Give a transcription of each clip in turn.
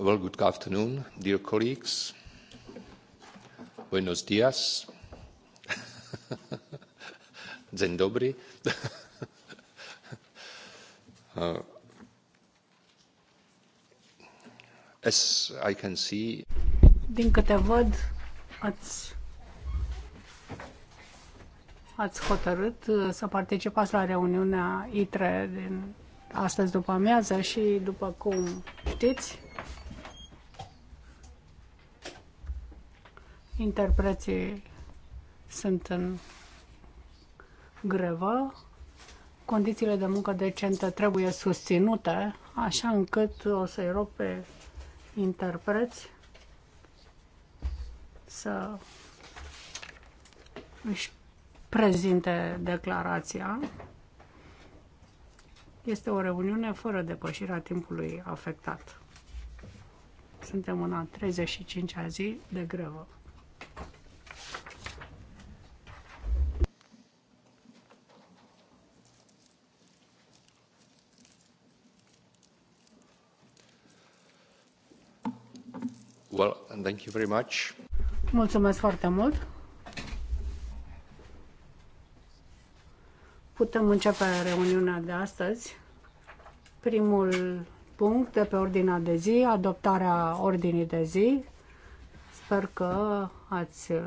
Well, good afternoon, dear colleagues. Buenos dias. Dzień dobry. Uh, as I can see... Din câte văd, ați, ați hotărât uh, să participați la reuniunea ITRE din astăzi după amiază și, după cum știți, Interpreții sunt în grevă. Condițiile de muncă decentă trebuie susținute, așa încât o să-i rog pe interpreți să își prezinte declarația. Este o reuniune fără depășirea timpului afectat. Suntem în a 35-a zi de grevă. Thank you very much. Mulțumesc foarte mult. Putem începe reuniunea de astăzi. Primul punct de pe ordinea de zi, adoptarea ordinii de zi. Sper că ați uh,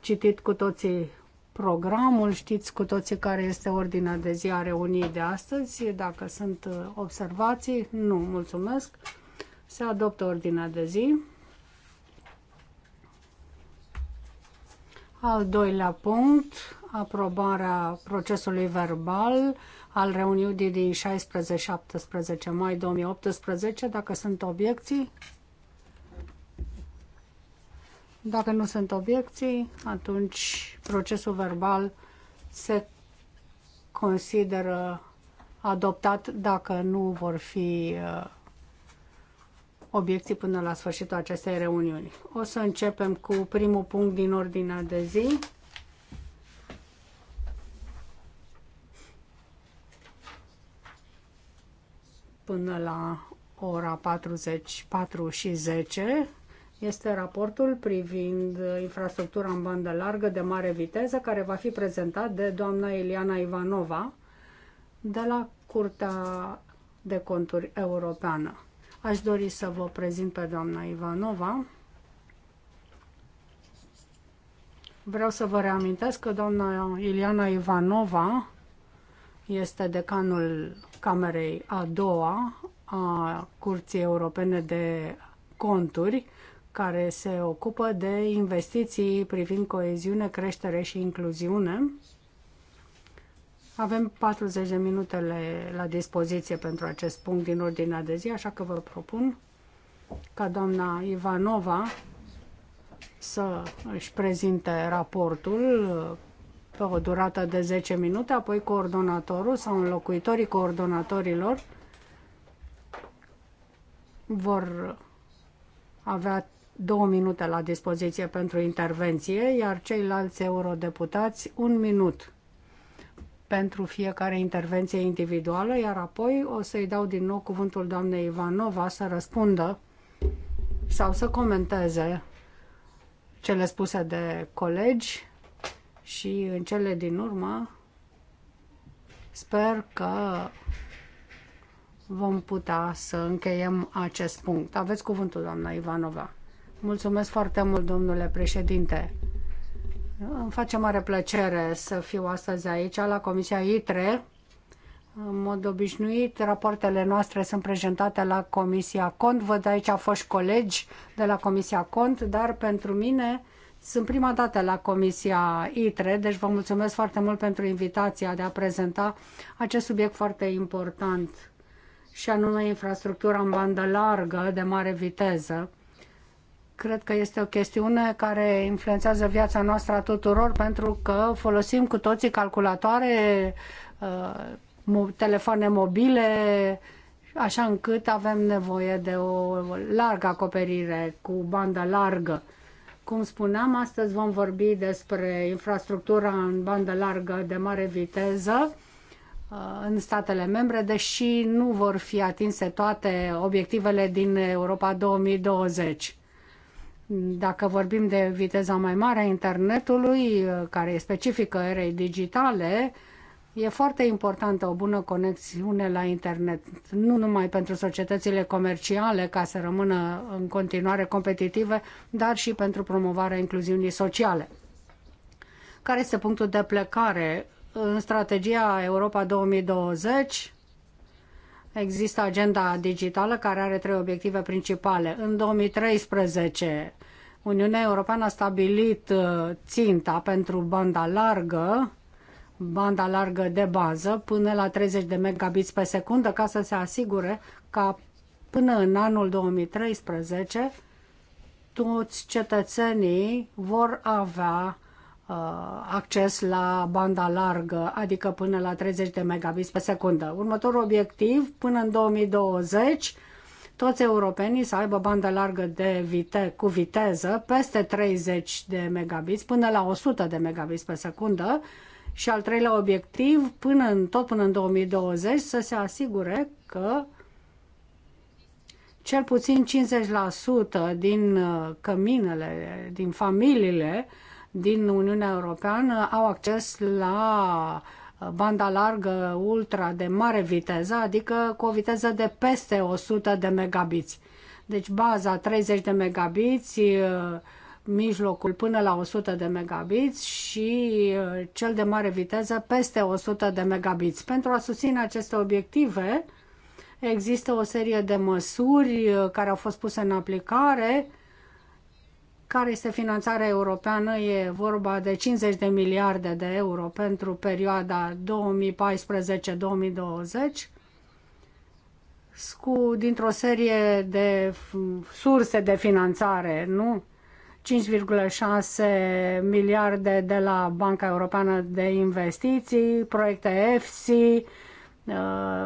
citit cu toții programul, știți cu toții care este ordinea de zi a reuniei de astăzi. Dacă sunt uh, observații, nu, mulțumesc. Se adoptă ordinea de zi. Al doilea punct, aprobarea procesului verbal al reuniunii din 16-17 mai 2018, dacă sunt obiecții. Dacă nu sunt obiecții, atunci procesul verbal se consideră adoptat dacă nu vor fi uh, obiecții până la sfârșitul acestei reuniuni. O să începem cu primul punct din ordinea de zi. Până la ora 44 și 10 este raportul privind infrastructura în bandă largă de mare viteză care va fi prezentat de doamna Eliana Ivanova de la Curtea de Conturi Europeană. Aș dori să vă prezint pe doamna Ivanova. Vreau să vă reamintesc că doamna Iliana Ivanova este decanul Camerei a doua a Curții Europene de Conturi, care se ocupă de investiții privind coeziune, creștere și incluziune. Avem 40 de minutele la dispoziție pentru acest punct din ordinea de zi, așa că vă propun ca doamna Ivanova să își prezinte raportul uh, pe o durată de 10 minute, apoi coordonatorul sau înlocuitorii coordonatorilor vor avea două minute la dispoziție pentru intervenție, iar ceilalți eurodeputați un minut pentru fiecare intervenție individuală, iar apoi o să-i dau din nou cuvântul doamnei Ivanova să răspundă sau să comenteze cele spuse de colegi și în cele din urmă sper că vom putea să încheiem acest punct. Aveți cuvântul, doamna Ivanova. Mulțumesc foarte mult, domnule președinte. Îmi face mare plăcere să fiu astăzi aici la Comisia ITRE. În mod obișnuit, rapoartele noastre sunt prezentate la Comisia CONT. Văd aici a fost colegi de la Comisia CONT, dar pentru mine sunt prima dată la Comisia ITRE, deci vă mulțumesc foarte mult pentru invitația de a prezenta acest subiect foarte important și anume infrastructura în bandă largă de mare viteză Cred că este o chestiune care influențează viața noastră a tuturor pentru că folosim cu toții calculatoare, uh, telefoane mobile, așa încât avem nevoie de o largă acoperire cu bandă largă. Cum spuneam, astăzi vom vorbi despre infrastructura în bandă largă de mare viteză uh, în statele membre, deși nu vor fi atinse toate obiectivele din Europa 2020. Dacă vorbim de viteza mai mare a internetului, care e specifică erei digitale, E foarte importantă o bună conexiune la internet, nu numai pentru societățile comerciale ca să rămână în continuare competitive, dar și pentru promovarea incluziunii sociale. Care este punctul de plecare în strategia Europa 2020? Există agenda digitală care are trei obiective principale. În 2013, Uniunea Europeană a stabilit uh, ținta pentru banda largă, banda largă de bază, până la 30 de megabits pe secundă, ca să se asigure ca până în anul 2013 toți cetățenii vor avea Uh, acces la banda largă, adică până la 30 de megabits pe secundă. Următorul obiectiv, până în 2020, toți europenii să aibă bandă largă de vite- cu viteză peste 30 de megabits până la 100 de megabits pe secundă și al treilea obiectiv, până în, tot până în 2020, să se asigure că cel puțin 50% din uh, căminele, din familiile uh, din Uniunea Europeană au acces la uh, banda largă ultra de mare viteză, adică cu o viteză de peste 100 de megabiți. Deci baza 30 de megabiți, uh, mijlocul până la 100 de megabiți și uh, cel de mare viteză peste 100 de megabiți. Pentru a susține aceste obiective există o serie de măsuri care au fost puse în aplicare care este finanțarea europeană, e vorba de 50 de miliarde de euro pentru perioada 2014-2020 cu, dintr-o serie de surse de finanțare, nu? 5,6 miliarde de la Banca Europeană de Investiții, proiecte EFSI, uh,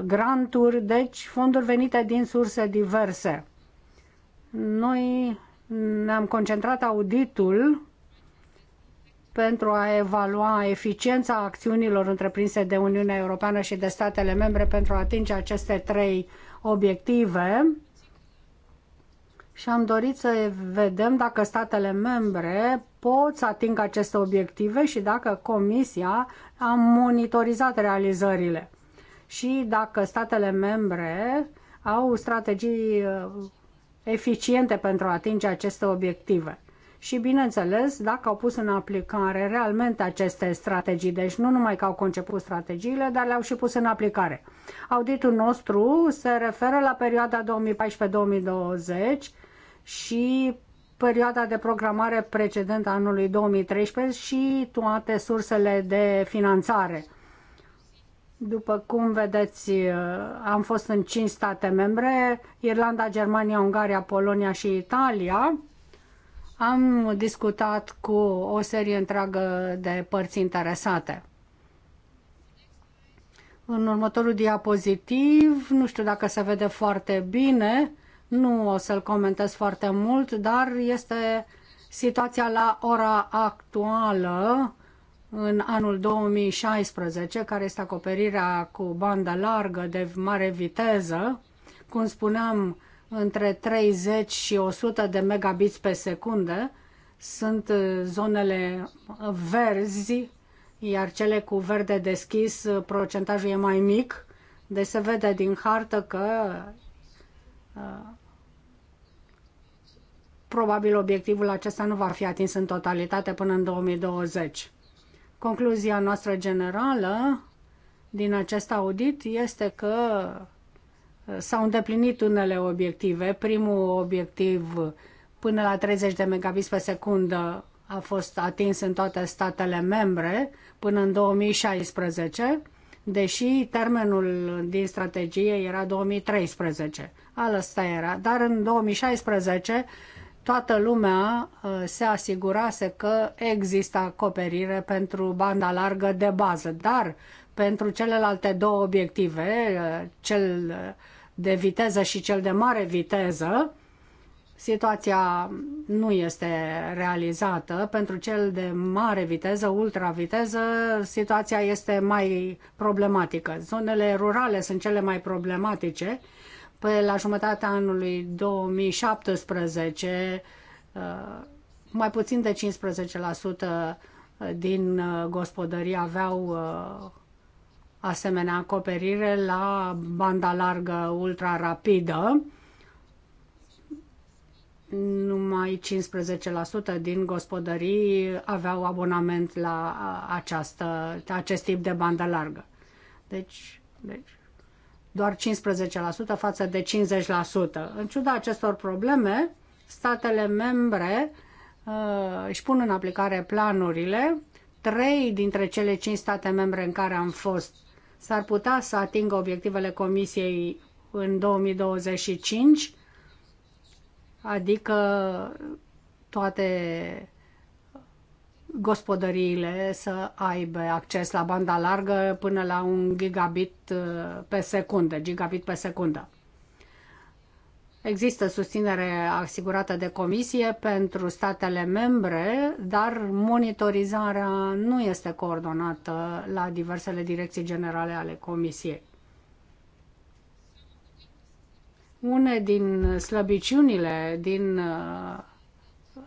granturi, deci fonduri venite din surse diverse. Noi ne-am concentrat auditul pentru a evalua eficiența acțiunilor întreprinse de Uniunea Europeană și de statele membre pentru a atinge aceste trei obiective și am dorit să vedem dacă statele membre pot să atingă aceste obiective și dacă Comisia a monitorizat realizările și dacă statele membre au strategii eficiente pentru a atinge aceste obiective. Și, bineînțeles, dacă au pus în aplicare realmente aceste strategii, deci nu numai că au conceput strategiile, dar le-au și pus în aplicare. Auditul nostru se referă la perioada 2014-2020 și perioada de programare precedentă anului 2013 și toate sursele de finanțare. După cum vedeți, uh, am fost în cinci state membre, Irlanda, Germania, Ungaria, Polonia și Italia. Am discutat cu o serie întreagă de părți interesate. În următorul diapozitiv, nu știu dacă se vede foarte bine, nu o să-l comentez foarte mult, dar este situația la ora actuală în anul 2016, care este acoperirea cu bandă largă de mare viteză, cum spuneam, între 30 și 100 de megabits pe secundă, sunt uh, zonele verzi, iar cele cu verde deschis, uh, procentajul e mai mic, De se vede din hartă că uh, probabil obiectivul acesta nu va fi atins în totalitate până în 2020. Concluzia noastră generală din acest audit este că uh, s-au îndeplinit unele obiective. Primul obiectiv până la 30 de megabits pe secundă a fost atins în toate statele membre până în 2016, deși termenul din strategie era 2013. Asta era. Dar în 2016 toată lumea uh, se asigurase că există acoperire pentru banda largă de bază, dar pentru celelalte două obiective, uh, cel de viteză și cel de mare viteză, situația nu este realizată. Pentru cel de mare viteză, ultraviteză, situația este mai problematică. Zonele rurale sunt cele mai problematice pe la jumătatea anului 2017 uh, mai puțin de 15% din uh, gospodării aveau uh, asemenea acoperire la banda largă ultra rapidă. Numai 15% din gospodării aveau abonament la această, acest tip de bandă largă. Deci, deci doar 15% față de 50%. În ciuda acestor probleme, statele membre uh, își pun în aplicare planurile. Trei dintre cele cinci state membre în care am fost s-ar putea să atingă obiectivele Comisiei în 2025, adică toate gospodăriile să aibă acces la banda largă până la un gigabit uh, pe secundă, gigabit pe secundă. Există susținere asigurată de comisie pentru statele membre, dar monitorizarea nu este coordonată la diversele direcții generale ale comisiei. Une din slăbiciunile din uh,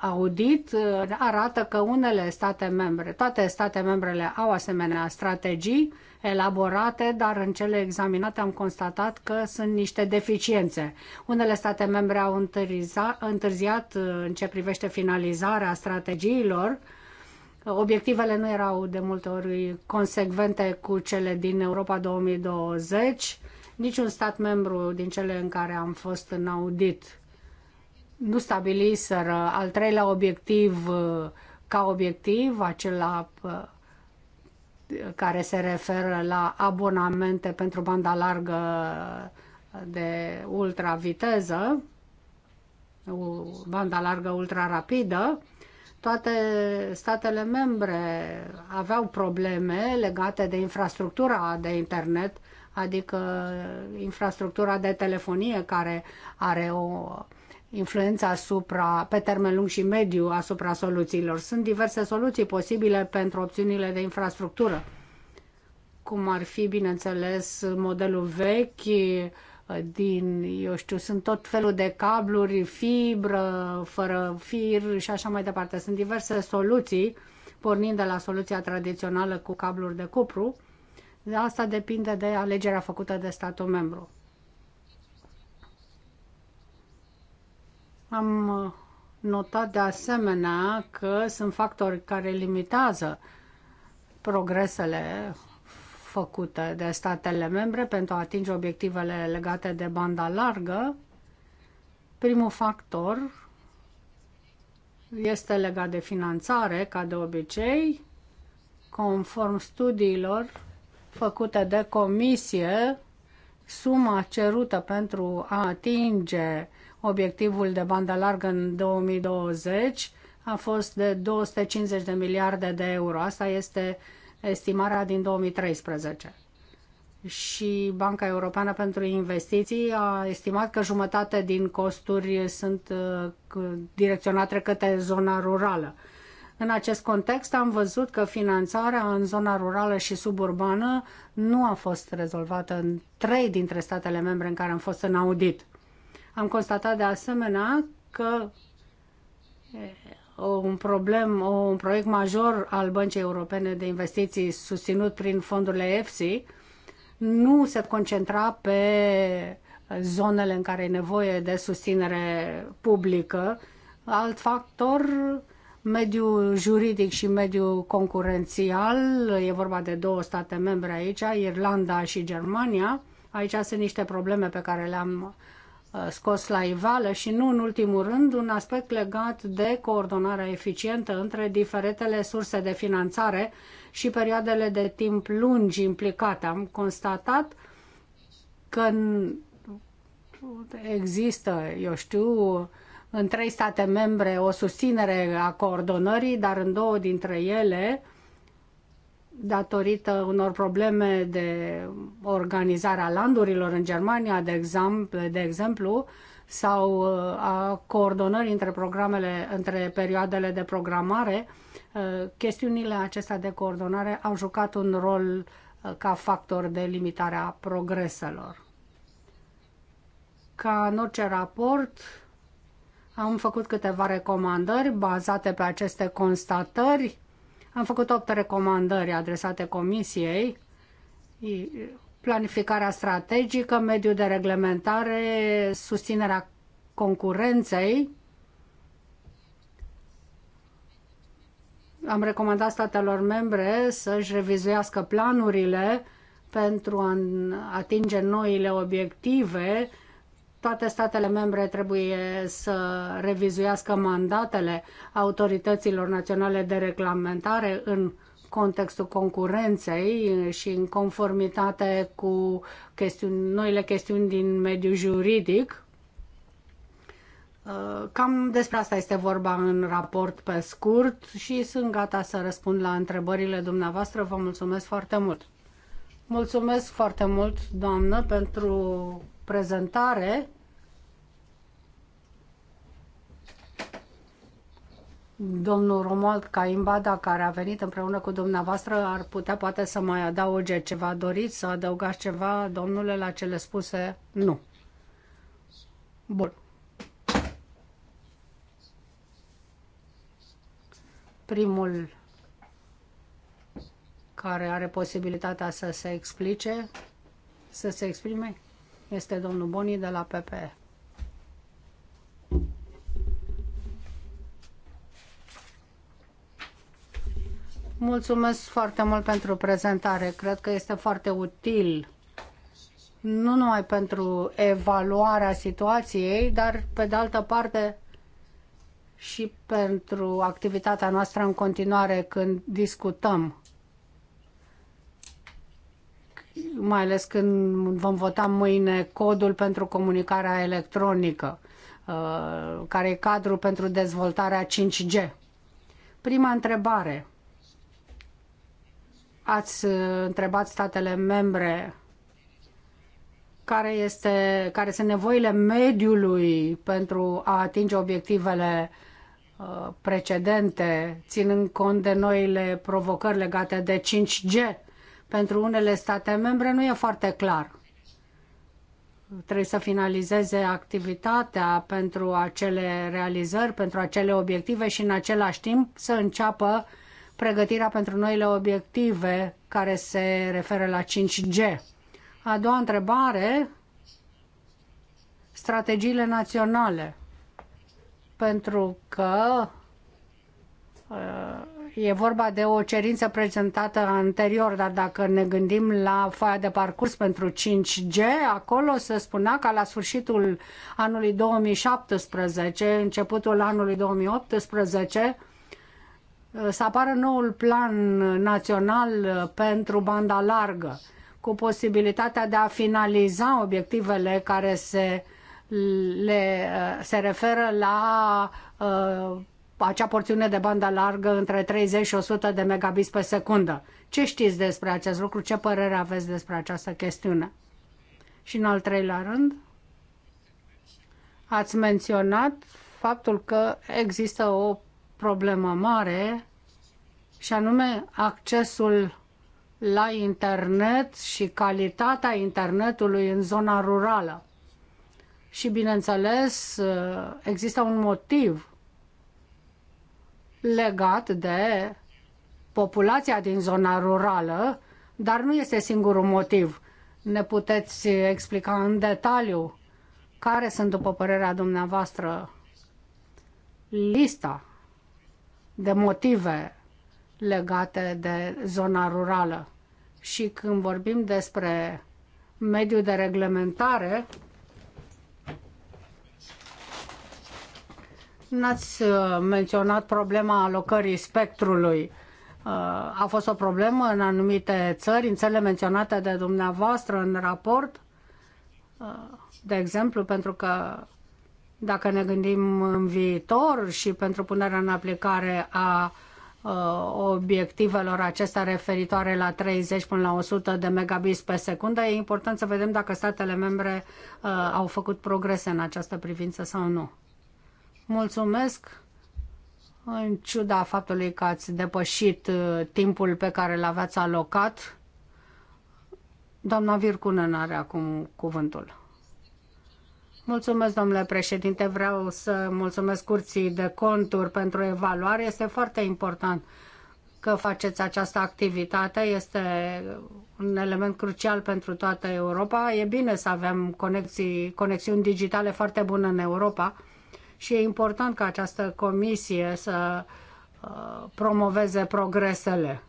audit uh, arată că unele state membre, toate state membrele au asemenea strategii elaborate, dar în cele examinate am constatat că sunt niște deficiențe. Unele state membre au întârziat, uh, în ce privește finalizarea strategiilor, obiectivele nu erau de multe ori consecvente cu cele din Europa 2020, niciun stat membru din cele în care am fost în audit nu stabiliseră al treilea obiectiv uh, ca obiectiv, acela uh, care se referă la abonamente pentru banda largă de ultraviteză, banda largă ultrarapidă, toate statele membre aveau probleme legate de infrastructura de internet, adică infrastructura de telefonie care are o influența asupra, pe termen lung și mediu asupra soluțiilor. Sunt diverse soluții posibile pentru opțiunile de infrastructură, cum ar fi, bineînțeles, modelul vechi, eh, din, eu știu, sunt tot felul de cabluri, fibră, fără fir și așa mai departe. Sunt diverse soluții, pornind de la soluția tradițională cu cabluri de cupru. Asta depinde de alegerea făcută de statul membru. Am uh, notat de asemenea că sunt factori care limitează progresele făcute de statele membre pentru a atinge obiectivele legate de banda largă. Primul factor este legat de finanțare, ca de obicei, conform studiilor făcute de comisie, suma cerută pentru a atinge Obiectivul de bandă largă în 2020 a fost de 250 de miliarde de euro. Asta este estimarea din 2013. Și Banca Europeană pentru Investiții a estimat că jumătate din costuri sunt uh, direcționate către zona rurală. În acest context am văzut că finanțarea în zona rurală și suburbană nu a fost rezolvată în trei dintre statele membre în care am fost în audit. Am constatat de asemenea că un, problem, un proiect major al Băncii Europene de Investiții susținut prin fondurile EFSI nu se concentra pe zonele în care e nevoie de susținere publică. Alt factor, mediul juridic și mediul concurențial, e vorba de două state membre aici, Irlanda și Germania. Aici sunt niște probleme pe care le-am Uh, scos la iveală și nu în ultimul rând un aspect legat de coordonarea eficientă între diferitele surse de finanțare și perioadele de timp lungi implicate. Am constatat că există, eu știu, în trei state membre o susținere a coordonării, dar în două dintre ele datorită unor probleme de organizare a landurilor în Germania, de exemplu, de exemplu sau uh, a coordonării între programele, între perioadele de programare, uh, chestiunile acestea de coordonare au jucat un rol uh, ca factor de limitare a progreselor. Ca în orice raport, am făcut câteva recomandări bazate pe aceste constatări am făcut opt recomandări adresate Comisiei, planificarea strategică, mediul de reglementare, susținerea concurenței. Am recomandat statelor membre să-și revizuiască planurile pentru a atinge noile obiective toate statele membre trebuie să revizuiască mandatele autorităților naționale de reglementare în contextul concurenței și în conformitate cu chestiuni, noile chestiuni din mediul juridic. Uh, cam despre asta este vorba în raport pe scurt și sunt gata să răspund la întrebările dumneavoastră. Vă mulțumesc foarte mult! Mulțumesc foarte mult, doamnă, pentru prezentare. domnul Romuald Caimbada, care a venit împreună cu dumneavoastră, ar putea poate să mai adauge ceva. Doriți să adăugați ceva, domnule, la cele spuse? Nu. Bun. Primul care are posibilitatea să se explice, să se exprime, este domnul Boni de la PPE. Mulțumesc foarte mult pentru prezentare. Cred că este foarte util nu numai pentru evaluarea situației, dar pe de altă parte și pentru activitatea noastră în continuare când discutăm, mai ales când vom vota mâine codul pentru comunicarea electronică, uh, care e cadru pentru dezvoltarea 5G. Prima întrebare ați uh, întrebat statele membre care, este, care sunt nevoile mediului pentru a atinge obiectivele uh, precedente, ținând cont de noile provocări legate de 5G. Pentru unele state membre nu e foarte clar. Trebuie să finalizeze activitatea pentru acele realizări, pentru acele obiective și în același timp să înceapă uh, pregătirea pentru noile obiective care se referă la 5G. A doua întrebare, strategiile naționale, pentru că uh, e vorba de o cerință prezentată anterior, dar dacă ne gândim la foaia de parcurs pentru 5G, acolo se spunea că la sfârșitul anului 2017, începutul anului 2018, Eh, să apară noul plan național eh, pentru banda largă, cu posibilitatea de a finaliza obiectivele care se, le, eh, se referă la uh, acea porțiune de bandă largă între 30 și 100 de megabits pe secundă. Ce știți despre acest lucru? Ce părere aveți despre această chestiune? Și în al treilea rând, ați menționat faptul că există o problemă mare și anume accesul la internet și calitatea internetului în zona rurală. Și, bineînțeles, există un motiv legat de populația din zona rurală, dar nu este singurul motiv. Ne puteți explica în detaliu care sunt, după părerea dumneavoastră, lista de motive legate de zona rurală. Și când vorbim despre mediul de reglementare, n-ați uh, menționat problema alocării spectrului. Uh, a fost o problemă în anumite țări, în țările menționate de dumneavoastră în raport, uh, de exemplu, pentru că dacă ne gândim în viitor și pentru punerea în aplicare a Uh, obiectivelor acestea referitoare la 30 până la 100 de megabits pe secundă. E important să vedem dacă statele membre uh, au făcut progrese în această privință sau nu. Mulțumesc! În ciuda faptului că ați depășit uh, timpul pe care l-aveați alocat, doamna Vircunen are acum cuvântul. Mulțumesc, domnule președinte. Vreau să mulțumesc curții de conturi pentru evaluare. Este foarte important că faceți această activitate. Este un element crucial pentru toată Europa. E bine să avem conexii, conexiuni digitale foarte bune în Europa și e important ca această comisie să uh, promoveze progresele.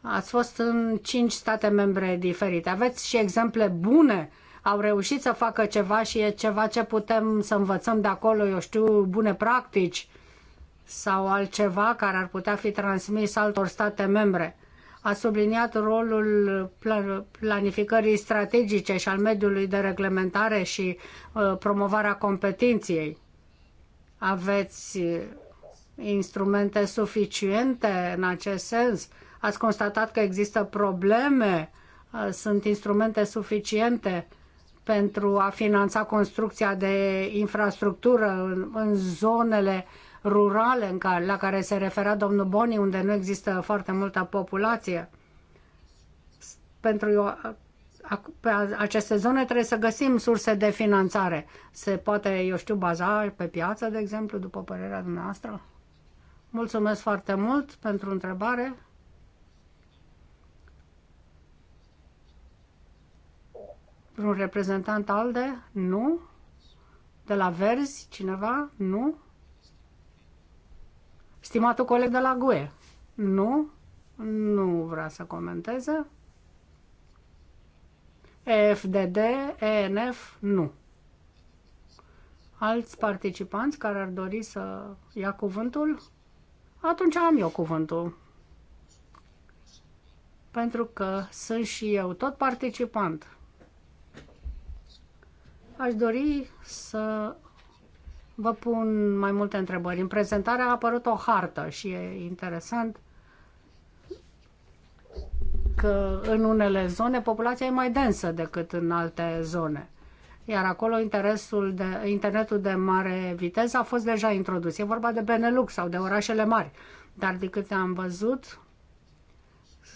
Ați fost în cinci state membre diferite. Aveți și exemple bune uh, au reușit să facă ceva și e ceva ce putem să învățăm de acolo, eu știu, bune practici sau altceva care ar putea fi transmis altor state membre. A subliniat rolul planificării strategice și al mediului de reglementare și uh, promovarea competenției. Aveți uh, instrumente suficiente în acest sens? Ați constatat că există probleme? Uh, sunt instrumente suficiente? pentru a finanța construcția de infrastructură în, în zonele rurale în care, la care se referea domnul Boni, unde nu există foarte multă populație. Pentru uh, pe aceste zone trebuie să găsim surse de finanțare. Se poate, eu știu, baza pe piață, de exemplu, după părerea dumneavoastră? Mulțumesc foarte mult pentru întrebare. Vreun reprezentant ALDE? Nu. De la Verzi? Cineva? Nu. Stimatul coleg de la GUE? Nu. Nu vrea să comenteze. EFDD, ENF? Nu. Alți participanți care ar dori să ia cuvântul? Atunci am eu cuvântul pentru că sunt și eu tot participant. Aș dori să vă pun mai multe întrebări. În prezentare a apărut o hartă și e interesant că în unele zone populația e mai densă decât în alte zone. Iar acolo interesul de, internetul de mare viteză a fost deja introdus. E vorba de Benelux sau de orașele mari. Dar de câte am văzut,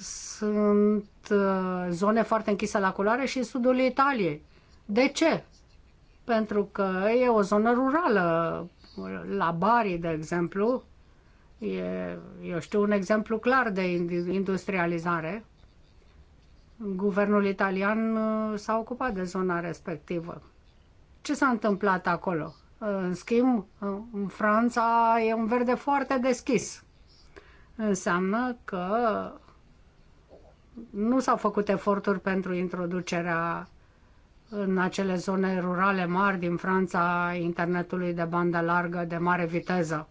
sunt uh, zone foarte închise la culoare și în sudul Italiei. De ce? pentru că e o zonă rurală. La Bari, de exemplu, e, eu știu, un exemplu clar de industrializare. Guvernul italian uh, s-a ocupat de zona respectivă. Ce s-a întâmplat acolo? Uh, în schimb, uh, în Franța e un verde foarte deschis. Înseamnă că nu s-au făcut eforturi pentru introducerea în acele zone rurale mari din Franța internetului de bandă largă de mare viteză?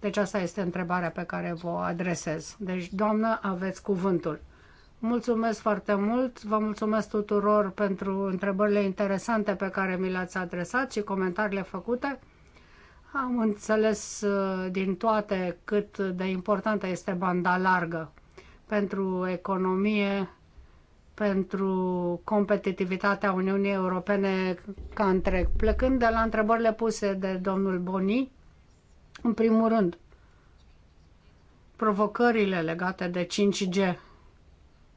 Deci asta este întrebarea pe care vă adresez. Deci, doamnă, aveți cuvântul. Mulțumesc foarte mult, vă mulțumesc tuturor pentru întrebările interesante pe care mi le-ați adresat și comentariile făcute. Am înțeles uh, din toate cât de importantă este banda largă pentru economie, pentru competitivitatea Uniunii Europene ca întreg. Plecând de la întrebările puse de domnul Boni, în primul rând, provocările legate de 5G.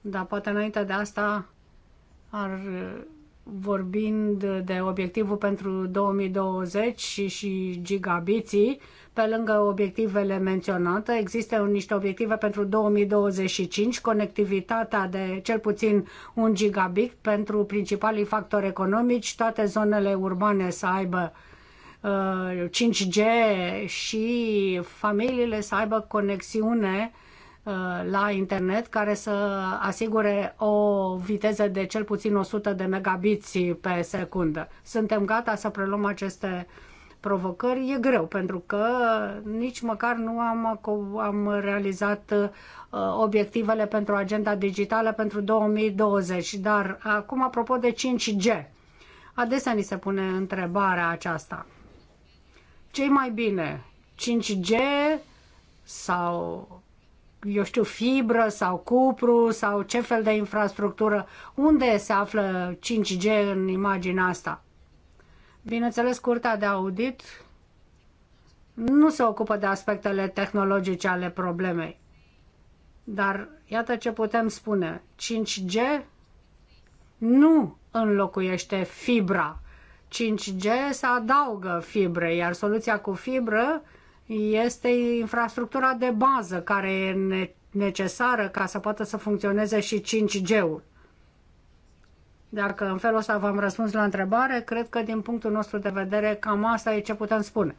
Dar poate înainte de asta ar vorbind de obiectivul pentru 2020 și, și gigabiții, pe lângă obiectivele menționate, există niște obiective pentru 2025, conectivitatea de cel puțin un gigabit pentru principalii factori economici, toate zonele urbane să aibă 5G uh, și familiile să aibă conexiune Uh, la internet care să asigure o viteză de cel puțin 100 de megabiți pe secundă. Suntem gata să preluăm aceste provocări. E greu pentru că nici măcar nu am, am realizat uh, obiectivele pentru agenda digitală pentru 2020. Dar acum, apropo de 5G, adesea ni se pune întrebarea aceasta. cei mai bine, 5G sau eu știu, fibră sau cupru sau ce fel de infrastructură, unde se află 5G în imaginea asta. Bineînțeles, curtea de audit nu se ocupă de aspectele tehnologice ale problemei. Dar iată ce putem spune. 5G nu înlocuiește fibra. 5G se adaugă fibre, iar soluția cu fibră este infrastructura de bază care e necesară ca să poată să funcționeze și 5G-ul. Dacă în felul ăsta v-am răspuns la întrebare, cred că din punctul nostru de vedere cam asta e ce putem spune.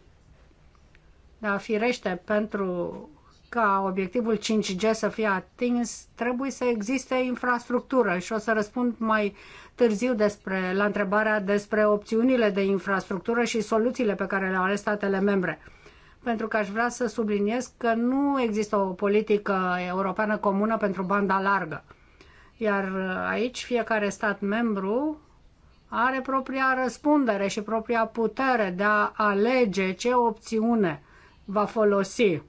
Dar firește, pentru ca obiectivul 5G să fie atins, trebuie să existe infrastructură și o să răspund mai târziu despre, la întrebarea despre opțiunile de infrastructură și soluțiile pe care le au ales statele membre pentru că aș vrea să subliniez că nu există o politică europeană comună pentru banda largă. Iar aici fiecare stat membru are propria răspundere și propria putere de a alege ce opțiune va folosi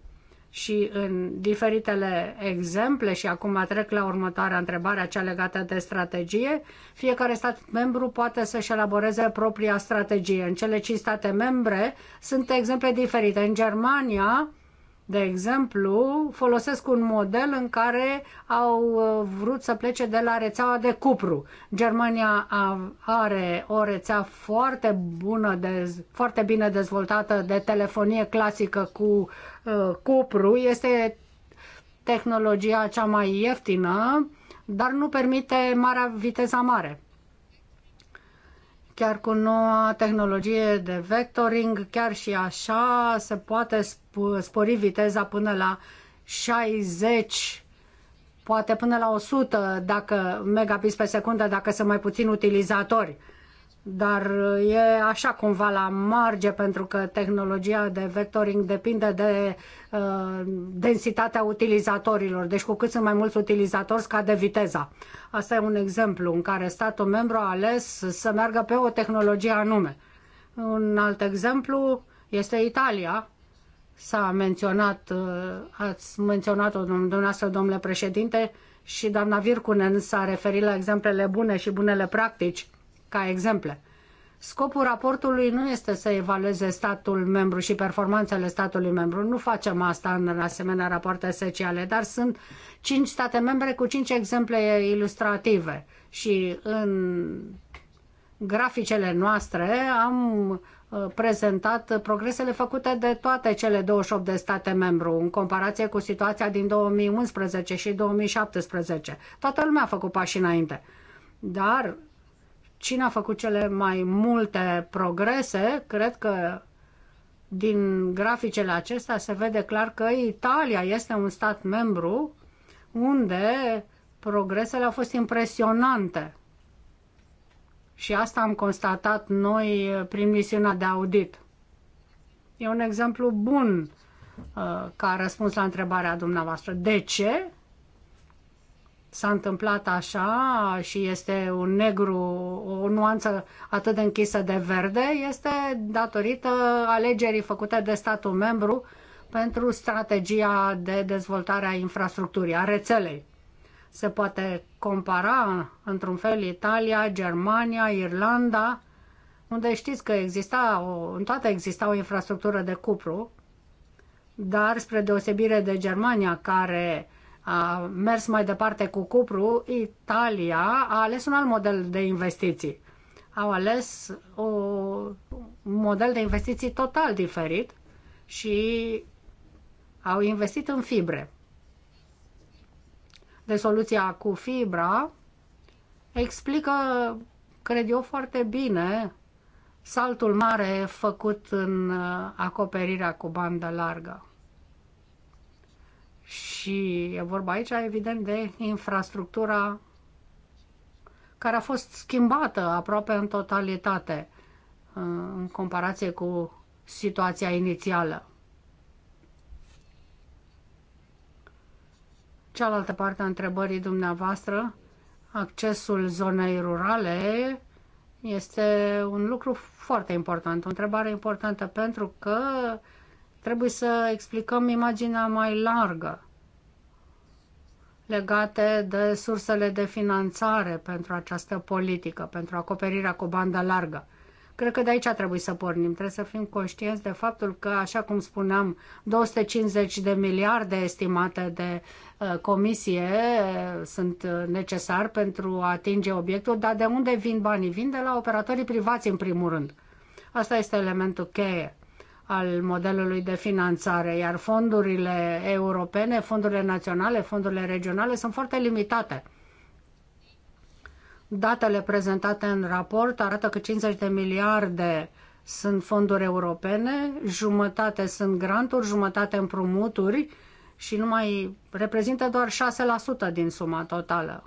și în diferitele exemple, și acum trec la următoarea întrebare, cea legată de strategie, fiecare stat membru poate să-și elaboreze propria strategie. În cele cinci state membre sunt exemple diferite. În Germania, de exemplu, folosesc un model în care au uh, vrut să plece de la rețeaua de cupru. Germania are o rețea foarte bună, de, foarte bine dezvoltată de telefonie clasică cu uh, cupru. Este tehnologia cea mai ieftină, dar nu permite marea viteza mare. Chiar cu noua tehnologie de vectoring, chiar și așa se poate spori viteza până la 60, poate până la 100 dacă megabits pe secundă, dacă sunt mai puțini utilizatori dar uh, e așa cumva la marge pentru că tehnologia de vectoring depinde de uh, densitatea utilizatorilor. Deci cu cât sunt mai mulți utilizatori scade viteza. Asta e un exemplu în care statul membru a ales să meargă pe o tehnologie anume. Un alt exemplu este Italia. S-a menționat, uh, ați menționat-o dumneavoastră, domnule președinte, și doamna Vircunen s-a referit la exemplele bune și bunele practici ca exemple. Scopul raportului nu este să evalueze statul membru și performanțele statului membru. Nu facem asta în asemenea rapoarte speciale, dar sunt cinci state membre cu cinci exemple ilustrative. Și în graficele noastre am uh, prezentat progresele făcute de toate cele 28 de state membru în comparație cu situația din 2011 și 2017. Toată lumea a făcut pași înainte. Dar cine a făcut cele mai multe progrese, cred că din graficele acestea se vede clar că Italia este un stat membru unde progresele au fost impresionante. Și asta am constatat noi prin misiunea de audit. E un exemplu bun uh, ca răspuns la întrebarea dumneavoastră. De ce s-a întâmplat așa și este un negru, o nuanță atât de închisă de verde, este datorită alegerii făcute de statul membru pentru strategia de dezvoltare a infrastructurii, a rețelei. Se poate compara, într-un fel, Italia, Germania, Irlanda, unde știți că exista o, în toate exista o infrastructură de cupru, dar spre deosebire de Germania, care a mers mai departe cu Cupru, Italia a ales un alt model de investiții. Au ales o, un model de investiții total diferit și au investit în fibre. De soluția cu fibra explică, cred eu, foarte bine saltul mare făcut în uh, acoperirea cu bandă largă. Și e vorba aici, evident, de infrastructura care a fost schimbată aproape în totalitate uh, în comparație cu situația inițială. Cealaltă parte a întrebării dumneavoastră, accesul zonei rurale este un lucru foarte important, o întrebare importantă pentru că uh, Trebuie să explicăm imaginea mai largă legate de sursele de finanțare pentru această politică, pentru acoperirea cu bandă largă. Cred că de aici trebuie să pornim. Trebuie să fim conștienți de faptul că, așa cum spuneam, 250 de miliarde estimate de uh, comisie uh, sunt uh, necesari pentru a atinge obiectul, dar de unde vin banii? Vin de la operatorii privați, în primul rând. Asta este elementul cheie al modelului de finanțare, iar fondurile europene, fondurile naționale, fondurile regionale sunt foarte limitate. Datele prezentate în raport arată că 50 de miliarde sunt fonduri europene, jumătate sunt granturi, jumătate împrumuturi și numai reprezintă doar 6% din suma totală.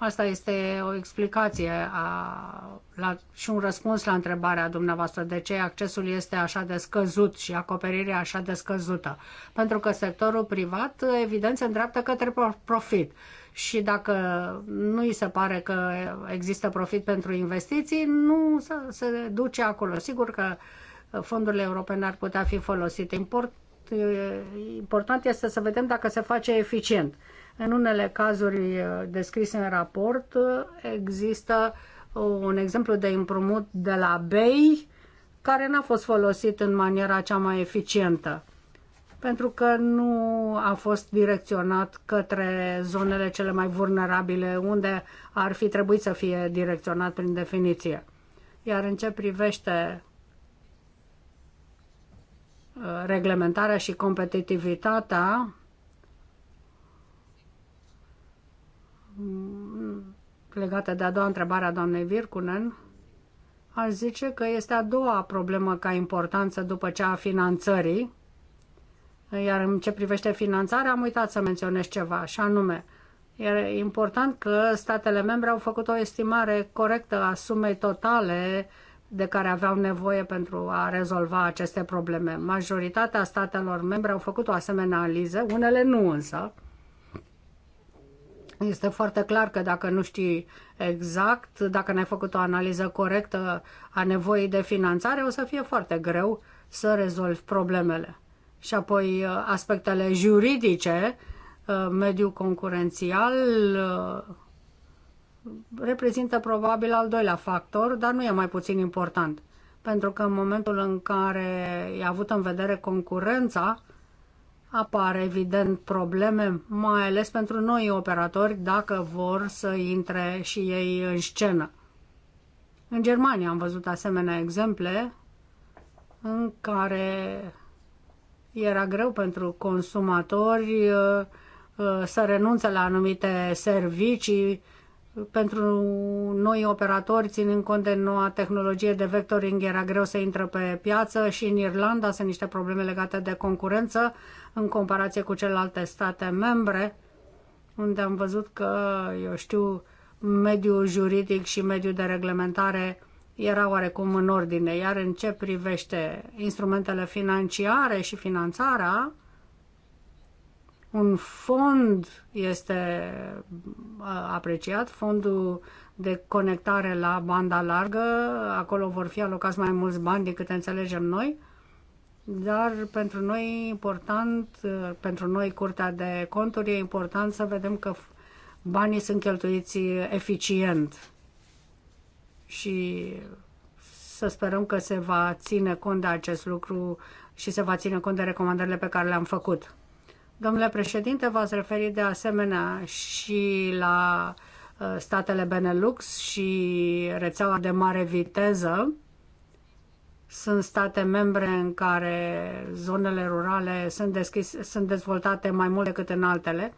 Asta este o explicație a, la, și un răspuns la întrebarea dumneavoastră de ce accesul este așa de scăzut și acoperirea așa de scăzută. Pentru că sectorul privat, evident, se îndreaptă către profit. Și dacă nu îi se pare că există profit pentru investiții, nu se, se duce acolo. Sigur că fondurile europene ar putea fi folosite. Import, important este să vedem dacă se face eficient în unele cazuri uh, descrise în raport uh, există uh, un exemplu de împrumut de la BEI care n-a fost folosit în maniera cea mai eficientă pentru că nu a fost direcționat către zonele cele mai vulnerabile unde ar fi trebuit să fie direcționat prin definiție. Iar în ce privește reglementarea și competitivitatea, Mm, legată de a doua întrebare a doamnei Virkunen, aș zice că este a doua problemă ca importanță după cea a finanțării. Iar în ce privește finanțarea, am uitat să menționez ceva, și anume, e important că statele membre au făcut o estimare corectă a sumei totale de care aveau nevoie pentru a rezolva aceste probleme. Majoritatea statelor membre au făcut o asemenea analiză, unele nu însă, este foarte clar că dacă nu știi exact, dacă n-ai făcut o analiză corectă a nevoii de finanțare, o să fie foarte greu să rezolvi problemele. Și apoi uh, aspectele juridice, uh, mediul concurențial, uh, reprezintă probabil al doilea factor, dar nu e mai puțin important. Pentru că în momentul în care e avut în vedere concurența, apar evident probleme, mai ales pentru noi operatori, dacă vor să intre și ei în scenă. În Germania am văzut asemenea exemple în care era greu pentru consumatori uh, să renunțe la anumite servicii pentru noi operatori, ținând cont de noua tehnologie de vectoring, era greu să intre pe piață și în Irlanda sunt niște probleme legate de concurență în comparație cu celelalte state membre, unde am văzut că, eu știu, mediul juridic și mediul de reglementare era oarecum în ordine, iar în ce privește instrumentele financiare și finanțarea, un fond este uh, apreciat, fondul de conectare la banda largă, acolo vor fi alocați mai mulți bani decât înțelegem noi, dar pentru noi important, uh, pentru noi Curtea de Conturi, e important să vedem că banii sunt cheltuiți eficient și să sperăm că se va ține cont de acest lucru și se va ține cont de recomandările pe care le-am făcut. Domnule președinte, v-ați referit de asemenea și la uh, statele Benelux și rețeaua de mare viteză. Sunt state membre în care zonele rurale sunt, deschis, sunt dezvoltate mai mult decât în altele.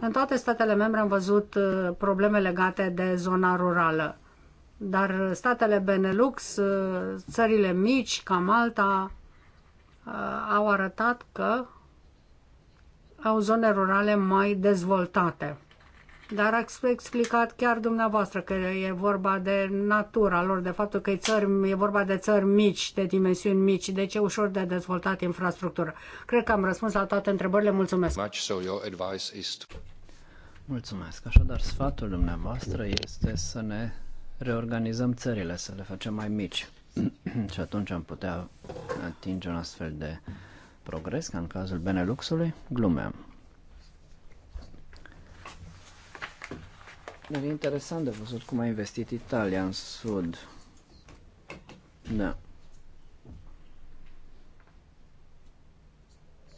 În toate statele membre am văzut uh, probleme legate de zona rurală. Dar statele Benelux, uh, țările mici, ca Malta, au arătat că au zone rurale mai dezvoltate. Dar ați explicat chiar dumneavoastră că e vorba de natura lor, de faptul că e, țări, e vorba de țări mici, de dimensiuni mici, deci e ușor de dezvoltat infrastructură. Cred că am răspuns la toate întrebările. Mulțumesc! Mulțumesc! Așadar, sfatul dumneavoastră este să ne reorganizăm țările, să le facem mai mici. Și atunci am putea atinge un astfel de progres, ca în cazul Beneluxului, glumeam. Dar e interesant de văzut cum a investit Italia în Sud. Da.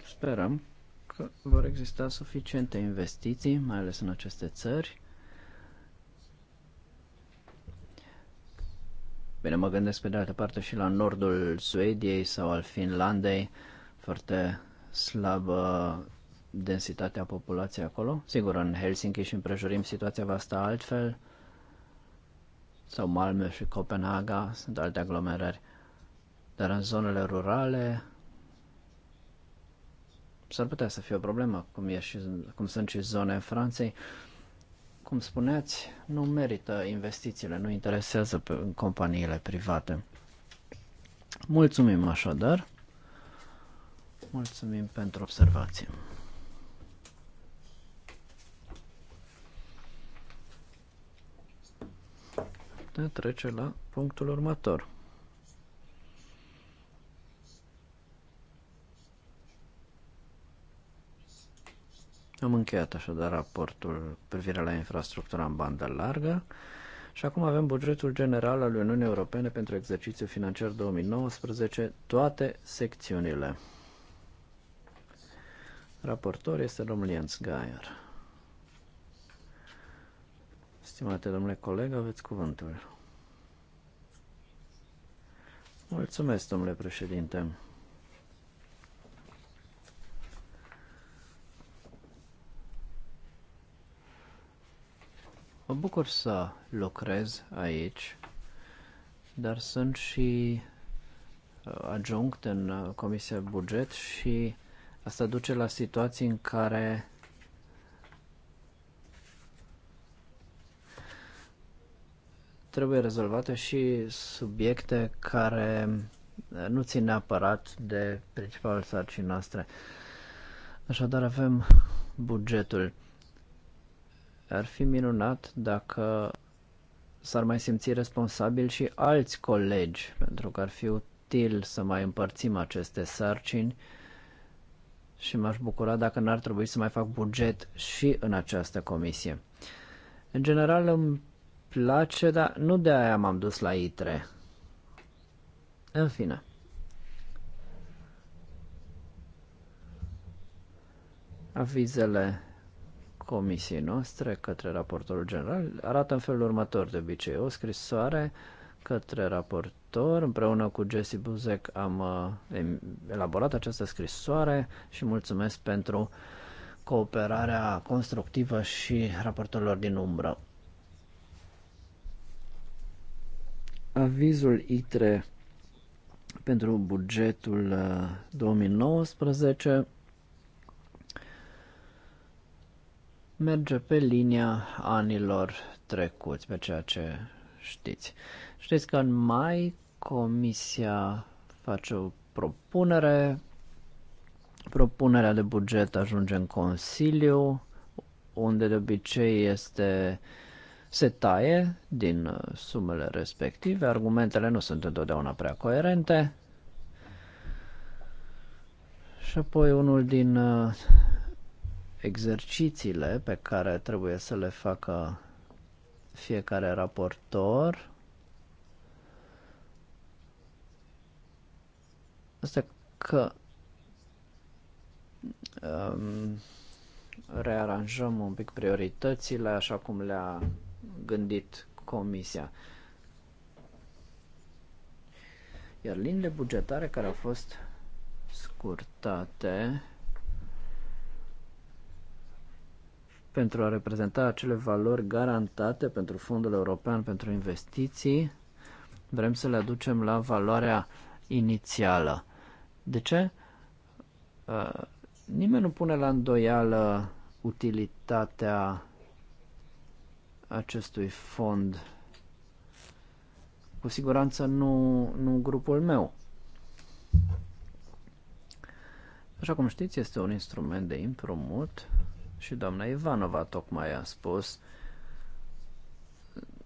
Sperăm că vor exista suficiente investiții, mai ales în aceste țări. Bine, mă gândesc pe de altă parte și la nordul Suediei sau al Finlandei, uh, foarte slabă densitatea populației acolo. Sigur, în Helsinki și în situația va sta altfel. Sau Malmö și Copenhaga sunt alte aglomerări. Dar în zonele rurale s-ar putea să fie o problemă, cum, e și, cum sunt și zone în Franței. Cum spuneați, nu merită investițiile, nu interesează pe, companiile private. Mulțumim așadar. Mulțumim pentru observație. Ne trece la punctul următor. Am încheiat așadar raportul privire la infrastructura în bandă largă și acum avem bugetul general al Uniunii Europene pentru exercițiul financiar 2019, toate secțiunile. Raportor este domnul Jens Geier. Stimate domnule coleg, aveți cuvântul. Mulțumesc, domnule președinte. Mă bucur să lucrez aici, dar sunt și uh, adjunct în uh, Comisia Buget și Asta duce la situații în care trebuie rezolvate și subiecte care nu țin neapărat de principalul sarcini noastre. Așadar avem bugetul. Ar fi minunat dacă s-ar mai simți responsabil și alți colegi, pentru că ar fi util să mai împărțim aceste sarcini și m-aș bucura dacă n-ar trebui să mai fac buget și în această comisie. În general îmi place, dar nu de aia m-am dus la ITRE. În fine. Avizele comisiei noastre către raportorul general arată în felul următor de obicei. O scrisoare uh, către raportor. Împreună cu Jesse Buzek am uh, elaborat această scrisoare și mulțumesc pentru cooperarea constructivă și raportorilor din umbră. Avizul ITRE pentru bugetul 2019 uh, merge pe linia anilor trecuți, pe ceea ce știți. Știți că în mai Comisia face o propunere, propunerea de buget ajunge în Consiliu, unde de obicei este se taie din uh, sumele respective, argumentele nu sunt întotdeauna prea coerente. Și apoi unul din uh, exercițiile pe care trebuie să le facă fiecare raportor Asta că um, rearanjăm un pic prioritățile așa cum le-a gândit comisia. Iar liniile bugetare care au fost scurtate pentru a reprezenta acele valori garantate pentru Fondul European pentru Investiții, vrem să le aducem la valoarea inițială. De ce? Uh, nimeni nu pune la îndoială utilitatea acestui fond. Cu siguranță nu, nu grupul meu. Așa cum știți, este un instrument de impromut și doamna Ivanova tocmai a spus,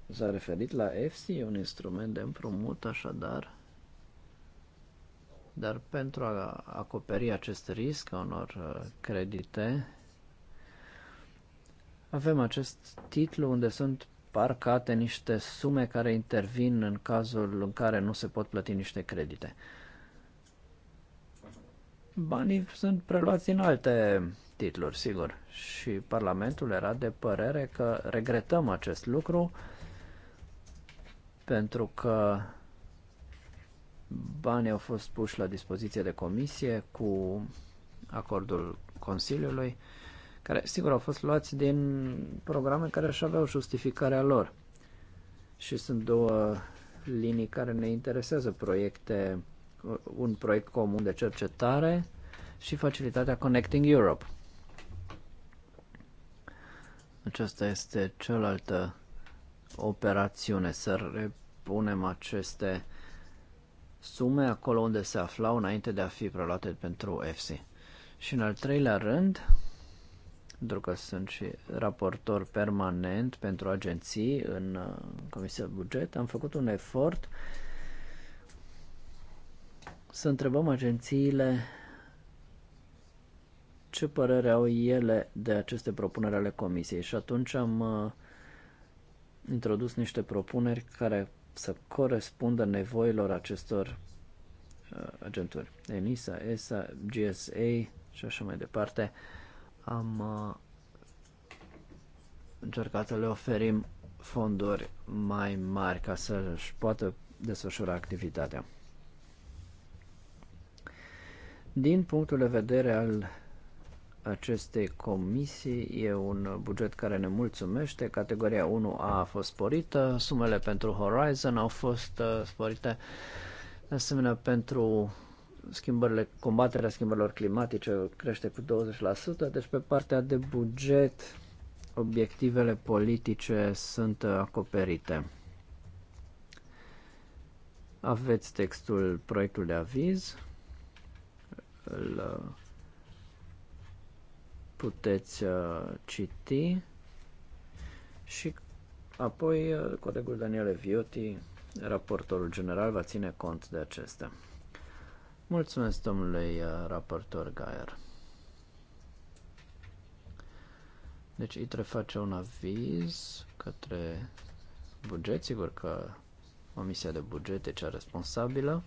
s-a referit la EFSI, un instrument de împrumut, așadar, dar pentru a acoperi acest risc a unor uh, credite, avem acest titlu unde sunt parcate niște sume care intervin în cazul în care nu se pot plăti niște credite. Banii sunt preluați în alte titluri, sigur, și Parlamentul era de părere că regretăm acest lucru pentru că Banii au fost puși la dispoziție de comisie cu acordul Consiliului, care sigur au fost luați din programe care își aveau justificarea lor. Și sunt două linii care ne interesează, proiecte, un proiect comun de cercetare și facilitatea Connecting Europe. Aceasta este cealaltă operațiune, să repunem aceste sume acolo unde se aflau înainte de a fi preluate pentru FC. Și în al treilea rând, pentru că sunt și raportor permanent pentru agenții uh, în Comisia Buget, am făcut un efort să întrebăm agențiile ce părere au ele de aceste propuneri ale Comisiei și atunci am uh, introdus niște propuneri care să corespundă nevoilor acestor uh, agenturi. ENISA, ESA, GSA și așa mai departe. Am uh, încercat să le oferim fonduri mai mari ca să își poată desfășura activitatea. Din punctul de vedere al acestei comisii e un buget care ne mulțumește. Categoria 1A fost sporită, sumele pentru Horizon au fost uh, sporite, de asemenea pentru schimbările, combaterea schimbărilor climatice crește cu 20%, deci pe partea de buget obiectivele politice sunt uh, acoperite. Aveți textul proiectului de aviz, îl uh, puteți uh, citi și apoi uh, colegul Daniele Vioti, raportorul general, va ține cont de acestea. Mulțumesc domnului uh, raportor Gaier. Deci ITRE face un aviz către buget, sigur că Comisia de Buget e cea responsabilă.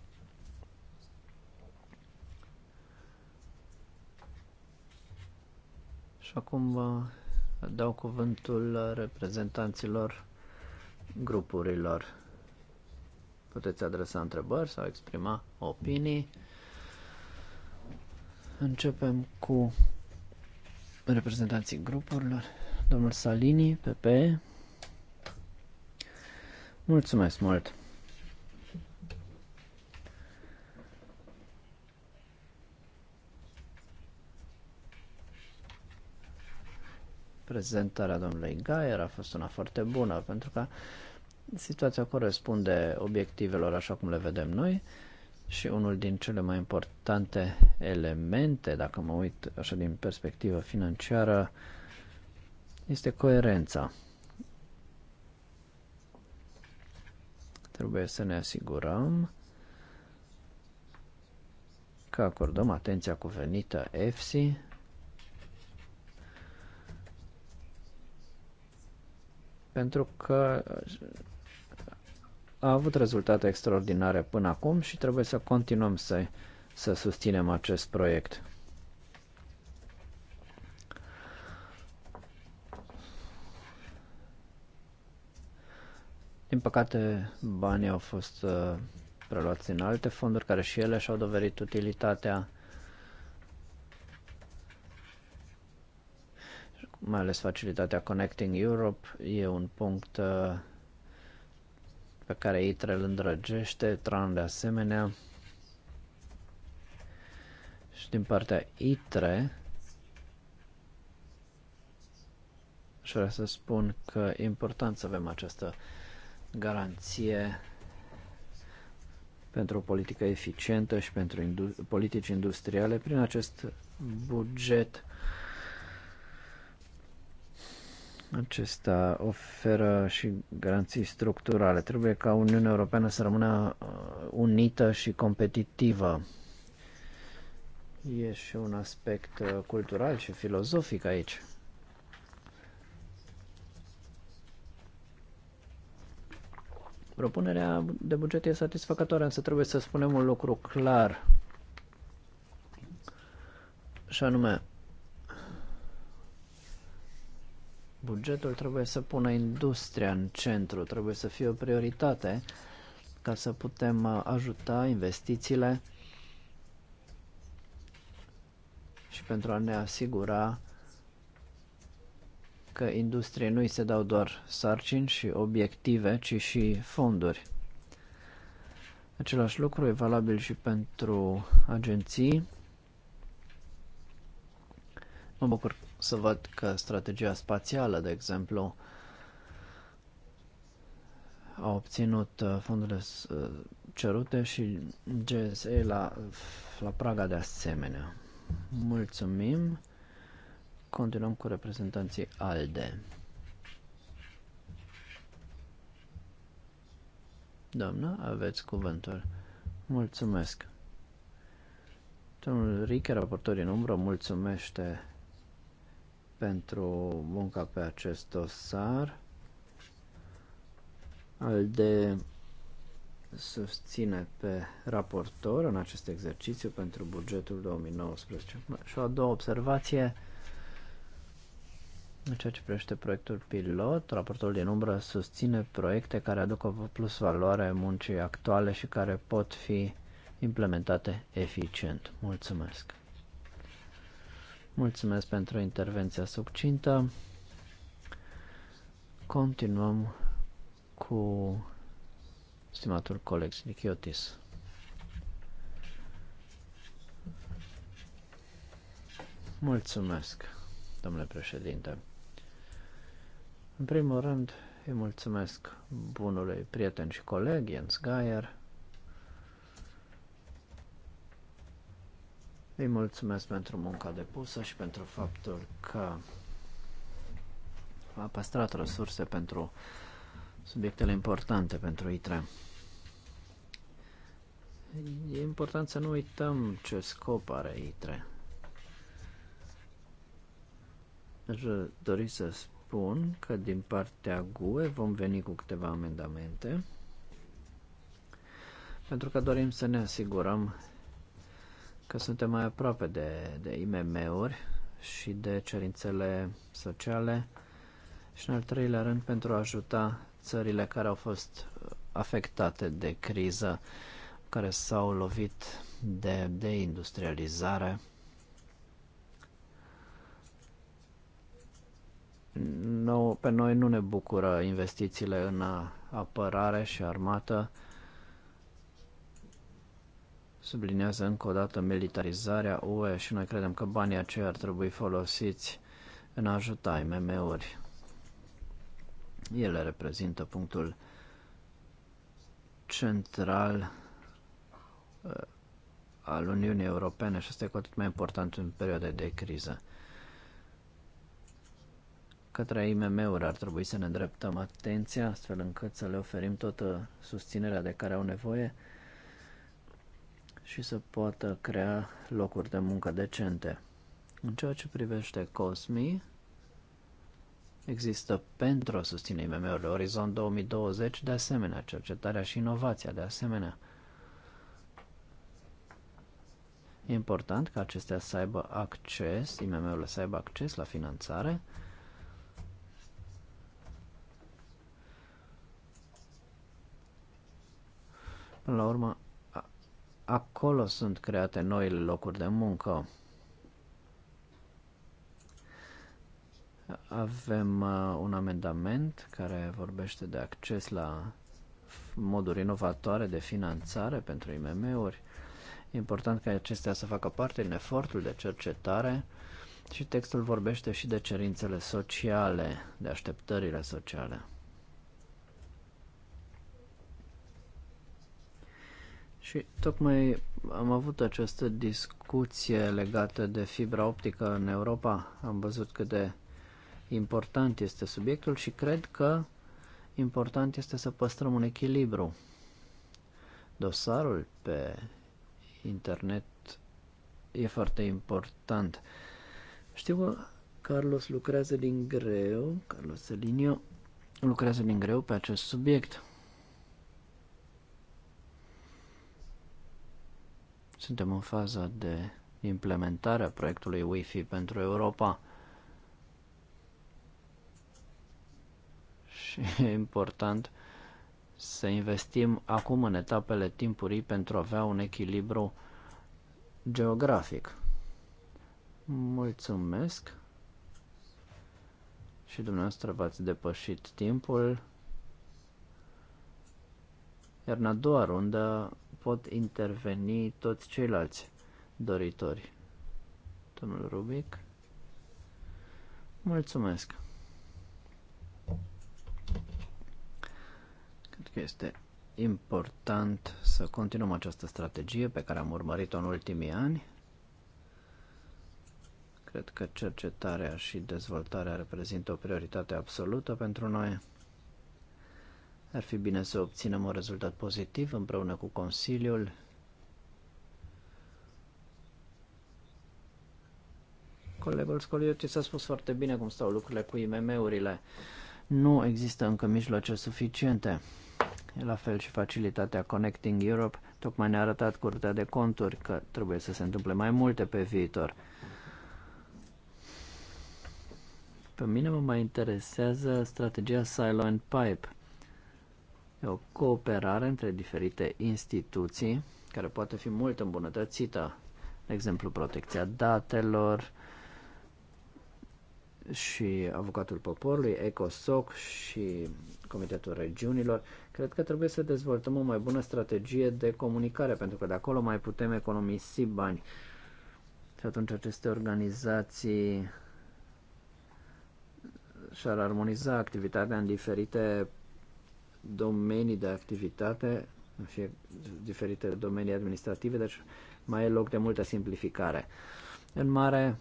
Și acum uh, dau cuvântul uh, reprezentanților grupurilor. Puteți adresa întrebări sau exprima opinii. Începem cu reprezentanții grupurilor. Domnul Salini, PP. Mulțumesc mult! prezentarea domnului Gaier a fost una foarte bună, pentru că situația corespunde obiectivelor așa cum le vedem noi și unul din cele mai importante elemente, dacă mă uit așa din perspectivă financiară, este coerența. Trebuie să ne asigurăm că acordăm atenția cuvenită EFSI pentru că uh, a avut rezultate extraordinare până acum și trebuie să continuăm să, să susținem acest proiect. Din păcate, banii au fost uh, preluați în alte fonduri care și ele și-au dovedit utilitatea. mai ales facilitatea Connecting Europe e un punct uh, pe care ITRE îl îndrăgește, TRAN de asemenea. Și din partea ITRE și vreau să spun că e important să avem această garanție pentru o politică eficientă și pentru indu- politici industriale prin acest buget uh, acesta oferă și garanții structurale. Trebuie ca Uniunea Europeană să rămână uh, unită și competitivă. E și un aspect uh, cultural și filozofic aici. Propunerea de buget e satisfăcătoare, însă trebuie să spunem un lucru clar. Și anume, Bugetul trebuie să pună industria în centru, trebuie să fie o prioritate ca să putem uh, ajuta investițiile și pentru a ne asigura că industriei nu îi se dau doar sarcini și obiective, ci și fonduri. Același lucru e valabil și pentru agenții. Mă bucur să văd că strategia spațială, de exemplu, a obținut uh, fondurile uh, cerute și GSE la, la Praga de asemenea. Mulțumim. Continuăm cu reprezentanții ALDE. Doamna, aveți cuvântul. Mulțumesc. Domnul Riche, raportor în umbră, mulțumește pentru munca pe acest dosar. Al de susține pe raportor în acest exercițiu pentru bugetul 2019. Și o a doua observație în ceea ce privește proiectul pilot, raportorul din umbră susține proiecte care aduc o plus valoare muncii actuale și care pot fi implementate eficient. Mulțumesc! Mulțumesc pentru intervenția succintă. Continuăm cu stimatul coleg Nikiotis. Mulțumesc, domnule președinte. În primul rând, îi mulțumesc bunului prieten și coleg Jens Geier Îi mulțumesc pentru munca depusă și pentru faptul că a păstrat resurse pentru subiectele importante pentru ITRE. E important să nu uităm ce scop are ITRE. Aș dori să spun că din partea GUE vom veni cu câteva amendamente pentru că dorim să ne asigurăm că suntem mai aproape de, de IMM-uri și de cerințele sociale și în al treilea rând pentru a ajuta țările care au fost afectate de criză, care s-au lovit de, de industrializare. No, pe noi nu ne bucură investițiile în apărare și armată, sublinează încă o dată militarizarea UE și noi credem că banii aceia ar trebui folosiți în a ajuta IMM-uri. Ele reprezintă punctul central uh, al Uniunii Europene și este cu atât mai important în perioade de criză. Către IMM-uri ar trebui să ne îndreptăm atenția astfel încât să le oferim toată susținerea de care au nevoie și să poată crea locuri de muncă decente. În ceea ce privește COSMI, există pentru a susține IMM-urile Orizont 2020, de asemenea, cercetarea și inovația, de asemenea. E important ca acestea să aibă acces, IMM-urile să aibă acces la finanțare, Până la urmă, acolo sunt create noile locuri de muncă. Avem uh, un amendament care vorbește de acces la moduri inovatoare de finanțare pentru IMM-uri. E important ca acestea să facă parte din efortul de cercetare și textul vorbește și de cerințele sociale, de așteptările sociale. Și tocmai am avut această discuție legată de fibra optică în Europa. Am văzut cât de important este subiectul și cred că important este să păstrăm un echilibru. Dosarul pe internet e foarte important. Știu că Carlos lucrează din greu, Carlos Elinio lucrează din greu pe acest subiect. Suntem în faza de implementare a proiectului Wi-Fi pentru Europa. Și e important să investim acum în etapele timpurii pentru a avea un echilibru geografic. Mulțumesc! Și dumneavoastră v-ați depășit timpul. Iar în a doua rundă pot interveni toți ceilalți doritori. Domnul Rubic. Mulțumesc. Cred că este important să continuăm această strategie pe care am urmărit-o în ultimii ani. Cred că cercetarea și dezvoltarea reprezintă o prioritate absolută pentru noi. Ar fi bine să obținem un rezultat pozitiv împreună cu Consiliul. Colegul Scoliotti s-a spus foarte bine cum stau lucrurile cu IMM-urile. Nu există încă mijloace suficiente. La fel și facilitatea Connecting Europe tocmai ne-a arătat Curtea de Conturi că trebuie să se întâmple mai multe pe viitor. Pe mine mă mai interesează strategia Silo and Pipe. E o cooperare între diferite instituții care poate fi mult îmbunătățită, de exemplu protecția datelor și avocatul poporului, ECOSOC și Comitetul Regiunilor. Cred că trebuie să dezvoltăm o mai bună strategie de comunicare, pentru că de acolo mai putem economisi bani. Și atunci aceste organizații și-ar armoniza activitatea în diferite domenii de activitate, fie diferite domenii administrative, deci mai e loc de multă simplificare. În mare,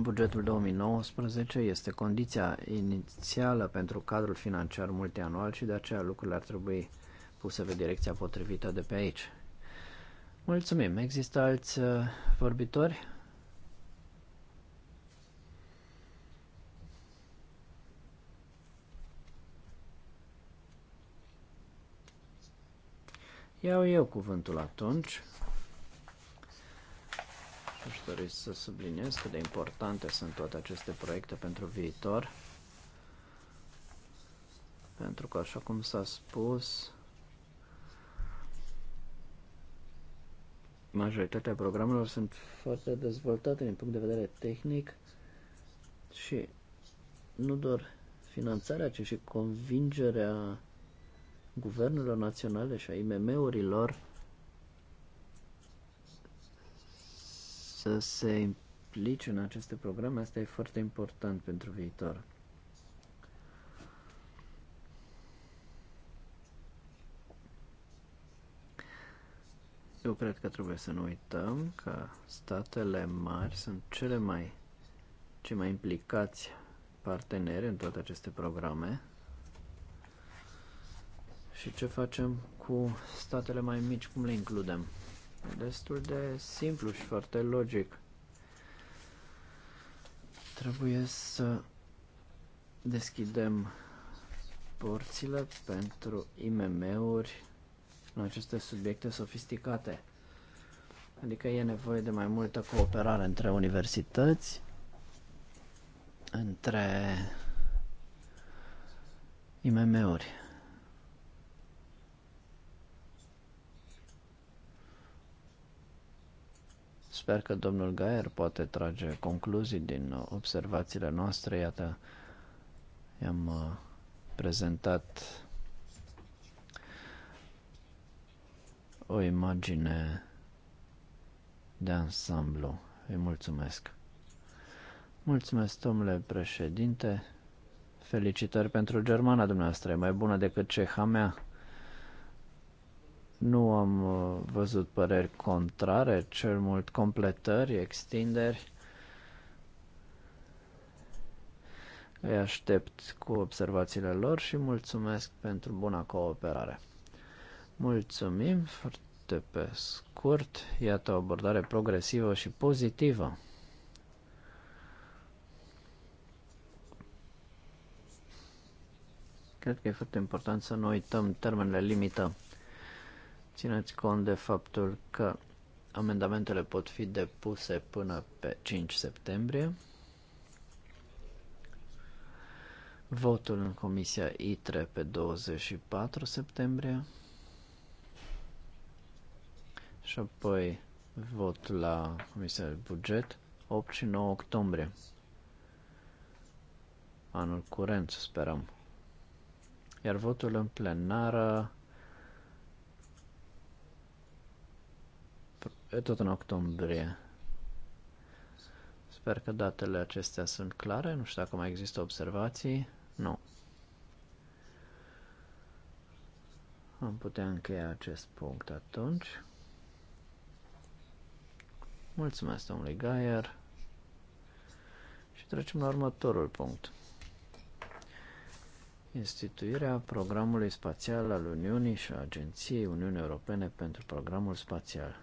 bugetul 2019 este condiția inițială pentru cadrul financiar multianual și de aceea lucrurile ar trebui puse pe direcția potrivită de pe aici. Mulțumim! Există alți uh, vorbitori? Iau eu cuvântul atunci. Aș dori să subliniez cât de importante sunt toate aceste proiecte pentru viitor. Pentru că, așa cum s-a spus, majoritatea programelor sunt foarte dezvoltate din punct de vedere tehnic și nu doar finanțarea, ci și convingerea guvernelor naționale și a IMM-urilor să se implice în aceste programe, asta e foarte important pentru viitor. Eu cred că trebuie să nu uităm că statele mari sunt cele mai, cei mai implicați parteneri în toate aceste programe. Și ce facem cu statele mai mici, cum le includem? Destul de simplu și foarte logic. Trebuie să deschidem porțile pentru IMM-uri în aceste subiecte sofisticate. Adică e nevoie de mai multă cooperare între universități, între IMM-uri. Sper că domnul Gaier poate trage concluzii din observațiile noastre. Iată, i-am uh, prezentat o imagine de ansamblu. Îi mulțumesc. Mulțumesc, domnule președinte. Felicitări pentru Germana dumneavoastră, e mai bună decât ceha mea. Nu am uh, văzut păreri contrare, cel mult completări, extinderi. Îi aștept cu observațiile lor și mulțumesc pentru buna cooperare. Mulțumim foarte pe scurt. Iată o abordare progresivă și pozitivă. Cred că e foarte important să nu uităm termenele limită. Țineți cont de faptul că amendamentele pot fi depuse până pe 5 septembrie. Votul în Comisia ITRE pe 24 septembrie și apoi vot la Comisia de Buget 8 și 9 octombrie. Anul curent, sperăm. Iar votul în plenară tot în octombrie. Sper că datele acestea sunt clare. Nu știu dacă mai există observații. Nu. Am putea încheia acest punct atunci. Mulțumesc, domnule Gaier. Și trecem la următorul punct. Instituirea programului spațial al Uniunii și a Agenției Uniunii Europene pentru Programul Spațial.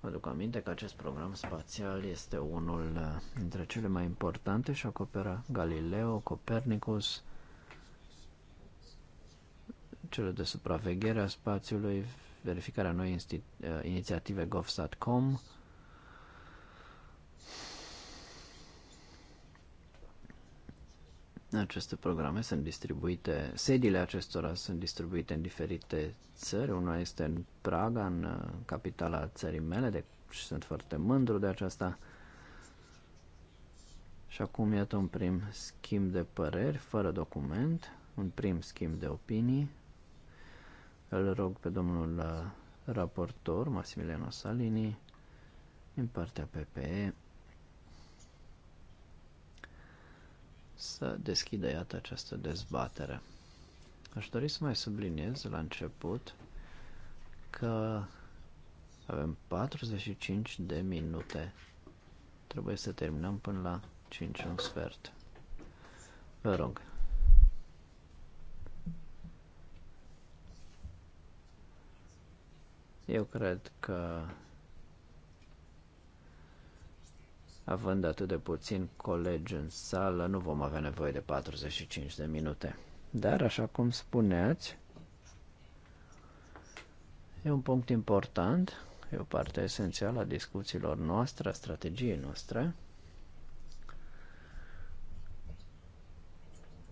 Vă aduc aminte că acest program spațial este unul uh, dintre cele mai importante și acoperă Galileo, Copernicus, cele de supraveghere a spațiului, verificarea noi uh, inițiative GovSat.com, Aceste programe sunt distribuite, sediile acestora sunt distribuite în diferite țări. Una este în Praga, în uh, capitala țării mele, deci sunt foarte mândru de aceasta. Și acum, iată, un prim schimb de păreri, fără document, un prim schimb de opinii. Îl rog pe domnul uh, raportor, Massimiliano Salini, din partea PPE, să deschidă, iată, această dezbatere. Aș dori să mai subliniez la început că avem 45 de minute. Trebuie să terminăm până la 5 un sfert. Vă rog. Eu cred că Având atât de puțin colegi în sală, nu vom avea nevoie de 45 de minute. Dar, așa cum spuneați, e un punct important, e o parte esențială a discuțiilor noastre, a strategiei noastre.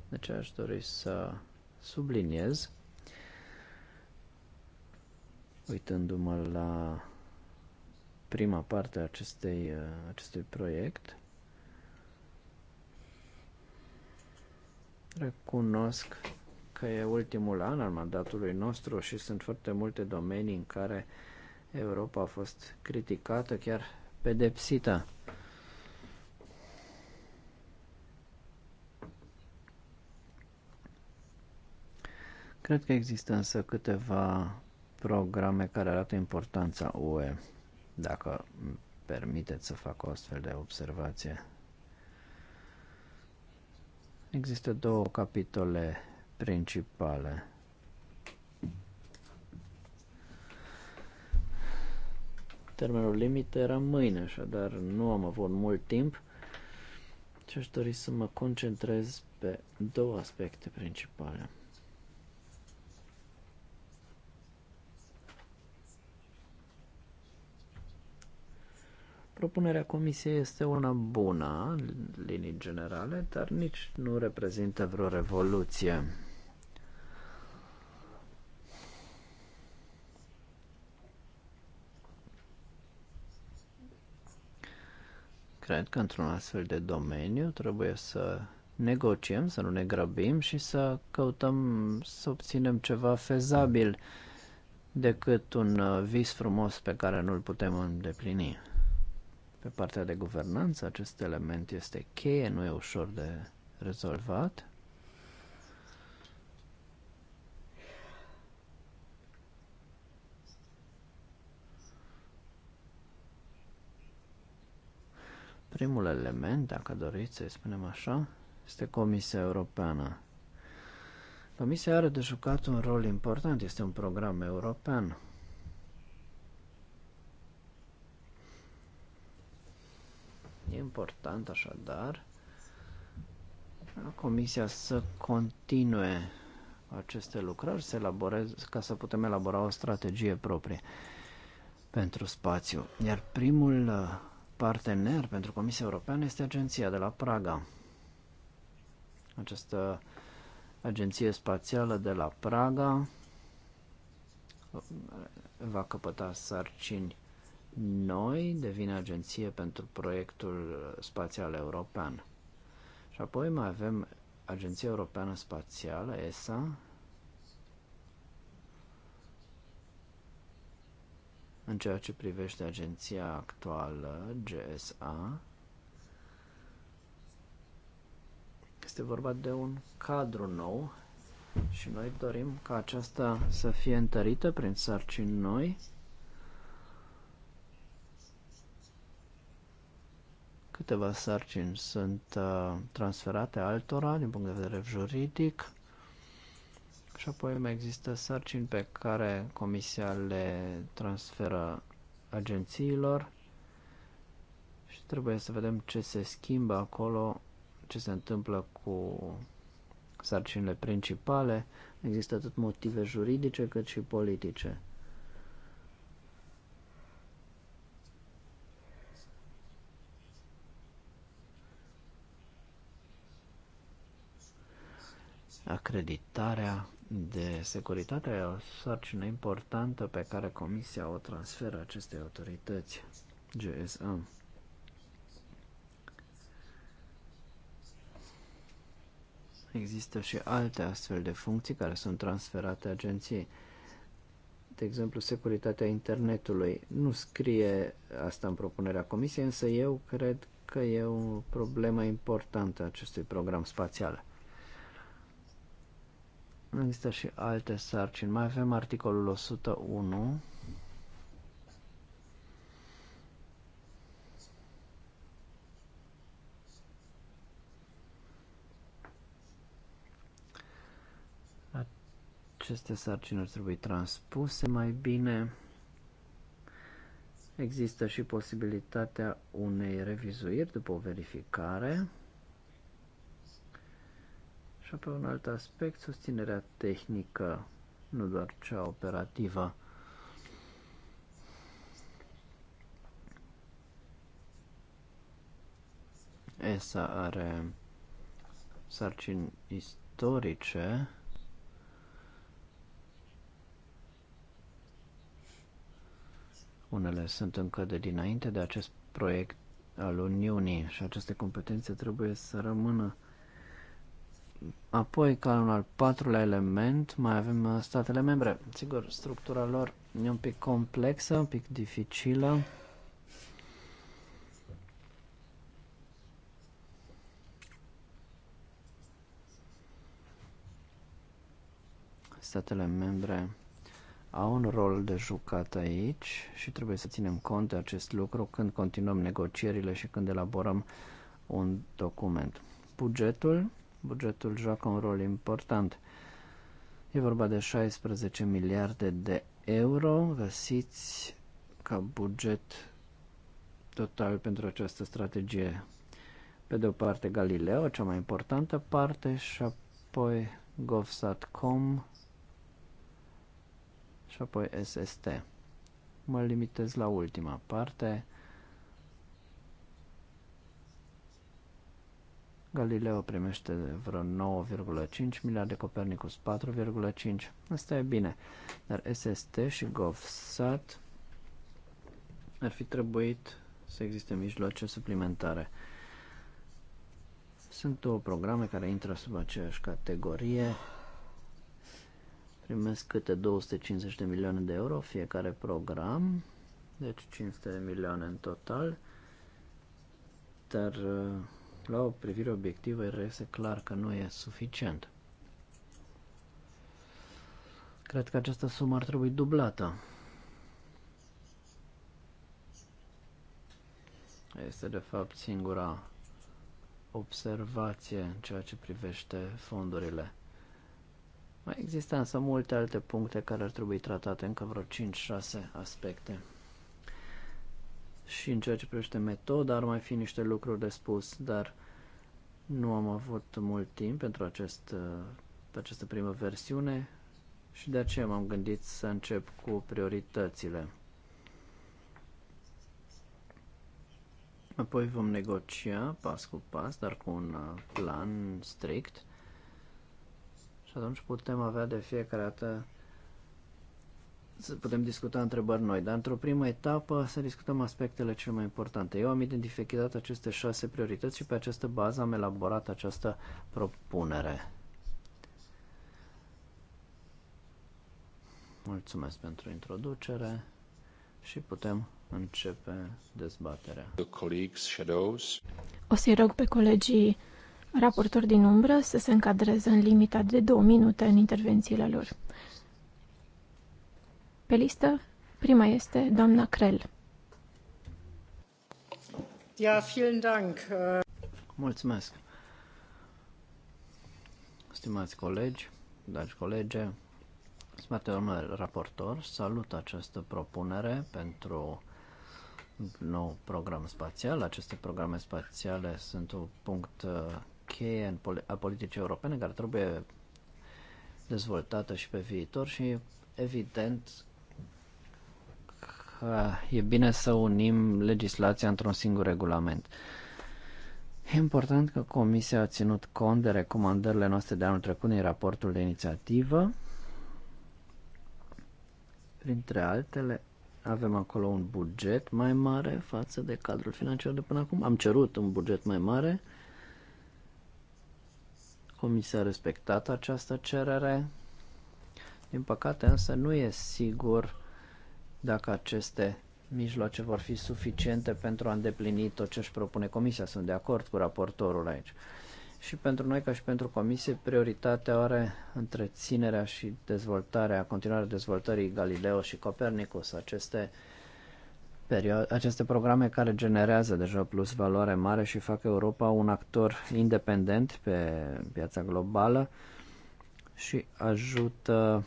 Deci aș dori să subliniez, uitându-mă la prima parte a acestei, uh, acestui proiect. Recunosc că e ultimul an al mandatului nostru și sunt foarte multe domenii în care Europa a fost criticată, chiar pedepsită. Cred că există însă câteva programe care arată importanța UE dacă permiteți să fac o astfel de observație. Există două capitole principale. Termenul limită era mâine, așadar nu am avut mult timp și aș dori să mă concentrez pe două aspecte principale. Propunerea comisiei este una bună, în linii generale, dar nici nu reprezintă vreo revoluție. Cred că într-un astfel de domeniu trebuie să negociem, să nu ne grăbim și să căutăm să obținem ceva fezabil decât un uh, vis frumos pe care nu-l putem îndeplini. Pe partea de guvernanță, acest element este cheie, nu e ușor de rezolvat. Primul element, dacă doriți să-i spunem așa, este Comisia Europeană. Comisia are de jucat un rol important, este un program european. E important așadar ca Comisia să continue aceste lucrări, să elaboreze, ca să putem elabora o strategie proprie pentru spațiu. Iar primul uh, partener pentru Comisia Europeană este agenția de la Praga. Această agenție spațială de la Praga va căpăta sarcini noi devine agenție pentru proiectul spațial european. Și apoi mai avem Agenția Europeană Spațială, ESA, în ceea ce privește agenția actuală, GSA, este vorba de un cadru nou și noi dorim ca aceasta să fie întărită prin sarcini noi câteva sarcini sunt uh, transferate altora din punct de vedere juridic și apoi mai există sarcini pe care comisia le transferă agențiilor și trebuie să vedem ce se schimbă acolo, ce se întâmplă cu sarcinile principale. Există atât motive juridice cât și politice. Acreditarea de securitate e o sarcină importantă pe care Comisia o transferă acestei autorități GSA. Există și alte astfel de funcții care sunt transferate agenției. De exemplu, securitatea internetului. Nu scrie asta în propunerea comisiei, însă eu cred că e o problemă importantă acestui program spațial. Există și alte sarcini. Mai avem articolul 101. Aceste sarcini ar trebui transpuse mai bine. Există și posibilitatea unei revizuiri după o verificare. Și apoi un alt aspect, susținerea tehnică, nu doar cea operativă. ESA are sarcini istorice Unele sunt încă de dinainte de acest proiect al Uniunii și aceste competențe trebuie să rămână Apoi, ca un al patrulea element, mai avem uh, statele membre. Sigur, structura lor e un pic complexă, un pic dificilă. Statele membre au un rol de jucat aici și trebuie să ținem cont de acest lucru când continuăm negocierile și când elaborăm un document. Bugetul bugetul joacă un rol important. E vorba de 16 miliarde de euro găsiți ca buget total pentru această strategie. Pe de o parte Galileo, cea mai importantă parte, și apoi GovSat.com și apoi SST. Mă limitez la ultima parte Galileo primește vreo 9,5 miliarde, Copernicus 4,5. Asta e bine. Dar SST și GovSat ar fi trebuit să existe mijloace suplimentare. Sunt două programe care intră sub aceeași categorie. Primesc câte 250 de milioane de euro fiecare program, deci 500 de milioane în total. Dar uh, la o privire obiectivă reiese clar că nu e suficient. Cred că această sumă ar trebui dublată. Este de fapt singura observație în ceea ce privește fondurile. Mai există însă multe alte puncte care ar trebui tratate, încă vreo 5-6 aspecte și în ceea ce privește metoda ar mai fi niște lucruri de spus, dar nu am avut mult timp pentru acest, uh, pe această primă versiune și de aceea m-am gândit să încep cu prioritățile. Apoi vom negocia pas cu pas, dar cu un uh, plan strict și atunci putem avea de fiecare dată să putem discuta întrebări noi, dar într-o primă etapă să discutăm aspectele cele mai importante. Eu am identificat aceste șase priorități și pe această bază am elaborat această propunere. Mulțumesc pentru introducere și putem începe dezbaterea. O să-i rog pe colegii raportori din umbră să se încadreze în limita de două minute în intervențiile lor pe listă. Prima este doamna Crel. Ja, vielen Dank. Mulțumesc. Stimați colegi, dragi colege, stimate domnule raportor, salut această propunere pentru nou program spațial. Aceste programe spațiale sunt un punct uh, cheie a politicii europene care trebuie dezvoltată și pe viitor și evident Ah, e bine să unim legislația într-un singur regulament. E important că Comisia a ținut cont de recomandările noastre de anul trecut în raportul de inițiativă. Printre altele, avem acolo un buget mai mare față de cadrul financiar de până acum. Am cerut un buget mai mare. Comisia a respectat această cerere. Din păcate, însă, nu e sigur dacă aceste mijloace vor fi suficiente pentru a îndeplini tot ce își propune Comisia. Sunt de acord cu raportorul aici. Și pentru noi, ca și pentru Comisie, prioritatea are întreținerea și dezvoltarea, continuarea dezvoltării Galileo și Copernicus, aceste, perioade, aceste programe care generează deja plus valoare mare și fac Europa un actor independent pe piața globală și ajută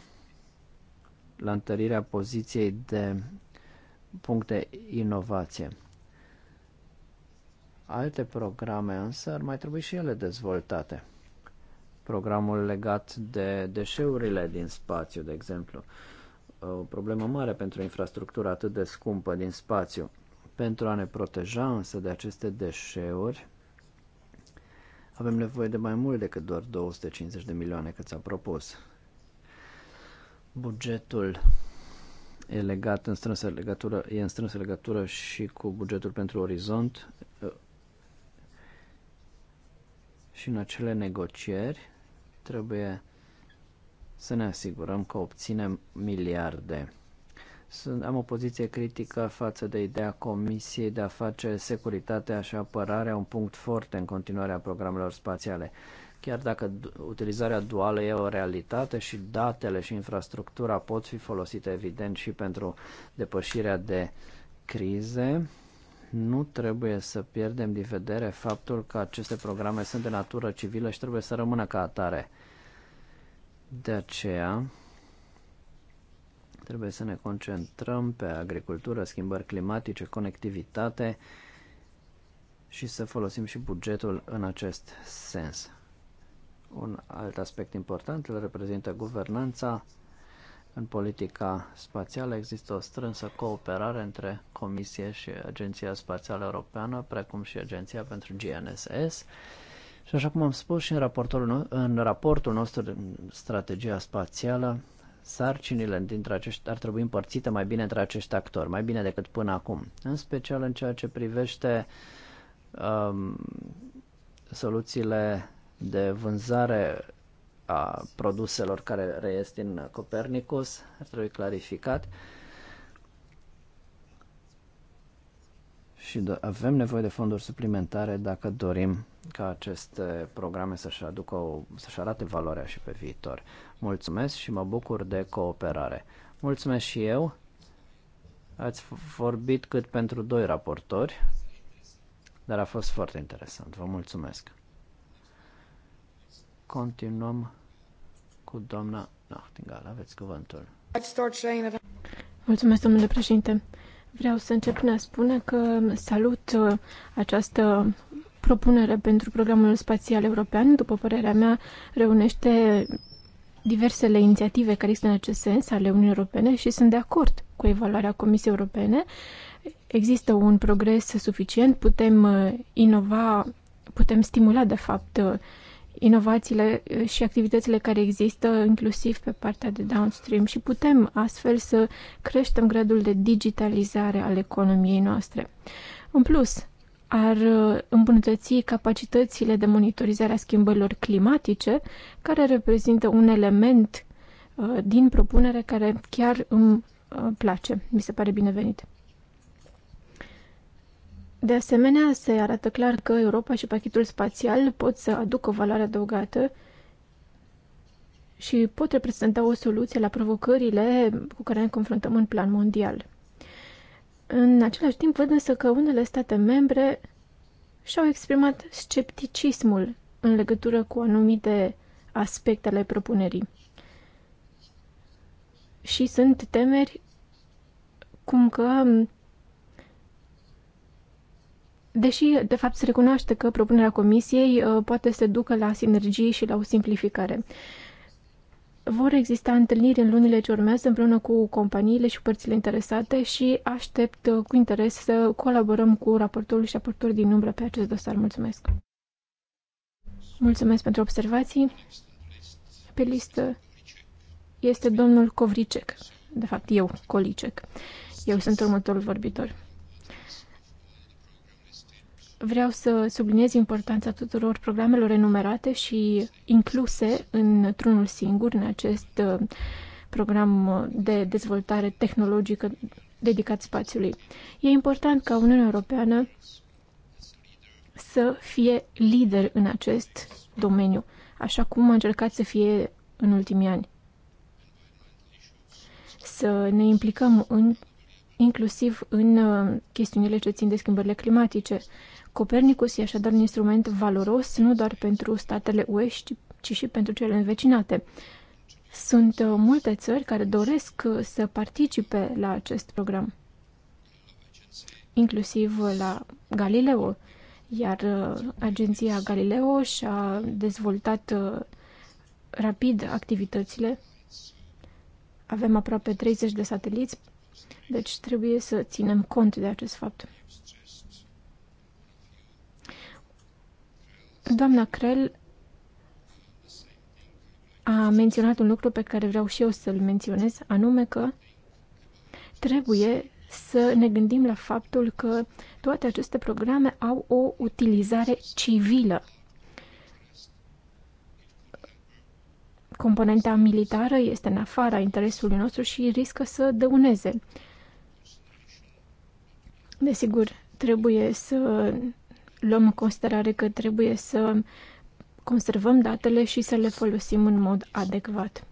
la întărirea poziției de puncte inovație. Alte programe însă ar mai trebui și ele dezvoltate. Programul legat de deșeurile din spațiu, de exemplu. O problemă mare pentru infrastructura atât de scumpă din spațiu. Pentru a ne proteja însă de aceste deșeuri, avem nevoie de mai mult decât doar 250 de milioane cât s-a propus. Bugetul e legat în strânsă legătură, e în strânsă legătură și cu bugetul pentru Orizont uh, și în acele negocieri trebuie să ne asigurăm că obținem miliarde. Sunt, am o poziție critică față de ideea Comisiei de a face securitatea și apărarea un punct foarte în continuarea programelor spațiale. Chiar dacă utilizarea duală e o realitate și datele și infrastructura pot fi folosite evident și pentru depășirea de crize, nu trebuie să pierdem din vedere faptul că aceste programe sunt de natură civilă și trebuie să rămână ca atare. De aceea, trebuie să ne concentrăm pe agricultură, schimbări climatice, conectivitate și să folosim și bugetul în acest sens. Un alt aspect important îl reprezintă guvernanța. În politica spațială există o strânsă cooperare între Comisie și Agenția Spațială Europeană, precum și Agenția pentru GNSS. Și așa cum am spus și în raportul, în raportul nostru în strategia spațială, sarcinile dintre acești, ar trebui împărțite mai bine între acești actori, mai bine decât până acum, în special în ceea ce privește um, soluțiile de vânzare a produselor care reies din Copernicus, ar trebui clarificat. Și avem nevoie de fonduri suplimentare dacă dorim ca aceste programe să-și aducă o, să-și arate valoarea și pe viitor. Mulțumesc și mă bucur de cooperare. Mulțumesc și eu. Ați vorbit cât pentru doi raportori, dar a fost foarte interesant. Vă mulțumesc. Continuăm cu doamna Nachtingal. Aveți cuvântul. Mulțumesc, domnule președinte. Vreau să încep prin a spune că salut uh, această propunere pentru programul spațial european. După părerea mea, reunește diversele inițiative care există în acest sens ale Uniunii Europene și sunt de acord cu evaluarea Comisiei Europene. Există un progres suficient, putem uh, inova, putem stimula, de fapt, uh, inovațiile uh, și activitățile care există, inclusiv pe partea de downstream și putem astfel să creștem gradul de digitalizare al economiei noastre. În plus, ar uh, îmbunătăți capacitățile de monitorizare a schimbărilor climatice, care reprezintă un element uh, din propunere care chiar îmi place, mi se pare binevenit. De asemenea, se arată clar că Europa și pachetul spațial pot să aducă o valoare adăugată și pot reprezenta o soluție la provocările cu care ne confruntăm în plan mondial. În același timp, văd însă că unele state membre și-au exprimat scepticismul în legătură cu anumite aspecte ale propunerii. Și sunt temeri cum că Deși, de fapt, se recunoaște că propunerea comisiei uh, poate să ducă la sinergii și la o simplificare. Vor exista întâlniri în lunile ce urmează împreună cu companiile și părțile interesate și aștept uh, cu interes să colaborăm cu raportorul și raportorii din umbră pe acest dosar. Mulțumesc! Mulțumesc pentru observații. Pe listă este domnul Covricec. De fapt, eu, Colicec. Eu sunt următorul vorbitor. Vreau să subliniez importanța tuturor programelor enumerate și incluse în trunul singur, în acest uh, program de dezvoltare tehnologică dedicat spațiului. E important ca Uniunea Europeană să fie lider în acest domeniu, așa cum a încercat să fie în ultimii ani. Să ne implicăm în, inclusiv în uh, chestiunile ce țin de schimbările climatice, Copernicus e așadar un instrument valoros nu doar pentru statele UE, ci și pentru cele învecinate. Sunt uh, multe țări care doresc uh, să participe la acest program, inclusiv uh, la Galileo, iar agenția Galileo și-a dezvoltat rapid activitățile. Avem aproape 30 de sateliți, deci trebuie să ținem cont de acest fapt. Doamna Crel a menționat un lucru pe care vreau și eu să-l menționez, anume că trebuie să ne gândim la faptul că toate aceste programe au o utilizare civilă. Componenta militară este în afara interesului nostru și riscă să dăuneze. Desigur, trebuie să luăm în considerare că trebuie să conservăm datele și să le folosim în mod adecvat.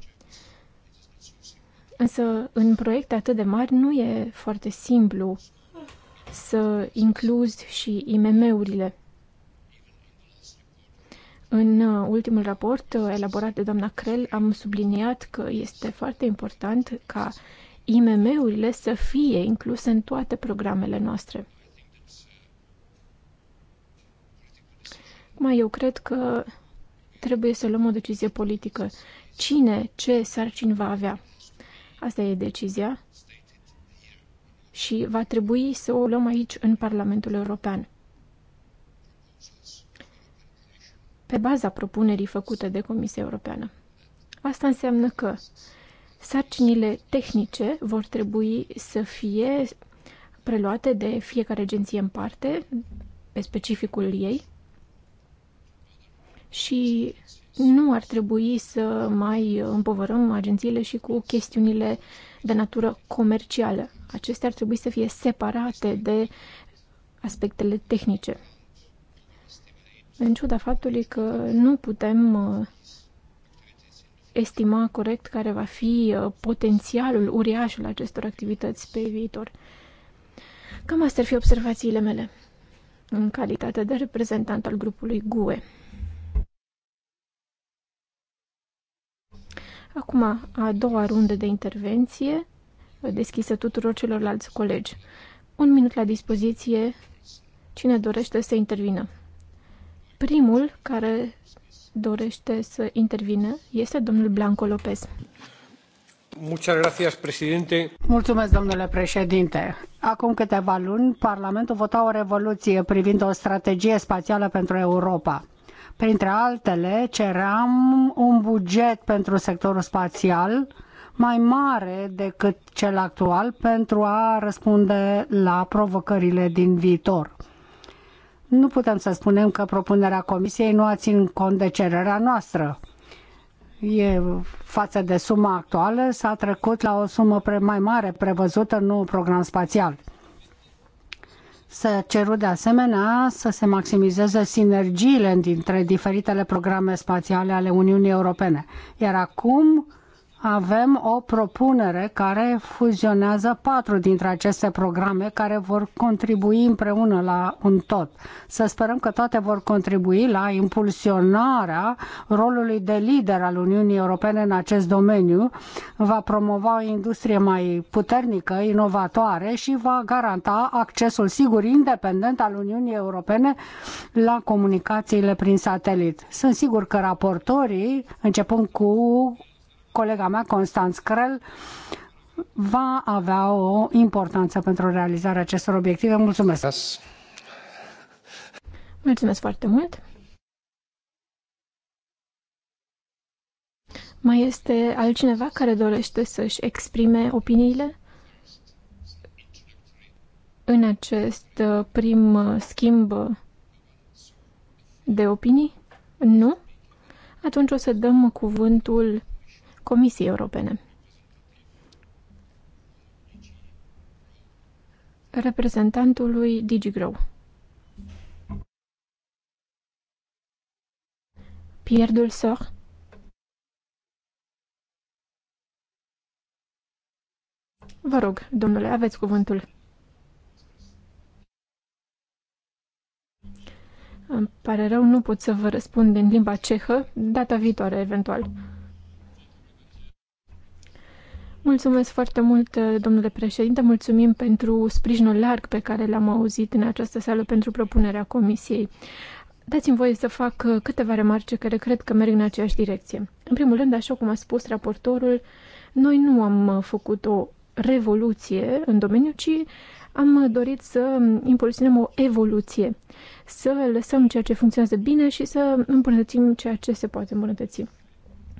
Însă, în proiecte atât de mari, nu e foarte simplu să incluzi și IMM-urile. În uh, ultimul raport uh, elaborat de doamna Crel am subliniat că este foarte important ca IMM-urile să fie incluse în toate programele noastre. Mai eu cred că trebuie să luăm o decizie politică. Cine, ce sarcini va avea? Asta e decizia și va trebui să o luăm aici în Parlamentul European. Pe baza propunerii făcute de Comisia Europeană. Asta înseamnă că sarcinile tehnice vor trebui să fie preluate de fiecare agenție în parte, pe specificul ei, și nu ar trebui să mai împovărăm agențiile și cu chestiunile de natură comercială. Acestea ar trebui să fie separate de aspectele tehnice. În ciuda faptului că nu putem uh, estima corect care va fi uh, potențialul uriaș al acestor activități pe viitor. Cam astea ar fi observațiile mele în calitate de reprezentant al grupului GUE. Acum, a doua rundă de intervenție, deschisă tuturor celorlalți colegi. Un minut la dispoziție, cine dorește să intervină. Primul care dorește să intervină este domnul Blanco Lopez. Mulțumesc, domnule președinte. Acum câteva luni, Parlamentul vota o revoluție privind o strategie spațială pentru Europa Printre altele, ceram un buget pentru sectorul spațial mai mare decât cel actual pentru a răspunde la provocările din viitor. Nu putem să spunem că propunerea Comisiei nu a ținut cont de cererea noastră e, față de suma actuală, s-a trecut la o sumă pre, mai mare prevăzută în nou program spațial să ceru de asemenea să se maximizeze sinergiile dintre diferitele programe spațiale ale Uniunii Europene. Iar acum avem o propunere care fuzionează patru dintre aceste programe care vor contribui împreună la un tot. Să sperăm că toate vor contribui la impulsionarea rolului de lider al Uniunii Europene în acest domeniu, va promova o industrie mai puternică, inovatoare și va garanta accesul sigur independent al Uniunii Europene la comunicațiile prin satelit. Sunt sigur că raportorii, începând cu colega mea, Constanț Crel, va avea o importanță pentru realizarea acestor obiective. Mulțumesc! Mulțumesc foarte mult! Mai este altcineva care dorește să-și exprime opiniile? În acest uh, prim uh, schimb de opinii? Nu? Atunci o să dăm cuvântul Comisiei Europene. Reprezentantului DigiGrow. Pierre Dulsor. Vă rog, domnule, aveți cuvântul. Îmi pare rău, nu pot să vă răspund în limba cehă, data viitoare, eventual. Mulțumesc foarte mult, uh, domnule președinte. Mulțumim pentru sprijinul larg pe care l-am auzit în această sală pentru propunerea comisiei. Dați-mi voie să fac uh, câteva remarce care cred că merg în aceeași direcție. În primul rând, așa cum a spus raportorul, noi nu am uh, făcut o revoluție în domeniu, ci am dorit să impulsionăm o evoluție, să lăsăm ceea ce funcționează bine și să îmbunătățim ceea ce se poate îmbunătăți.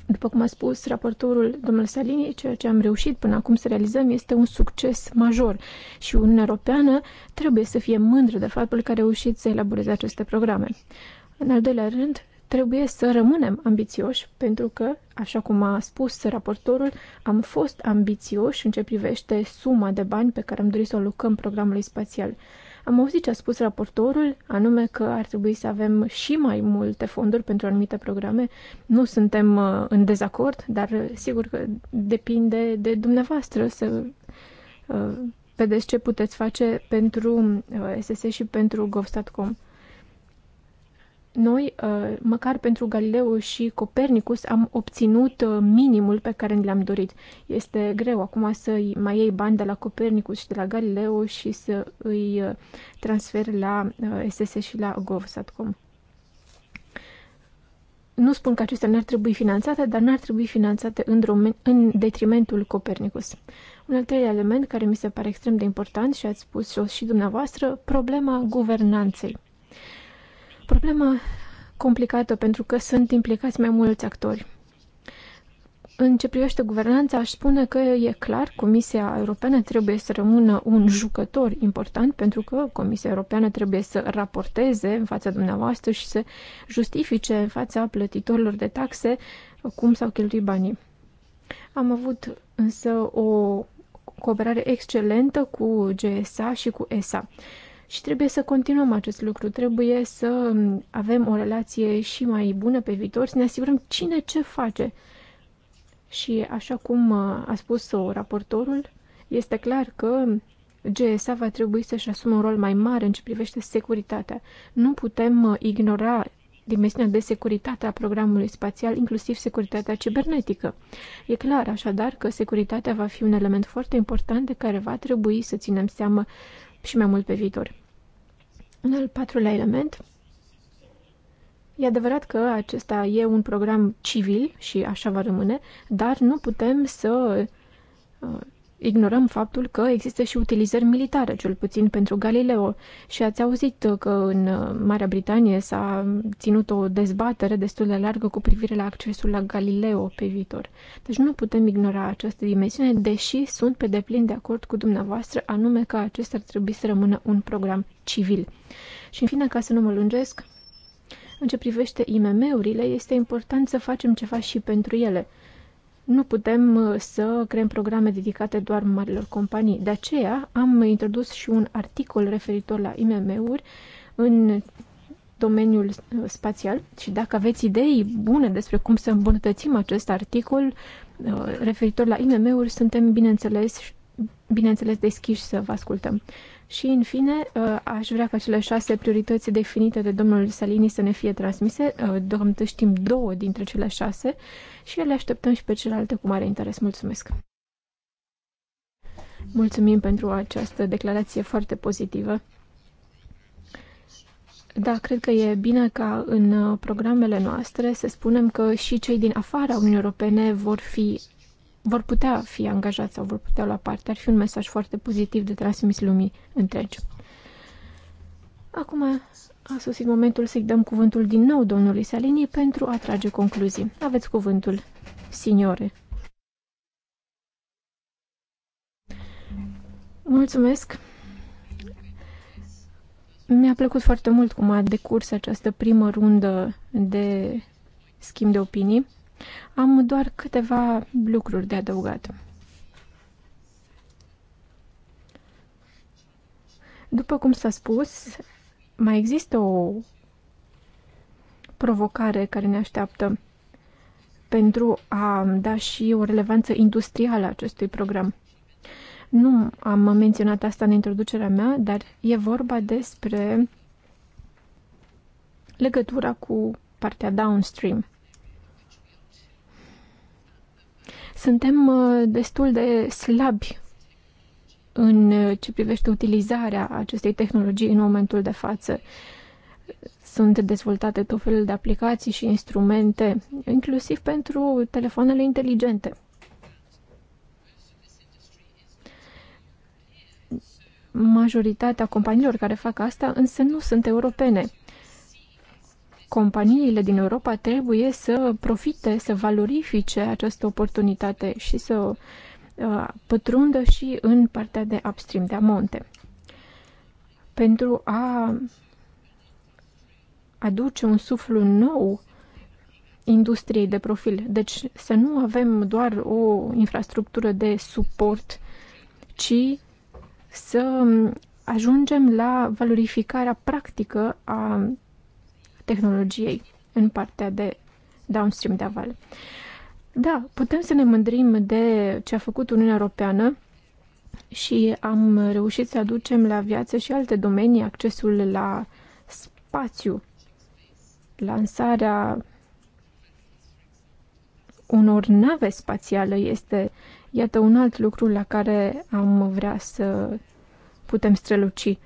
După cum a spus raportorul domnul Salini, ceea ce am reușit până acum să realizăm este un succes major și Uniunea Europeană trebuie să fie mândră de faptul că a reușit să elaboreze aceste programe. În al doilea rând, trebuie să rămânem ambițioși, pentru că, așa cum a spus raportorul, am fost ambițioși în ce privește suma de bani pe care am dorit să o lucrăm programului spațial. Am auzit ce a spus raportorul, anume că ar trebui să avem și mai multe fonduri pentru anumite programe. Nu suntem uh, în dezacord, dar uh, sigur că depinde de dumneavoastră să uh, vedeți ce puteți face pentru SS și pentru GovStat.com. Noi, uh, măcar pentru Galileu și Copernicus, am obținut uh, minimul pe care ne l-am dorit. Este greu acum să mai iei bani de la Copernicus și de la Galileo și să îi uh, transfer la SS și la Gov.com. Nu spun că acestea n-ar trebui finanțate, dar n-ar trebui finanțate în, în detrimentul Copernicus. Un al treilea element care mi se pare extrem de important și ați spus-o și dumneavoastră, problema guvernanței. Problema complicată pentru că sunt implicați mai mulți actori. În ce privește guvernanța, aș spune că e clar, Comisia Europeană trebuie să rămână un jucător important, pentru că Comisia Europeană trebuie să raporteze în fața dumneavoastră și să justifice în fața plătitorilor de taxe cum s-au cheltuit banii. Am avut însă o cooperare excelentă cu GSA și cu ESA. Și trebuie să continuăm acest lucru, trebuie să avem o relație și mai bună pe viitor, să ne asigurăm cine ce face. Și așa cum uh, a spus-o raportorul, este clar că GSA va trebui să-și asume un rol mai mare în ce privește securitatea. Nu putem uh, ignora dimensiunea de securitate a programului spațial, inclusiv securitatea cibernetică. E clar, așadar, că securitatea va fi un element foarte important de care va trebui să ținem seama și mai mult pe viitor. În al patrulea element, e adevărat că acesta e un program civil și așa va rămâne, dar nu putem să uh, Ignorăm faptul că există și utilizări militare, cel puțin pentru Galileo. Și ați auzit că în Marea Britanie s-a ținut o dezbatere destul de largă cu privire la accesul la Galileo pe viitor. Deci nu putem ignora această dimensiune, deși sunt pe deplin de acord cu dumneavoastră, anume că acesta ar trebui să rămână un program civil. Și în fine, ca să nu mă lungesc, în ce privește IMM-urile, este important să facem ceva și pentru ele – nu putem uh, să creăm programe dedicate doar marilor companii. De aceea am introdus și un articol referitor la IMM-uri în domeniul uh, spațial și dacă aveți idei bune despre cum să îmbunătățim acest articol uh, referitor la IMM-uri, suntem bineînțeles, bineînțeles deschiși să vă ascultăm. Și, în fine, uh, aș vrea ca cele șase priorități definite de domnul Salini să ne fie transmise. Uh, Deocamdată știm două dintre cele șase și le așteptăm și pe celelalte cu mare interes. Mulțumesc! Mulțumim pentru această declarație foarte pozitivă. Da, cred că e bine ca în uh, programele noastre să spunem că și cei din afara Uniunii Europene vor fi vor putea fi angajați sau vor putea lua parte. Ar fi un mesaj foarte pozitiv de transmis lumii întregi. Acum a sosit momentul să-i dăm cuvântul din nou domnului Salini pentru a trage concluzii. Aveți cuvântul, signore. Mulțumesc! Mi-a plăcut foarte mult cum a decurs această primă rundă de schimb de opinii. Am doar câteva lucruri de adăugat. După cum s-a spus, mai există o provocare care ne așteaptă pentru a da și o relevanță industrială acestui program. Nu am menționat asta în introducerea mea, dar e vorba despre legătura cu partea downstream. Suntem uh, destul de slabi în uh, ce privește utilizarea acestei tehnologii în momentul de față. Sunt dezvoltate tot felul de aplicații și instrumente, inclusiv pentru telefoanele inteligente. Majoritatea companiilor care fac asta însă nu sunt europene companiile din Europa trebuie să profite, să valorifice această oportunitate și să uh, pătrundă și în partea de upstream, de amonte. Pentru a aduce un suflu nou industriei de profil. Deci să nu avem doar o infrastructură de suport, ci să ajungem la valorificarea practică a tehnologiei în partea de downstream de aval. Da, putem să ne mândrim de ce a făcut Uniunea Europeană și am reușit să aducem la viață și alte domenii, accesul la spațiu, lansarea unor nave spațiale este, iată, un alt lucru la care am vrea să putem străluci.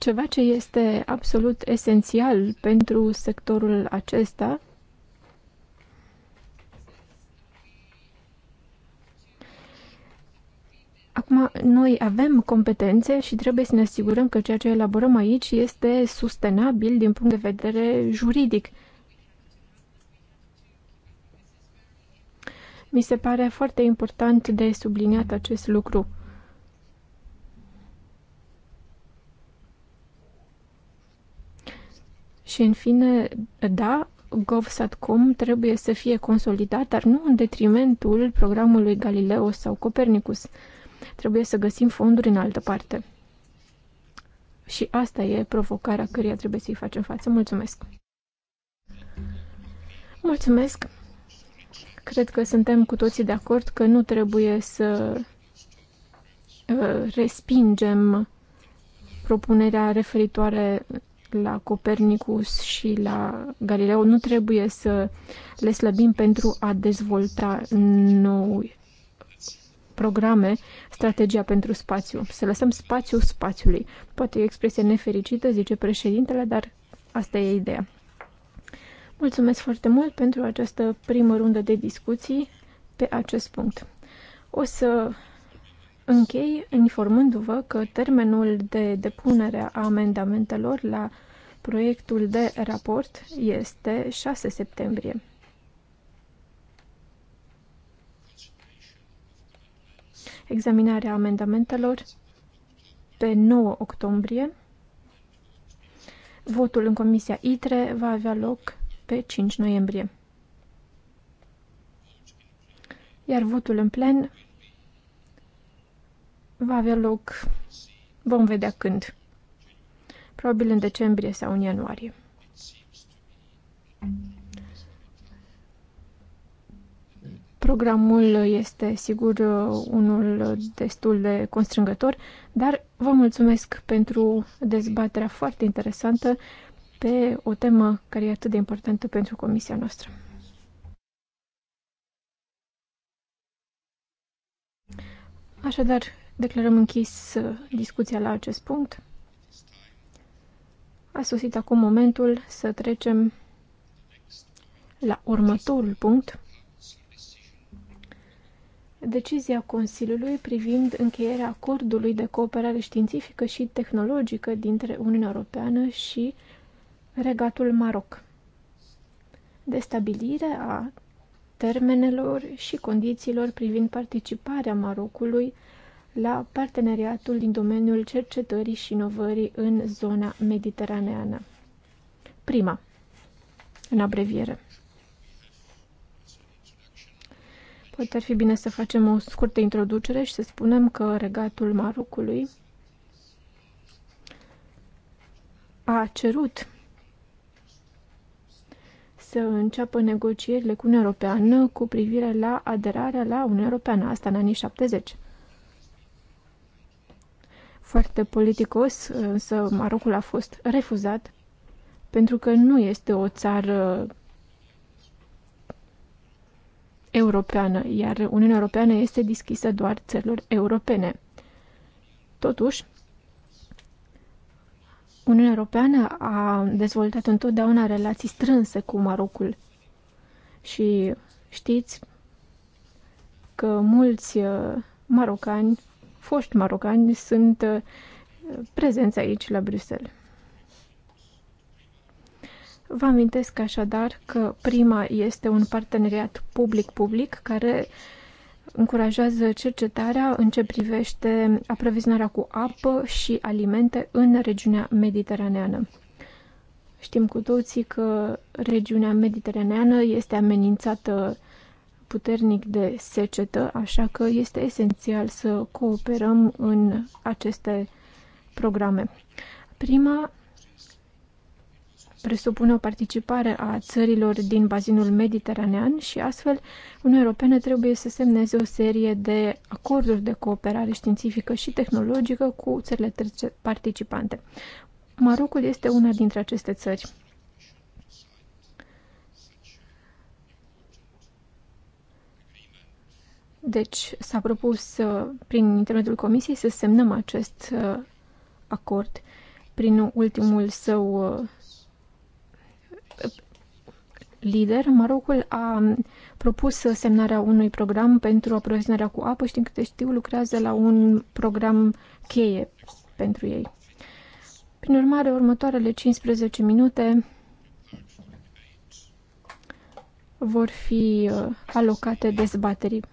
Ceva ce este absolut esențial pentru sectorul acesta Acum, noi avem competențe și trebuie să ne asigurăm că ceea ce elaborăm aici este sustenabil din punct de vedere juridic. Mi se pare foarte important de subliniat acest lucru. Și, în fine, da, GovSatcom trebuie să fie consolidat, dar nu în detrimentul programului Galileo sau Copernicus. Trebuie să găsim fonduri în altă parte. Și asta e provocarea căreia trebuie să-i facem față. Mulțumesc! Mulțumesc! Cred că suntem cu toții de acord că nu trebuie să uh, respingem propunerea referitoare la Copernicus și la Galileo, nu trebuie să le slăbim pentru a dezvolta noi programe, strategia pentru spațiu. Să lăsăm spațiu spațiului. Poate e o expresie nefericită, zice președintele, dar asta e ideea. Mulțumesc foarte mult pentru această primă rundă de discuții pe acest punct. O să Închei informându-vă că termenul de depunere a amendamentelor la proiectul de raport este 6 septembrie. Examinarea amendamentelor pe 9 octombrie. Votul în Comisia ITRE va avea loc pe 5 noiembrie. Iar votul în plen va avea loc, vom vedea când. Probabil în decembrie sau în ianuarie. Programul este, sigur, unul destul de constrângător, dar vă mulțumesc pentru dezbaterea foarte interesantă pe o temă care e atât de importantă pentru comisia noastră. Așadar, Declarăm închis uh, discuția la acest punct. A sosit acum momentul să trecem la următorul punct. Decizia Consiliului privind încheierea acordului de cooperare științifică și tehnologică dintre Uniunea Europeană și Regatul Maroc. De stabilire a termenelor și condițiilor privind participarea Marocului la parteneriatul din domeniul cercetării și inovării în zona mediteraneană. Prima, în abreviere. Poate ar fi bine să facem o scurtă introducere și să spunem că regatul Marocului a cerut să înceapă negocierile cu Uniunea Europeană cu privire la aderarea la Uniunea Europeană, asta în anii 70 foarte politicos, însă Marocul a fost refuzat pentru că nu este o țară europeană, iar Uniunea Europeană este deschisă doar țărilor europene. Totuși, Uniunea Europeană a dezvoltat întotdeauna relații strânse cu Marocul și știți că mulți uh, marocani foști marocani sunt uh, prezenți aici la Bruxelles. Vă amintesc așadar că prima este un parteneriat public-public care încurajează cercetarea în ce privește aprovizionarea cu apă și alimente în regiunea mediteraneană. Știm cu toții că regiunea mediteraneană este amenințată puternic de secetă, așa că este esențial să cooperăm în aceste programe. Prima presupune o participare a țărilor din bazinul mediteranean și astfel Uniunea Europeană trebuie să semneze o serie de acorduri de cooperare științifică și tehnologică cu țările participante. Marocul este una dintre aceste țări. Deci s-a propus uh, prin intermediul Comisiei să semnăm acest uh, acord prin ultimul său uh, lider, Marocul a um, propus semnarea unui program pentru aprovizionarea cu apă și, din câte știu, lucrează la un program cheie pentru ei. Prin urmare, următoarele 15 minute vor fi alocate dezbaterii.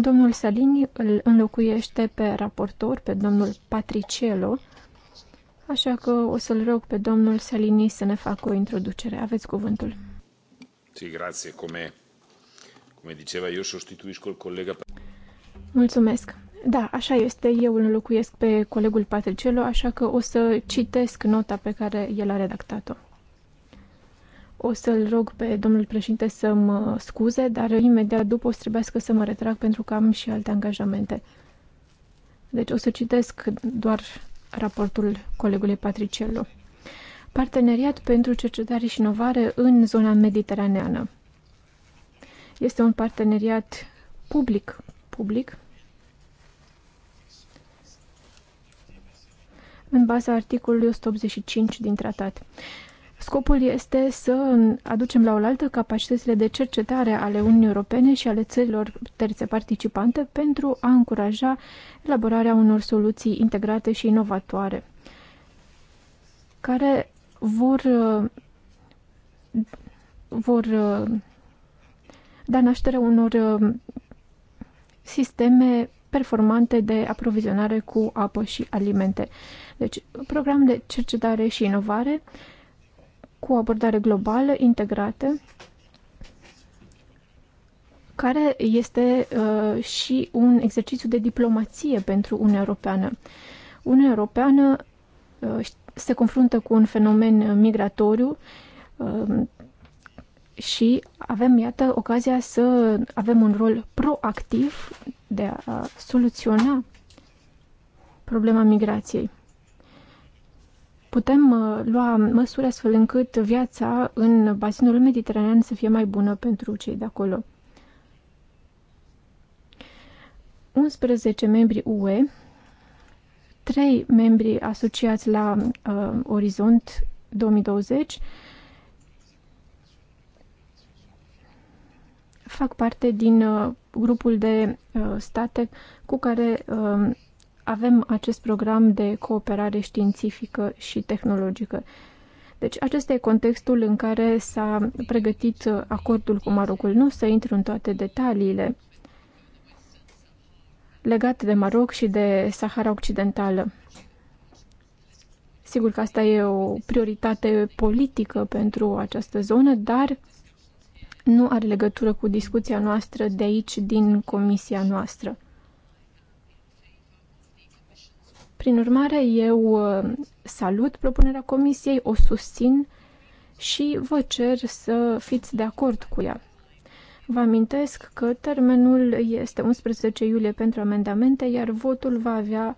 Domnul Salini îl înlocuiește pe raportor, pe domnul Patriciello, așa că o să-l rog pe domnul Salini să ne facă o introducere. Aveți cuvântul. Sì, grazie. Come, come diceva, io sostituisco il collega... Mulțumesc. Da, așa este. Eu îl înlocuiesc pe colegul Patriciello, așa că o să citesc nota pe care el a redactat-o. O să-l rog pe domnul președinte să mă scuze, dar imediat după o să trebuiască să mă retrag pentru că am și alte angajamente. Deci o să citesc doar raportul colegului Patricello. Parteneriat pentru cercetare și inovare în zona mediteraneană. Este un parteneriat public, public, în baza articolului 185 din tratat. Scopul este să aducem la oaltă capacitățile de cercetare ale Uniunii Europene și ale țărilor terțe participante pentru a încuraja elaborarea unor soluții integrate și inovatoare care vor, vor da naștere unor sisteme performante de aprovizionare cu apă și alimente. Deci, program de cercetare și inovare cu o abordare globală, integrată, care este uh, și un exercițiu de diplomație pentru Uniunea Europeană. Uniunea Europeană uh, se confruntă cu un fenomen migratoriu uh, și avem, iată, ocazia să avem un rol proactiv de a soluționa problema migrației putem uh, lua măsuri astfel încât viața în bazinul mediteranean să fie mai bună pentru cei de acolo. 11 membri UE, 3 membri asociați la uh, Orizont 2020 fac parte din uh, grupul de uh, state cu care uh, avem acest program de cooperare științifică și tehnologică. Deci acesta e contextul în care s-a pregătit acordul cu Marocul. Nu să intru în toate detaliile legate de Maroc și de Sahara Occidentală. Sigur că asta e o prioritate politică pentru această zonă, dar nu are legătură cu discuția noastră de aici, din comisia noastră. Prin urmare, eu uh, salut propunerea comisiei, o susțin și vă cer să fiți de acord cu ea. Vă amintesc că termenul este 11 iulie pentru amendamente, iar votul va avea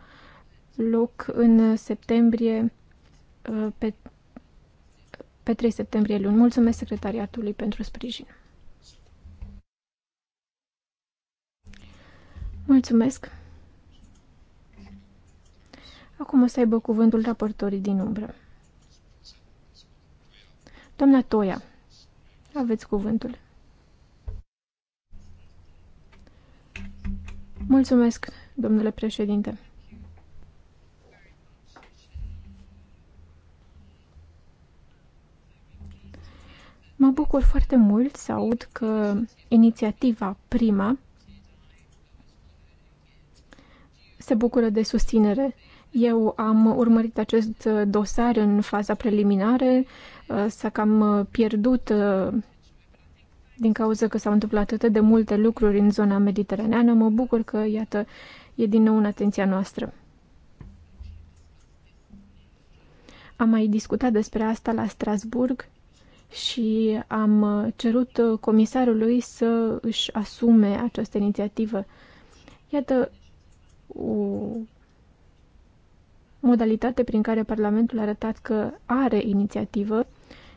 loc în septembrie, uh, pe, pe 3 septembrie luni. Mulțumesc secretariatului pentru sprijin. Mulțumesc! Acum o să aibă cuvântul raportorii din umbră. Doamna Toia, aveți cuvântul. Mulțumesc, domnule președinte. Mă bucur foarte mult să aud că inițiativa prima se bucură de susținere eu am urmărit acest uh, dosar în faza preliminare, uh, s-a cam uh, pierdut din cauza că s-au întâmplat atât de multe lucruri în zona mediteraneană. Mă bucur că, iată, e din nou în atenția noastră. Am mai discutat despre asta la Strasburg și am cerut comisarului să își asume această inițiativă. Iată o modalitate prin care Parlamentul a arătat că are inițiativă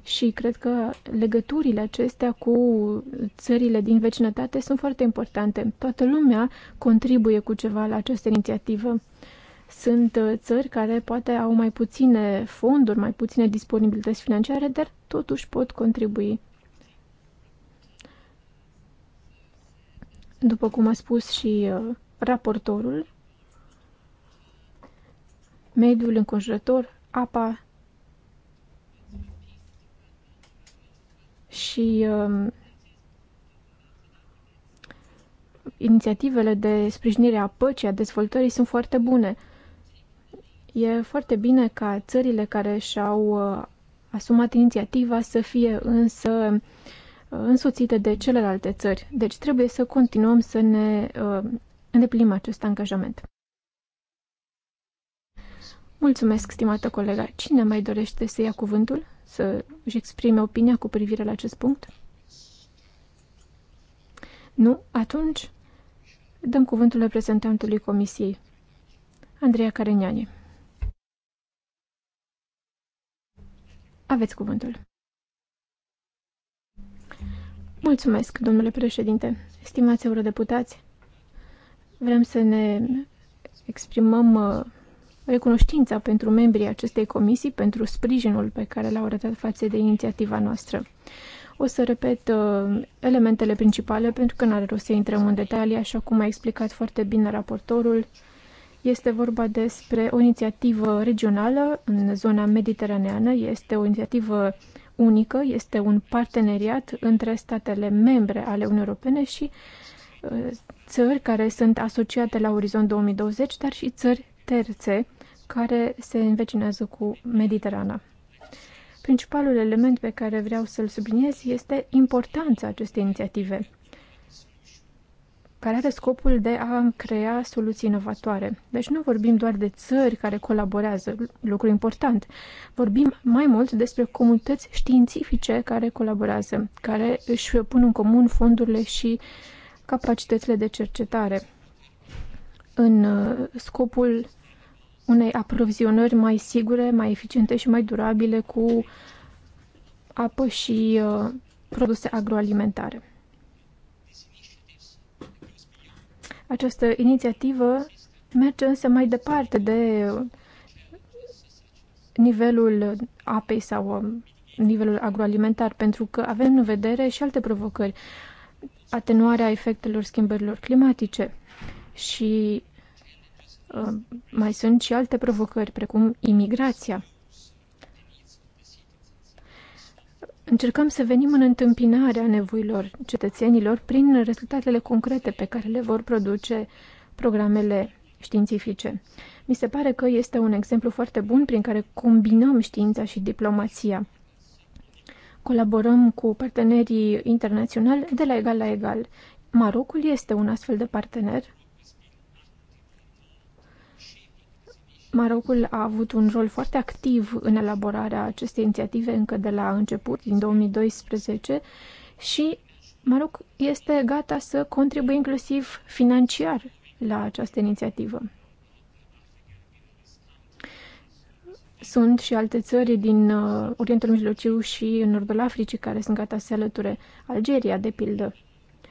și cred că legăturile acestea cu țările din vecinătate sunt foarte importante. Toată lumea contribuie cu ceva la această inițiativă. Sunt uh, țări care poate au mai puține fonduri, mai puține disponibilități financiare, dar totuși pot contribui. După cum a spus și uh, raportorul, mediul înconjurător, apa și um, inițiativele de sprijinire a păcii, a dezvoltării sunt foarte bune. E foarte bine ca țările care și-au uh, asumat inițiativa să fie însă uh, însoțite de celelalte țări. Deci trebuie să continuăm să ne uh, îndeplinim acest angajament. Mulțumesc, stimată colega. Cine mai dorește să ia cuvântul? Să își exprime opinia cu privire la acest punct? Nu? Atunci dăm cuvântul reprezentantului Comisiei, Andreea Careniani. Aveți cuvântul. Mulțumesc, domnule președinte. Stimați eurodeputați, vrem să ne exprimăm uh, recunoștința pentru membrii acestei comisii pentru sprijinul pe care l-au arătat față de inițiativa noastră. O să repet uh, elementele principale pentru că n are rost să intrăm în detalii, așa cum a explicat foarte bine raportorul. Este vorba despre o inițiativă regională în zona mediteraneană, este o inițiativă unică, este un parteneriat între statele membre ale Uniunii Europene și uh, țări care sunt asociate la Orizont 2020, dar și țări terțe care se învecinează cu Mediterana. Principalul element pe care vreau să-l subliniez este importanța acestei inițiative, care are scopul de a crea soluții inovatoare. Deci nu vorbim doar de țări care colaborează, lucru important. Vorbim mai mult despre comunități științifice care colaborează, care își pun în comun fondurile și capacitățile de cercetare în uh, scopul unei aprovizionări mai sigure, mai eficiente și mai durabile cu apă și uh, produse agroalimentare. Această inițiativă merge însă mai departe de nivelul apei sau um, nivelul agroalimentar, pentru că avem în vedere și alte provocări. Atenuarea efectelor schimbărilor climatice și Uh, mai sunt și alte provocări, precum imigrația. Încercăm să venim în întâmpinarea nevoilor cetățenilor prin rezultatele concrete pe care le vor produce programele științifice. Mi se pare că este un exemplu foarte bun prin care combinăm știința și diplomația. Colaborăm cu partenerii internaționali de la egal la egal. Marocul este un astfel de partener Marocul a avut un rol foarte activ în elaborarea acestei inițiative încă de la început, din 2012, și Maroc este gata să contribuie inclusiv financiar la această inițiativă. Sunt și alte țări din uh, Orientul Mijlociu și în Nordul Africii care sunt gata să se alăture. Algeria, de pildă,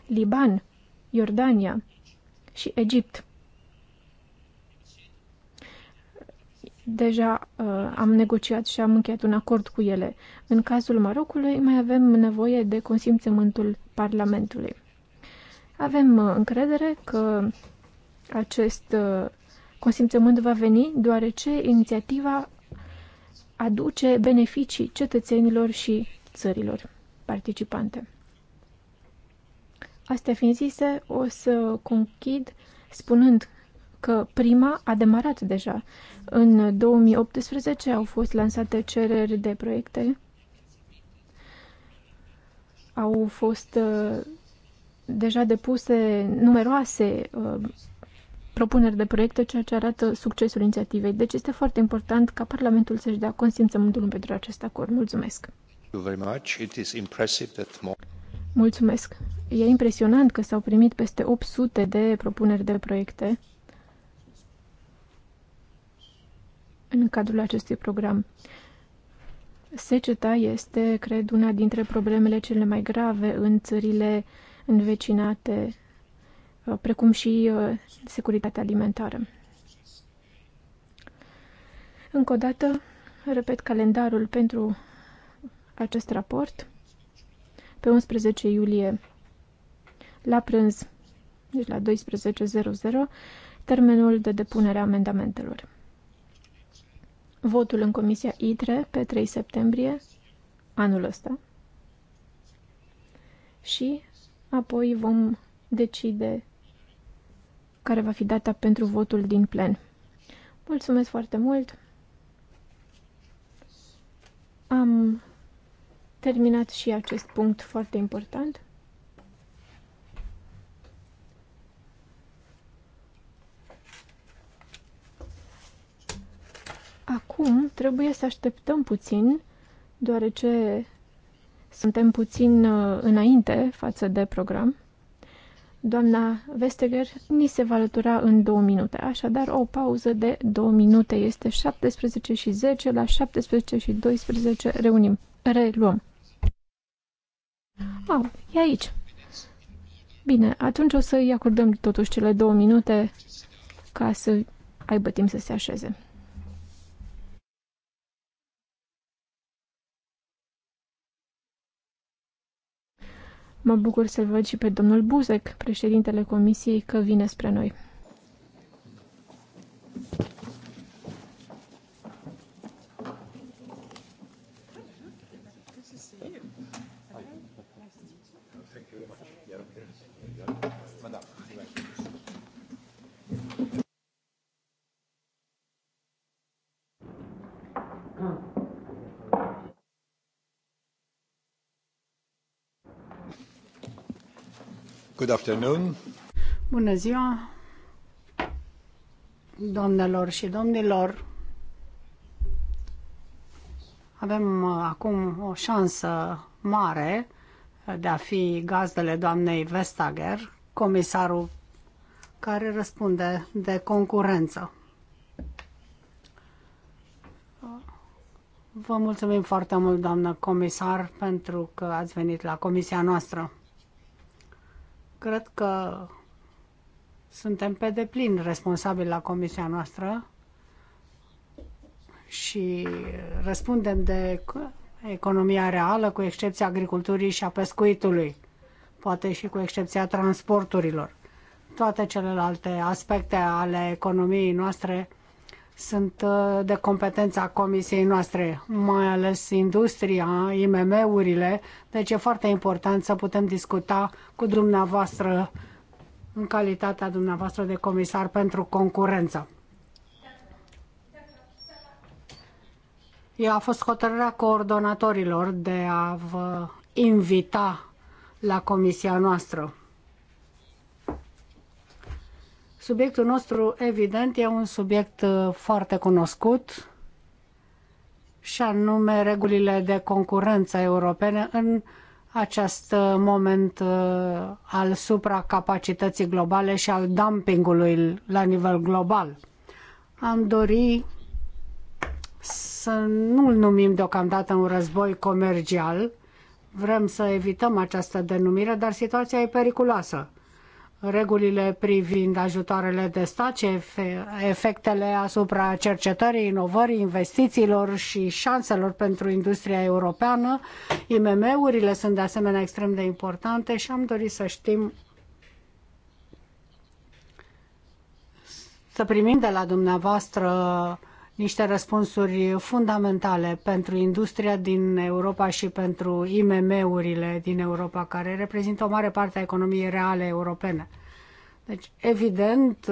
Liban, Iordania și Egipt. deja uh, am negociat și am încheiat un acord cu ele. În cazul Marocului mai avem nevoie de consimțământul Parlamentului. Avem uh, încredere că acest uh, consimțământ va veni deoarece inițiativa aduce beneficii cetățenilor și țărilor participante. Astea fiind zise, o să conchid spunând că prima a demarat deja. În 2018 au fost lansate cereri de proiecte, au fost uh, deja depuse numeroase uh, propuneri de proiecte, ceea ce arată succesul inițiativei. Deci este foarte important ca Parlamentul să-și dea consimțământul pentru acest acord. Mulțumesc! Mulțumesc! E impresionant că s-au primit peste 800 de propuneri de proiecte în cadrul acestui program. Seceta este, cred, una dintre problemele cele mai grave în țările învecinate, uh, precum și uh, securitatea alimentară. Încă o dată, repet calendarul pentru acest raport. Pe 11 iulie, la prânz, deci la 12.00, termenul de depunere a amendamentelor votul în Comisia ITRE pe 3 septembrie anul ăsta și apoi vom decide care va fi data pentru votul din plen. Mulțumesc foarte mult! Am terminat și acest punct foarte important. Acum trebuie să așteptăm puțin, deoarece suntem puțin uh, înainte față de program. Doamna Vesteger ni se va alătura în două minute, așadar o pauză de două minute este 17 și 10, la 17 și 12 reunim, reluăm. Au, oh, e aici. Bine, atunci o să-i acordăm totuși cele două minute ca să aibă timp să se așeze. Mă bucur să văd și pe domnul Buzek, președintele comisiei, că vine spre noi. Good afternoon. Bună ziua, doamnelor și domnilor. Avem uh, acum o șansă mare de a fi gazdele doamnei Vestager, comisarul care răspunde de concurență. Vă mulțumim foarte mult, doamnă comisar, pentru că ați venit la comisia noastră. Cred că suntem pe deplin responsabili la comisia noastră și răspundem de economia reală, cu excepția agriculturii și a pescuitului, poate și cu excepția transporturilor. Toate celelalte aspecte ale economiei noastre sunt uh, de competența comisiei noastre, mai ales industria, IMM-urile, deci e foarte important să putem discuta cu dumneavoastră în calitatea dumneavoastră de comisar pentru concurență. A fost hotărârea coordonatorilor de a vă invita la comisia noastră. Subiectul nostru, evident, e un subiect uh, foarte cunoscut și anume regulile de concurență europene în acest uh, moment uh, al supracapacității globale și al dumpingului la nivel global. Am dori să nu-l numim deocamdată un război comercial, vrem să evităm această denumire, dar situația e periculoasă regulile privind ajutoarele de stat și efectele asupra cercetării, inovării, investițiilor și șanselor pentru industria europeană. IMM-urile sunt de asemenea extrem de importante și am dorit să știm să primim de la dumneavoastră niște răspunsuri fundamentale pentru industria din Europa și pentru IMM-urile din Europa, care reprezintă o mare parte a economiei reale europene. Deci, evident,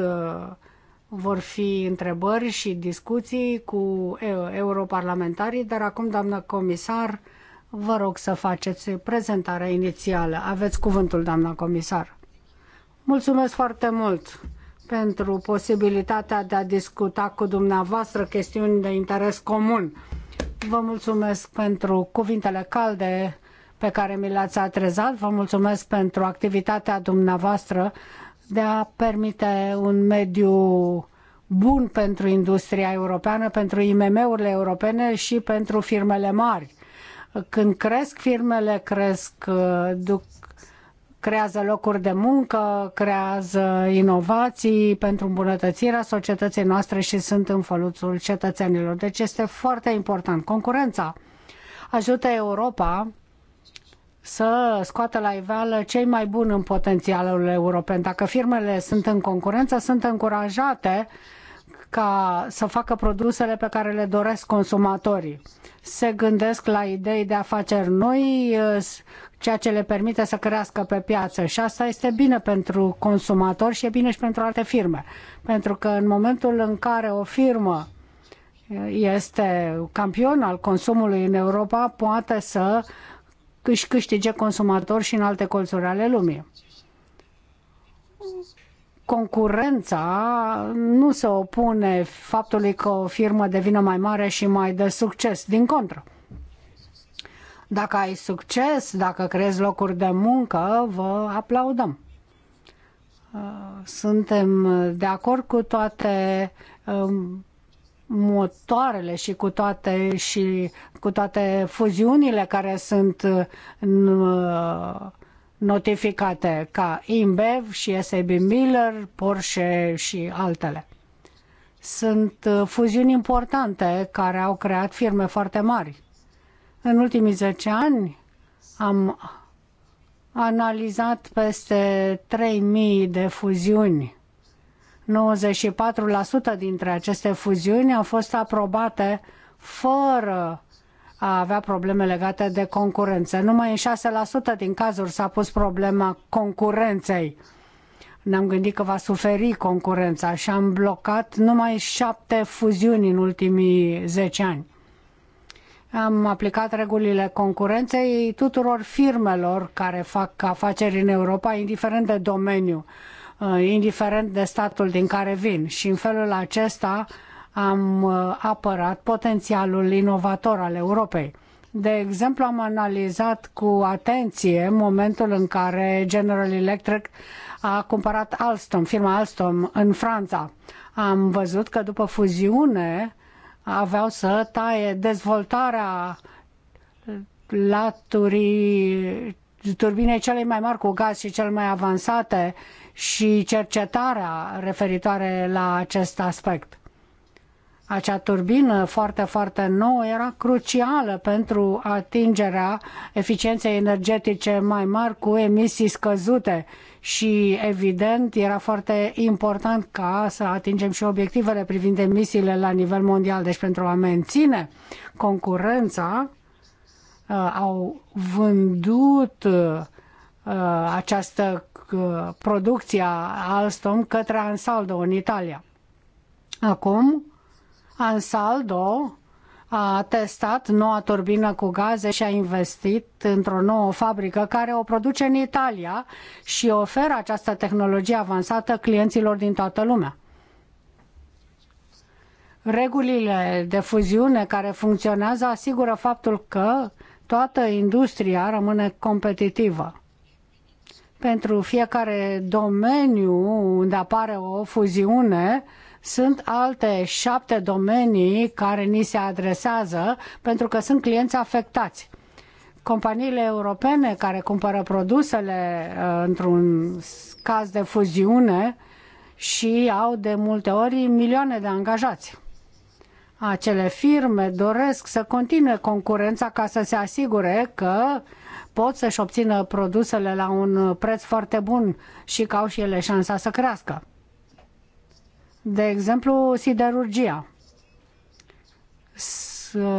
vor fi întrebări și discuții cu europarlamentarii, dar acum, doamnă comisar, vă rog să faceți prezentarea inițială. Aveți cuvântul, doamna comisar. Mulțumesc foarte mult! pentru posibilitatea de a discuta cu dumneavoastră chestiuni de interes comun. Vă mulțumesc pentru cuvintele calde pe care mi le-ați atrezat, vă mulțumesc pentru activitatea dumneavoastră de a permite un mediu bun pentru industria europeană, pentru IMM-urile europene și pentru firmele mari. Când cresc firmele, cresc, uh, duc creează locuri de muncă, creează inovații pentru îmbunătățirea societății noastre și sunt în folosul cetățenilor. Deci este foarte important. Concurența ajută Europa să scoată la iveală cei mai buni în potențialul european. Dacă firmele sunt în concurență, sunt încurajate uh, ca să facă produsele pe care le doresc consumatorii. Se gândesc la idei de afaceri noi, ceea ce le permite să crească pe piață și asta este bine pentru consumatori și e bine și pentru alte firme. Pentru că în momentul în care o firmă este campion al consumului în Europa, poate să își câștige consumatori și în alte colțuri ale lumii concurența nu se opune faptului că o firmă devine mai mare și mai de succes, din contră. Dacă ai succes, dacă creezi locuri de muncă, vă aplaudăm. Suntem de acord cu toate um, motoarele și cu toate și cu toate fuziunile care sunt în, uh, notificate ca InBev și SAB Miller, Porsche și altele. Sunt uh, fuziuni importante care au creat firme foarte mari. În ultimii 10 ani am analizat peste 3000 de fuziuni. 94% dintre aceste fuziuni au fost aprobate fără a avea probleme legate de concurență. Numai în 6% din cazuri s-a pus problema concurenței. Ne-am gândit că va suferi concurența și am blocat numai șapte fuziuni în ultimii zece ani. Am aplicat regulile concurenței tuturor firmelor care fac afaceri în Europa, indiferent de domeniu, uh, indiferent de statul din care vin. Și în felul acesta, uh, am uh, apărat potențialul inovator al Europei. De exemplu, am analizat cu atenție momentul în care General Electric a cumpărat Alstom, firma Alstom, în Franța. Am văzut că după fuziune aveau să taie dezvoltarea laturii turbinei cele mai mari cu gaz și cel mai avansate și cercetarea referitoare la acest aspect. Acea turbină foarte, foarte nouă era crucială pentru atingerea eficienței energetice mai mari cu emisii scăzute și evident era foarte important ca să atingem și obiectivele privind emisiile la nivel mondial. Deci pentru a menține concurența uh, au vândut uh, această uh, producție a Alstom către Ansaldo în Italia. Acum Ansaldo a testat noua turbină cu gaze și a investit într-o nouă fabrică care o produce în Italia și oferă această tehnologie avansată clienților din toată lumea. Regulile de fuziune care funcționează asigură faptul că toată industria rămâne competitivă. Pentru fiecare domeniu unde apare o fuziune, sunt alte șapte domenii care ni se adresează pentru că sunt clienți afectați companiile europene care cumpără produsele uh, într-un caz de fuziune și au de multe ori milioane de angajați. Acele firme doresc să continue concurența ca să se asigure că pot să-și obțină produsele la un preț foarte bun și că au și ele șansa să crească. De exemplu, siderurgia.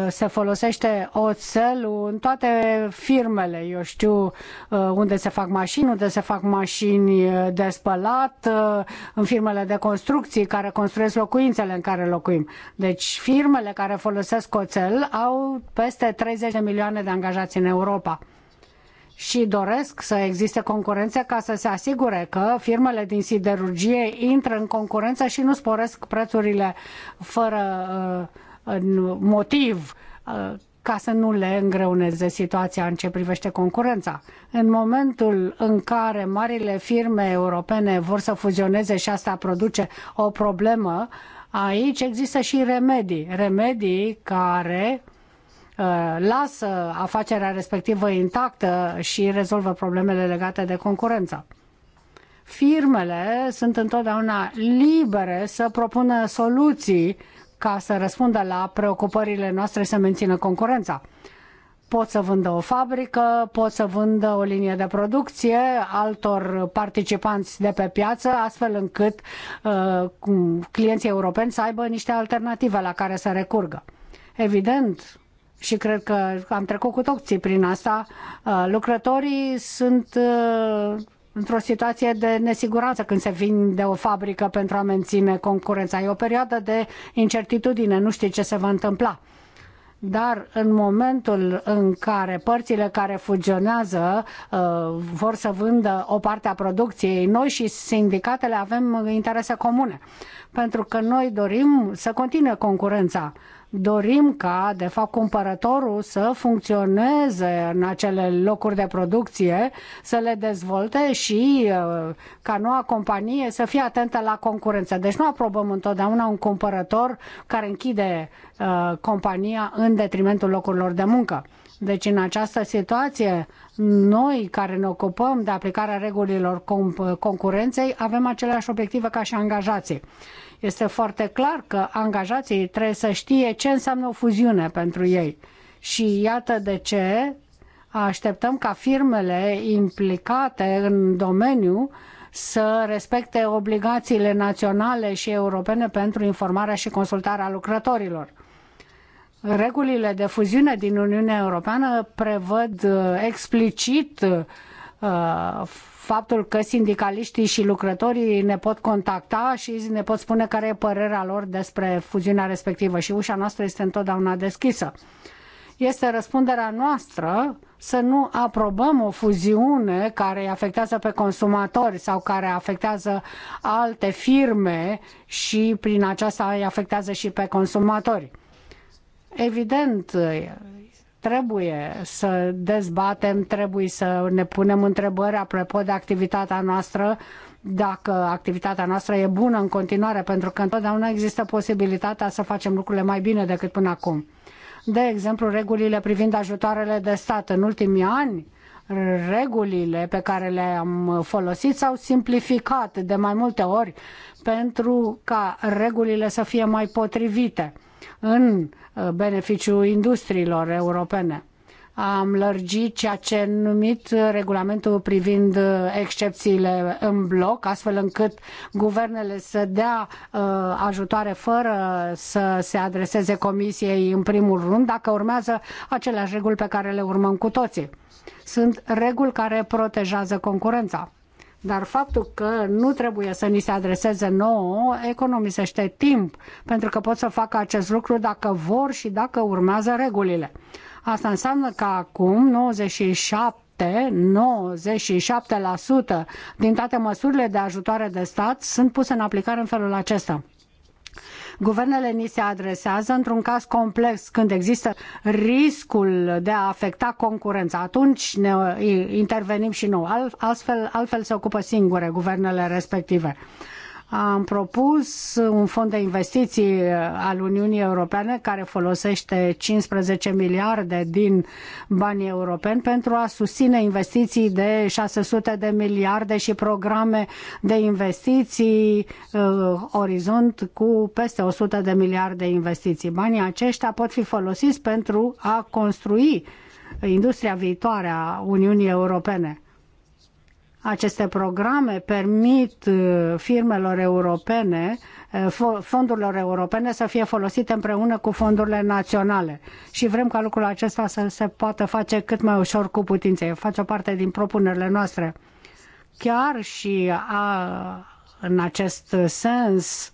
Se folosește oțelul în toate firmele. Eu știu uh, unde se fac mașini, unde se fac mașini uh, de spălat, uh, în firmele de construcții care construiesc locuințele în care locuim. Deci firmele care folosesc oțel au peste 30 de milioane de angajați în Europa și doresc să existe concurență ca să se asigure că firmele din siderurgie intră în concurență și nu sporesc prețurile fără uh, motiv uh, ca să nu le îngreuneze situația în ce privește concurența. În momentul în care marile firme europene vor să fuzioneze și asta produce o problemă, aici există și remedii, remedii care Uh, lasă afacerea respectivă intactă și rezolvă problemele legate de concurență. Firmele sunt întotdeauna libere să propună soluții ca să răspundă la preocupările noastre să mențină concurența. Pot să vândă o fabrică, pot să vândă o linie de producție altor participanți de pe piață, astfel încât uh, clienții europeni să aibă niște alternative la care să recurgă. Evident, și cred că am trecut cu toții prin asta, uh, lucrătorii sunt uh, într-o situație de nesiguranță când se de o fabrică pentru a menține concurența. E o perioadă de incertitudine, nu știi ce se va întâmpla. Dar în momentul în care părțile care fuzionează uh, vor să vândă o parte a producției, noi și sindicatele avem interese comune. Pentru că noi dorim să continue concurența dorim ca, de fapt, cumpărătorul să funcționeze în acele locuri de producție, să le dezvolte și uh, ca noua companie să fie atentă la concurență. Deci nu aprobăm întotdeauna un cumpărător care închide uh, compania în detrimentul locurilor de muncă. Deci în această situație, noi care ne ocupăm de aplicarea regulilor concurenței avem aceleași obiective ca și angajații. Este foarte clar că angajații trebuie să știe ce înseamnă o fuziune pentru ei. Și iată de ce așteptăm ca firmele implicate în domeniu să respecte obligațiile naționale și europene pentru informarea și consultarea lucrătorilor. Regulile de fuziune din Uniunea Europeană prevăd uh, explicit uh, faptul că sindicaliștii și lucrătorii ne pot contacta și ne pot spune care e părerea lor despre fuziunea respectivă și ușa noastră este întotdeauna deschisă. Este răspunderea noastră să nu aprobăm o fuziune care îi afectează pe consumatori sau care afectează alte firme și prin aceasta îi afectează și pe consumatori. Evident, Trebuie să dezbatem, trebuie să ne punem întrebări apropo de activitatea noastră, dacă activitatea noastră e bună în continuare, pentru că întotdeauna există posibilitatea să facem lucrurile mai bine decât până acum. De exemplu, regulile privind ajutoarele de stat în ultimii ani, regulile pe care le-am folosit s-au simplificat de mai multe ori pentru ca regulile să fie mai potrivite în uh, beneficiul industriilor europene. Am lărgit ceea ce numit uh, regulamentul privind uh, excepțiile în bloc, astfel încât guvernele să dea ajutoare fără să se adreseze comisiei în primul rând, dacă urmează aceleași reguli pe care le urmăm cu toții. Sunt reguli care protejează concurența dar faptul că nu trebuie să ni se adreseze nouă economisește timp, pentru că pot să facă acest lucru dacă vor și dacă urmează regulile. Asta înseamnă că acum 97 97% din toate măsurile de ajutoare de stat sunt puse în aplicare în felul acesta. Guvernele ni se adresează într-un caz complex când există riscul de a afecta concurența. Atunci ne intervenim și noi. Altfel, altfel se ocupă singure guvernele respective am propus un fond de investiții al Uniunii Europene care folosește 15 miliarde din banii europeni pentru a susține investiții de 600 de miliarde și programe de investiții uh, orizont cu peste 100 de miliarde de investiții. Banii aceștia pot fi folosiți pentru a construi industria viitoare a Uniunii Europene aceste programe permit uh, firmelor europene, uh, fondurilor europene să fie folosite împreună cu fondurile naționale și vrem ca lucrul acesta să se poată face cât mai ușor cu putință. Face o parte din propunerile noastre. Chiar și a, în acest sens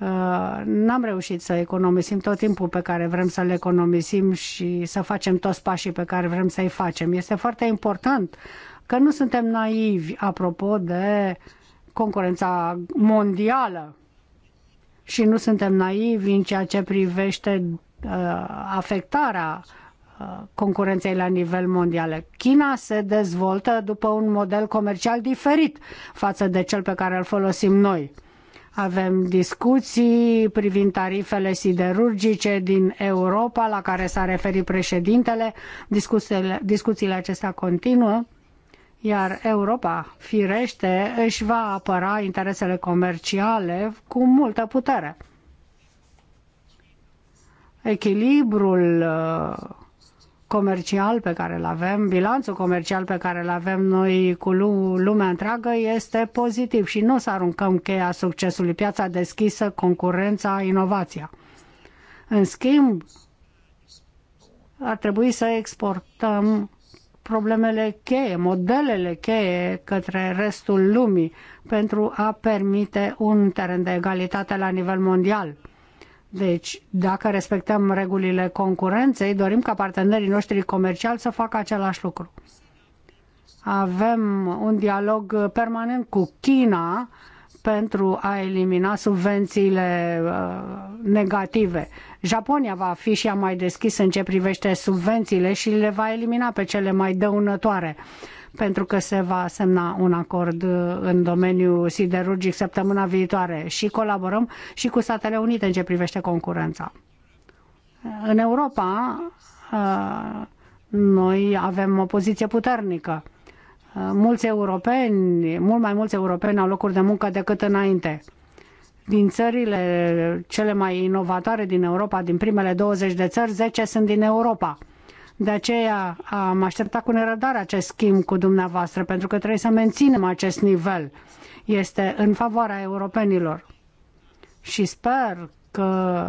uh, n-am reușit să economisim tot timpul pe care vrem să-l economisim și să facem toți pașii pe care vrem să-i facem. Este foarte important că nu suntem naivi apropo de concurența mondială și nu suntem naivi în ceea ce privește uh, afectarea uh, concurenței la nivel mondial. China se dezvoltă după un model comercial diferit față de cel pe care îl folosim noi. Avem discuții privind tarifele siderurgice din Europa, la care s-a referit președintele. Discuțiile, discuțiile acestea continuă iar Europa, firește, își va apăra interesele comerciale cu multă putere. Echilibrul uh, comercial pe care îl avem, bilanțul comercial pe care îl avem noi cu lumea întreagă este pozitiv și nu o să aruncăm cheia succesului, piața deschisă, concurența, inovația. În schimb, ar trebui să exportăm problemele cheie, modelele cheie către restul lumii pentru a permite un teren de egalitate la nivel mondial. Deci, dacă respectăm regulile concurenței, dorim ca partenerii noștri comerciali să facă același lucru. Avem un dialog permanent cu China pentru a elimina subvențiile uh, negative. Japonia va fi și ea mai deschisă în ce privește subvențiile și le va elimina pe cele mai dăunătoare pentru că se va semna un acord uh, în domeniul siderurgic săptămâna viitoare și colaborăm și cu Statele Unite în ce privește concurența. În Europa uh, noi avem o poziție puternică. Uh, mulți europeni, mult mai mulți europeni au locuri de muncă decât înainte din țările cele mai inovatoare din Europa, din primele 20 de țări, 10 sunt din Europa. De aceea am așteptat cu nerăbdare acest schimb cu dumneavoastră, pentru că trebuie să menținem acest nivel. Este în favoarea europenilor. Și sper că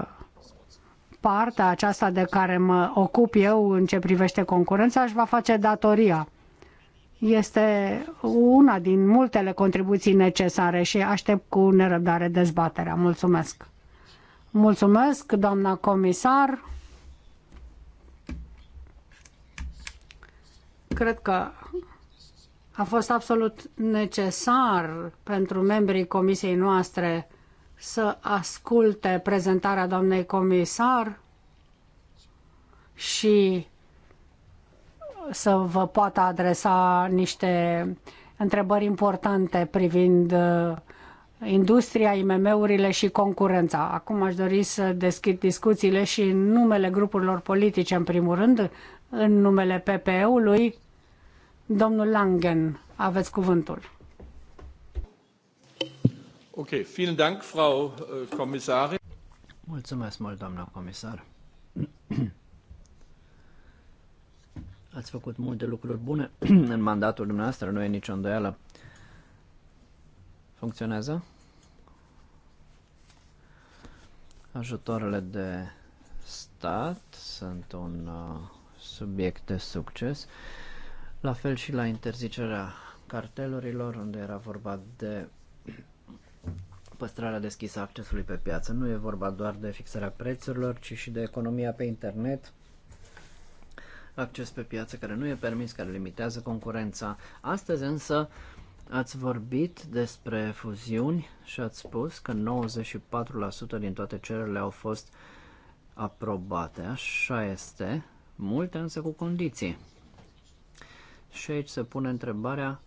partea aceasta de care mă ocup eu în ce privește concurența își va face datoria este una din multele contribuții necesare și aștept cu nerăbdare dezbaterea. Mulțumesc! Mulțumesc, doamna comisar! Cred că a fost absolut necesar pentru membrii comisiei noastre să asculte prezentarea doamnei comisar și să vă poată adresa niște întrebări importante privind uh, industria, IMM-urile și concurența. Acum aș dori să deschid discuțiile și în numele grupurilor politice, în primul rând, în numele PPE-ului, domnul Langen, aveți cuvântul. Ok, vielen Dank, Frau äh, Kommissarin. Mulțumesc mult, doamna comisar. Ați făcut multe lucruri bune în mandatul dumneavoastră, nu e nicio îndoială. Funcționează? Ajutoarele de stat sunt un uh, subiect de succes. La fel și la interzicerea cartelurilor, unde era vorba de păstrarea deschisă a accesului pe piață. Nu e vorba doar de fixarea prețurilor, ci și de economia pe internet, acces pe piață care nu e permis, care limitează concurența. Astăzi însă ați vorbit despre fuziuni și ați spus că 94% din toate cererile au fost aprobate. Așa este, multe însă cu condiții. Și aici se pune întrebarea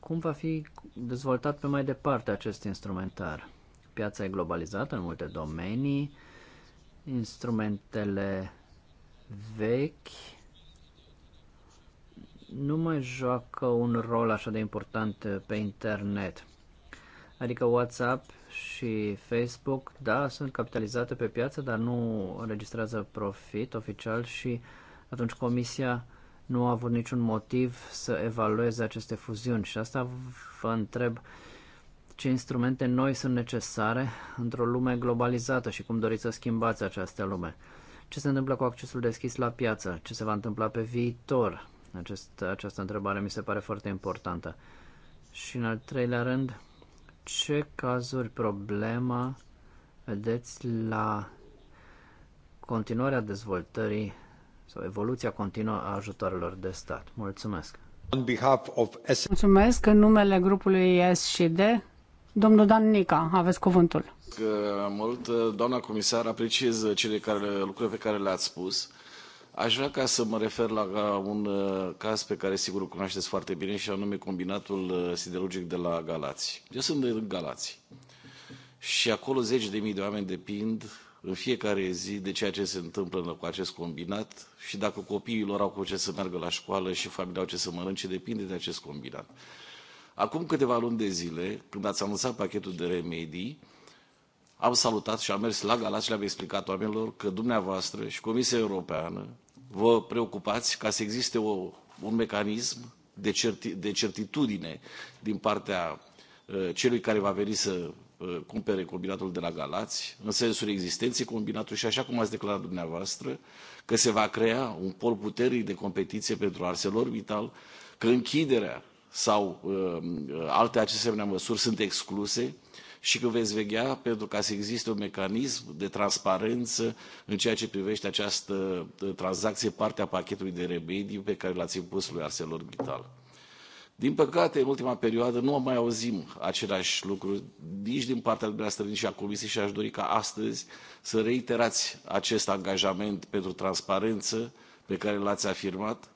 cum va fi dezvoltat pe mai departe acest instrumentar. Piața e globalizată în multe domenii, instrumentele vechi nu mai joacă un rol așa de important pe internet. Adică WhatsApp și Facebook, da, sunt capitalizate pe piață, dar nu înregistrează profit oficial și atunci comisia nu a avut niciun motiv să evalueze aceste fuziuni. Și asta vă întreb ce instrumente noi sunt necesare într-o lume globalizată și cum doriți să schimbați această lume. Ce se întâmplă cu accesul deschis la piață? Ce se va întâmpla pe viitor? Acest, această întrebare mi se pare foarte importantă. Și în al treilea rând, ce cazuri, problema vedeți la continuarea dezvoltării sau evoluția continuă a ajutoarelor de stat? Mulțumesc! On behalf of S- Mulțumesc în numele grupului S și D. Domnul Dan Nica, aveți cuvântul. Mult, doamna comisar, apreciez cele care, lucrurile pe care le-ați spus. Aș vrea ca să mă refer la un uh, caz pe care sigur îl cunoașteți foarte bine și anume combinatul uh, siderurgic de la Galați. Eu sunt de Galați și acolo zeci de mii de oameni depind în fiecare zi de ceea ce se întâmplă cu acest combinat și dacă copiii lor au cu ce să meargă la școală și familia au ce să mănânce, depinde de acest combinat. Acum câteva luni de zile, când ați anunțat pachetul de remedii, am salutat și am mers la Galați și le-am explicat oamenilor că dumneavoastră și Comisia Europeană vă preocupați ca să existe o, un mecanism de, certi, de certitudine din partea uh, celui care va veni să uh, cumpere combinatul de la Galați, în sensul existenței combinatului și așa cum ați declarat dumneavoastră, că se va crea un pol puternic de competiție pentru ArcelorMittal, că închiderea sau uh, uh alte asemenea măsuri sunt excluse uh, și că veți veghea pentru ca să existe un mecanism de transparență în ceea ce privește această uh, tranzacție, partea pachetului de remedii pe care l-ați impus lui ArcelorMittal. Din păcate, în ultima perioadă nu mai auzim aceleași lucruri nici din partea dumneavoastră, nici a Comisiei și aș dori ca astăzi să reiterați acest angajament pentru transparență pe care l-ați afirmat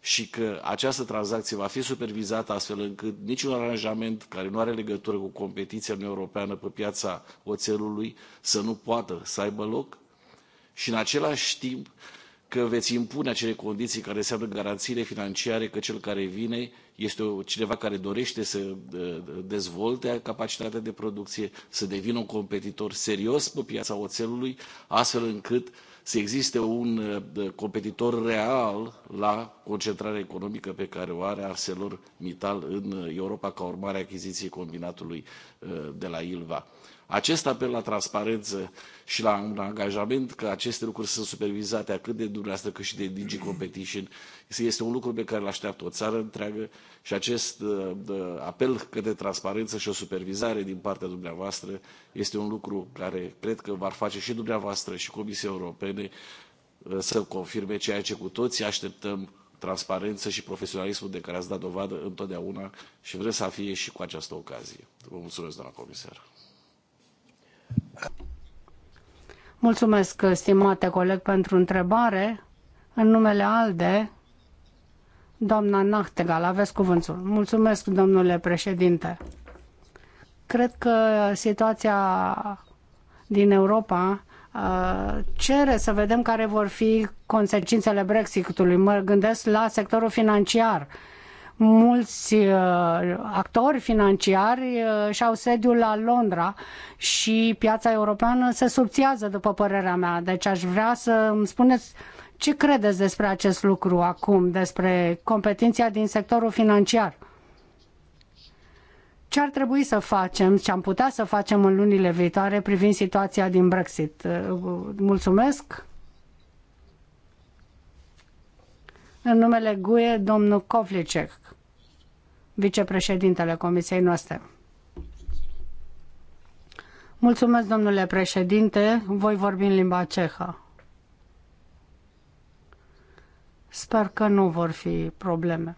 și că această tranzacție va fi supervizată astfel încât niciun aranjament care nu are legătură cu competiția în europeană pe piața oțelului să nu poată să aibă loc și în același timp că veți impune acele condiții care înseamnă garanțiile financiare că cel care vine este cineva care dorește să dezvolte capacitatea de producție, să devină un competitor serios pe piața oțelului, astfel încât să existe un uh, competitor real la concentrarea economică pe care o are ArcelorMittal în uh, Europa ca urmare a achiziției combinatului uh, de la Ilva acest apel la transparență și la un angajament că aceste lucruri sunt supervizate atât de dumneavoastră cât și de DG Competition este un lucru pe care îl așteaptă o țară întreagă și acest uh, apel către transparență și o supervizare din partea dumneavoastră este un lucru care cred că va face și dumneavoastră și Comisia Europene uh, să confirme ceea ce cu toții așteptăm transparență și profesionalismul de care ați dat dovadă întotdeauna și vrem să fie și cu această ocazie. Vă mulțumesc, doamna comisar. Mulțumesc, stimate coleg, pentru întrebare. În numele ALDE, doamna Nachtegal, aveți cuvântul. Mulțumesc, domnule președinte. Cred că situația din Europa cere să vedem care vor fi consecințele Brexit-ului. Mă gândesc la sectorul financiar mulți uh, actori financiari uh, și-au sediul la Londra și piața europeană se subțiază, după părerea mea. Deci aș vrea să îmi spuneți ce credeți despre acest lucru acum, despre competiția din sectorul financiar. Ce ar trebui să facem, ce am putea să facem în lunile viitoare privind situația din Brexit? Uh, mulțumesc! În numele GUE, domnul Kovlicek vicepreședintele comisiei noastre. Mulțumesc, domnule președinte. Voi vorbi în limba cehă. Sper că nu vor fi probleme.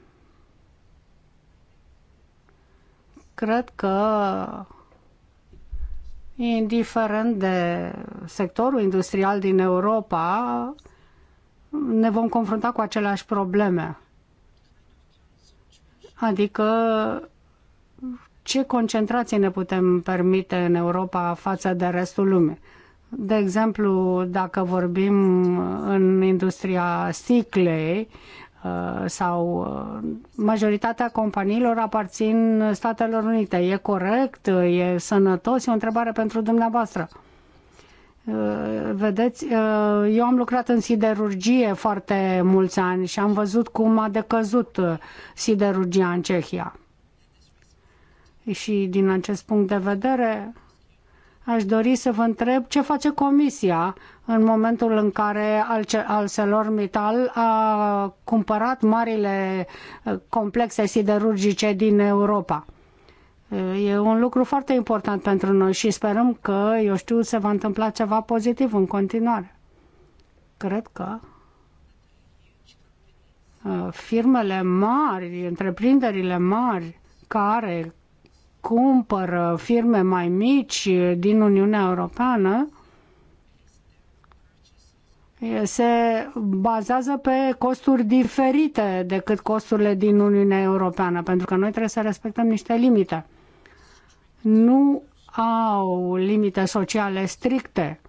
Cred că, indiferent de sectorul industrial din Europa, ne vom confrunta cu aceleași probleme. Adică ce concentrație ne putem permite în Europa față de restul lumii. De exemplu, dacă vorbim în industria sticlei uh, sau uh, majoritatea companiilor aparțin Statelor Unite. E corect? E sănătos? E o întrebare pentru dumneavoastră. Uh, vedeți, uh, eu am lucrat în siderurgie foarte mulți ani și am văzut cum a decăzut uh, siderurgia în Cehia. Și din acest punct de vedere, aș dori să vă întreb ce face Comisia în momentul în care ArcelorMittal a cumpărat marile complexe siderurgice din Europa. E un lucru foarte important pentru noi și sperăm că, eu știu, se va întâmpla ceva pozitiv în continuare. Cred că uh, firmele mari, întreprinderile mari care cumpără firme mai mici din Uniunea Europeană se bazează pe costuri diferite decât costurile din Uniunea Europeană, pentru că noi trebuie să respectăm niște limite nu au limite sociale stricte.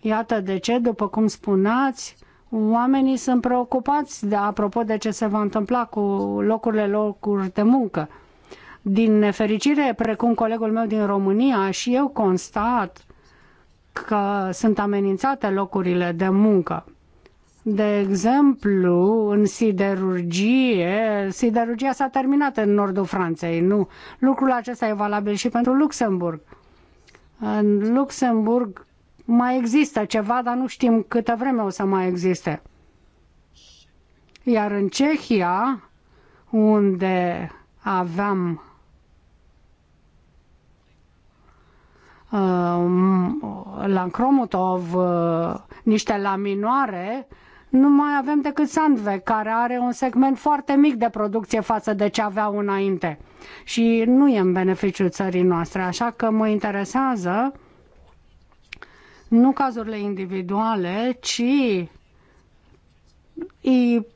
Iată de ce, după cum spuneați, oamenii sunt preocupați de, apropo de ce se va întâmpla cu locurile locuri de muncă. Din nefericire, precum colegul meu din România, și eu constat că sunt amenințate locurile de muncă. De exemplu, în siderurgie, siderurgia s-a terminat în nordul Franței, nu? Lucrul acesta e valabil și pentru Luxemburg. În Luxemburg mai există ceva, dar nu știm câtă vreme o să mai existe. Iar în Cehia, unde aveam uh, la Cromotov uh, niște laminoare nu mai avem decât sandve care are un segment foarte mic de producție față de ce avea înainte. Și nu e în beneficiul țării noastre, așa că mă interesează nu cazurile individuale, ci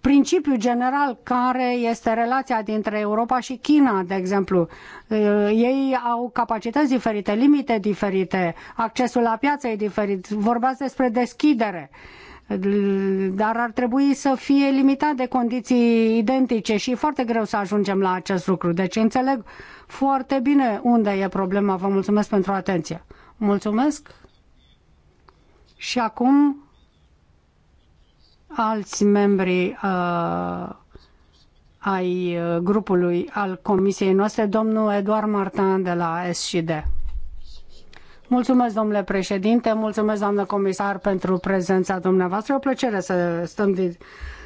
principiul general care este relația dintre Europa și China, de exemplu. Ei au capacități diferite, limite diferite, accesul la piață e diferit, vorbeați despre deschidere. Uh, dar ar trebui să fie limitat de condiții identice și e foarte greu să ajungem la acest lucru. Deci înțeleg foarte bine unde e problema. Vă mulțumesc pentru atenție. Mulțumesc. Și acum alți membri uh, ai uh, grupului al comisiei noastre, domnul Eduard Martin de la SCD. Mulțumesc, domnule președinte, mulțumesc, doamnă comisar, pentru prezența dumneavoastră. E o plăcere să stăm de,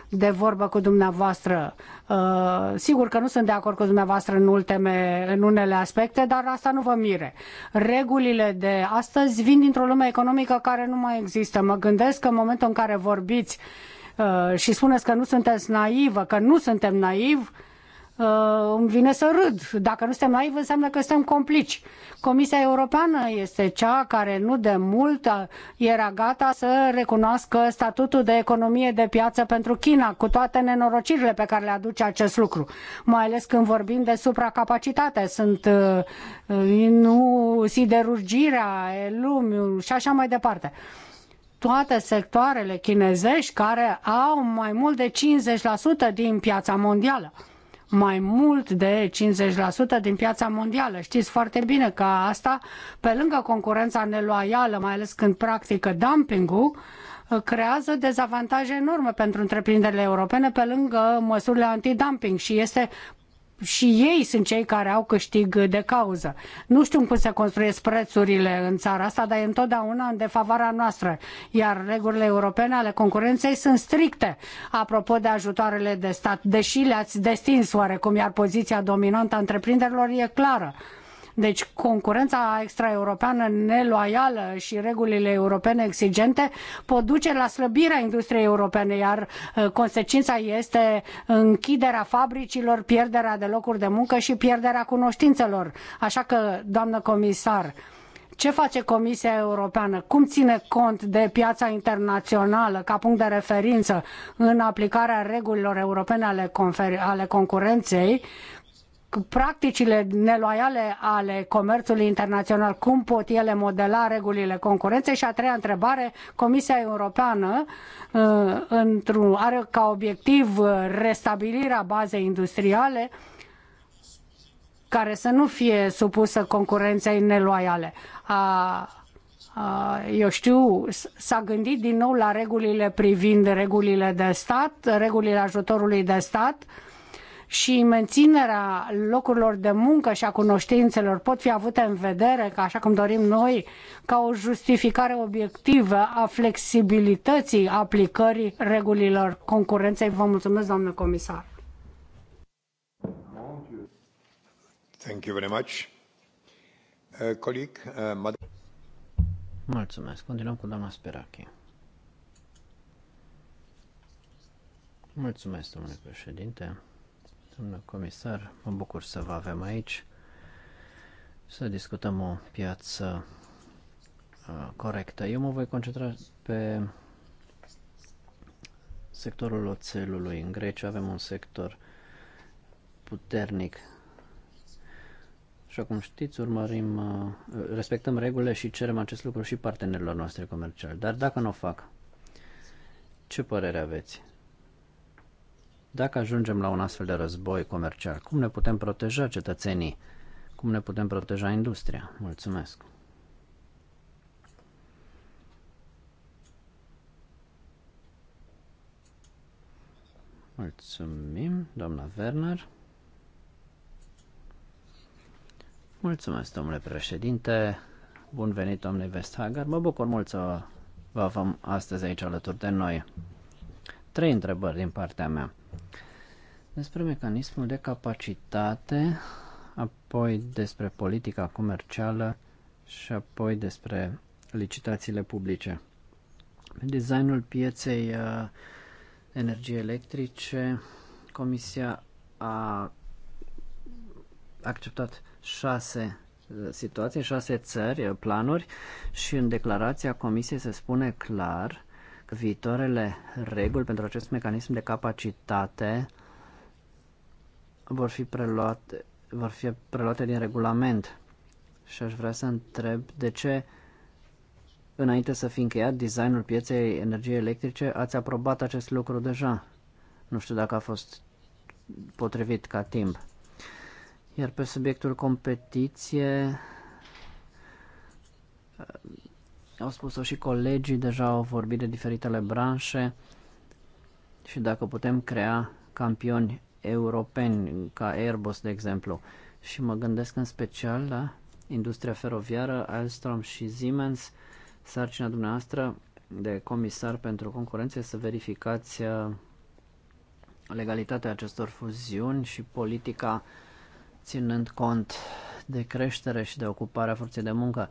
de vorbă cu dumneavoastră. Uh, sigur că nu sunt de acord cu dumneavoastră în, ultime, în unele aspecte, dar asta nu vă mire. Regulile de astăzi vin dintr-o lume economică care nu mai există. Mă gândesc că în momentul în care vorbiți uh, și spuneți că nu sunteți naivă, că nu suntem naivi, uh, îmi vine să râd. Dacă nu suntem naivi, înseamnă că suntem complici. Comisia Europeană este cea care nu de mult era gata să recunoască statutul de economie de piață pentru China, cu toate nenorocirile pe care le aduce acest lucru. Mai ales când vorbim de supracapacitate, sunt uh, uh nu, siderurgirea, lumiul și așa mai departe toate sectoarele chinezești care au mai mult de 50% din piața mondială mai mult de 50% din piața mondială. Știți foarte bine că asta, pe lângă concurența neloială, mai ales când practică dumpingul, creează dezavantaje enorme pentru întreprinderile europene pe lângă măsurile antidumping și este și ei sunt cei care au câștig de cauză. Nu știu cum se construiesc prețurile în țara asta, dar e întotdeauna în defavoarea noastră. Iar regulile europene ale concurenței sunt stricte. Apropo de ajutoarele de stat, deși le-ați destins oarecum, iar poziția dominantă a întreprinderilor e clară. Deci concurența extraeuropeană neloială și regulile europene exigente pot duce la slăbirea industriei europene, iar uh, consecința este închiderea fabricilor, pierderea de locuri de muncă și pierderea cunoștințelor. Așa că, doamnă comisar, ce face Comisia Europeană? Cum ține cont de piața internațională ca punct de referință în aplicarea regulilor europene ale, ale concurenței? practicile neloiale ale comerțului internațional, cum pot ele modela regulile concurenței? Și a treia întrebare, Comisia Europeană uh, are ca obiectiv uh, restabilirea bazei industriale care să nu fie supusă concurenței neloiale. A, eu știu, s-a gândit din nou la regulile privind regulile de stat, regulile ajutorului de stat, uh, și menținerea locurilor de muncă și a cunoștințelor pot fi avute în vedere, ca așa cum dorim noi, ca o justificare obiectivă a flexibilității aplicării regulilor concurenței. Vă mulțumesc, domnule comisar. Thank you very much. Uh, colleague, uh, Mulțumesc. Continuăm cu doamna Sperache. Mulțumesc, domnule președinte. Domnule comisar, mă bucur să vă avem aici, să discutăm o piață corectă. Eu mă voi concentra pe sectorul oțelului. În Grecia avem un sector puternic. Și cum știți, urmărim, respectăm regulile și cerem acest lucru și partenerilor noastre comerciali. Dar dacă nu o fac, ce părere aveți? Dacă ajungem la un astfel de război comercial, cum ne putem proteja cetățenii? Cum ne putem proteja industria? Mulțumesc! Mulțumim, doamna Werner. Mulțumesc, domnule președinte. Bun venit, domnule Vesthagar. Mă bucur mult să vă avem astăzi aici alături de noi. Trei întrebări din partea mea despre mecanismul de capacitate, apoi despre politica comercială și apoi despre licitațiile publice. Designul pieței uh, energiei electrice, Comisia a acceptat șase uh, situații, șase țări, uh, planuri și în declarația Comisiei se spune clar viitoarele reguli pentru acest mecanism de capacitate vor fi preluate, vor fi preluate din regulament. Și aș vrea să întreb de ce, înainte să fi încheiat designul pieței energiei electrice, ați aprobat acest lucru deja. Nu știu dacă a fost potrivit ca timp. Iar pe subiectul competiție, au spus-o și colegii, deja au vorbit de diferitele branșe și dacă putem crea campioni europeni, ca Airbus, de exemplu. Și mă gândesc în special la industria feroviară, Alstom și Siemens. Sarcina dumneavoastră de comisar pentru concurență să verificați uh, legalitatea acestor fuziuni și politica ținând cont de creștere și de ocuparea forței de muncă.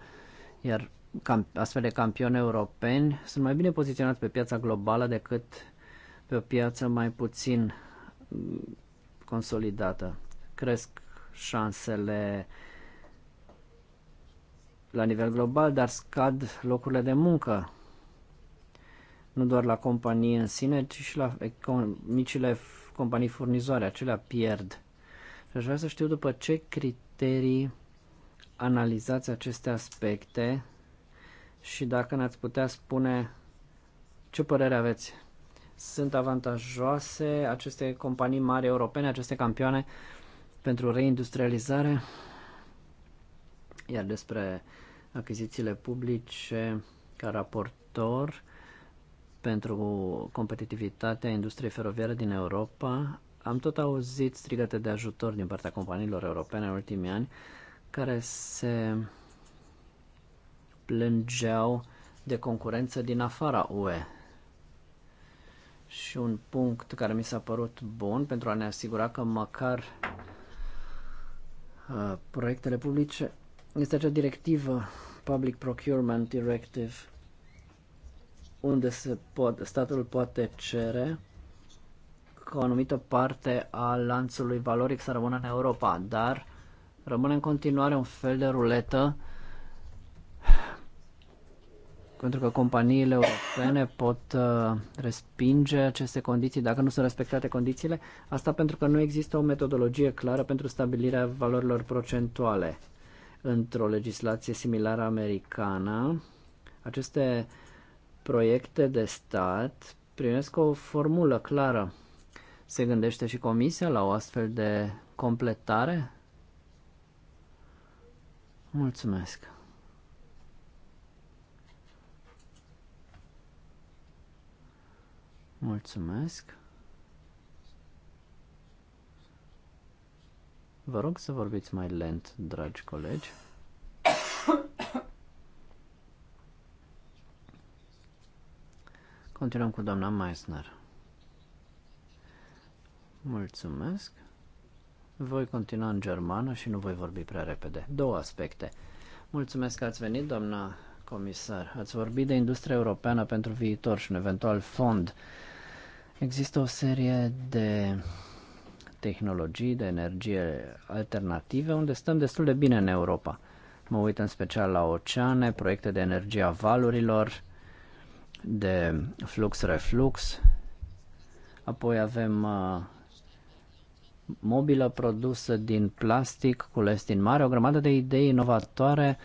Iar astfel de campioni europeni sunt mai bine poziționați pe piața globală decât pe o piață mai puțin mm, consolidată. Cresc șansele la nivel global, dar scad locurile de muncă, nu doar la companii în sine, ci și la micile companii furnizoare, acelea pierd. Și aș vrea să știu după ce criterii analizați aceste aspecte și dacă ne-ați putea spune ce părere aveți. Sunt avantajoase aceste companii mari europene, aceste campioane pentru reindustrializare? Iar despre achizițiile publice, ca raportor pentru competitivitatea industriei feroviare din Europa, am tot auzit strigăte de ajutor din partea companiilor europene în ultimii ani care se plângeau de concurență din afara UE. Și un punct care mi s-a părut bun pentru a ne asigura că măcar uh, proiectele publice este acea directivă Public Procurement Directive unde se pot, statul poate cere ca o anumită parte a lanțului valoric să rămână în Europa, dar rămâne în continuare un fel de ruletă pentru că companiile europene pot uh, respinge aceste condiții dacă nu sunt respectate condițiile, asta pentru că nu există o metodologie clară pentru stabilirea valorilor procentuale. Într-o legislație similară americană, aceste proiecte de stat primesc o formulă clară. Se gândește și Comisia la o astfel de completare? Mulțumesc! Mulțumesc. Vă rog să vorbiți mai lent, dragi colegi. Continuăm cu doamna Meissner. Mulțumesc. Voi continua în germană și nu voi vorbi prea repede. Două aspecte. Mulțumesc că ați venit, doamna comisar. Ați vorbit de industria europeană pentru viitor și un eventual fond Există o serie de tehnologii de energie alternative unde stăm destul de bine în Europa. Mă uit în special la oceane, proiecte de energie a valurilor, de flux-reflux. Apoi avem uh, mobilă produsă din plastic, cules din mare, o grămadă de idei inovatoare,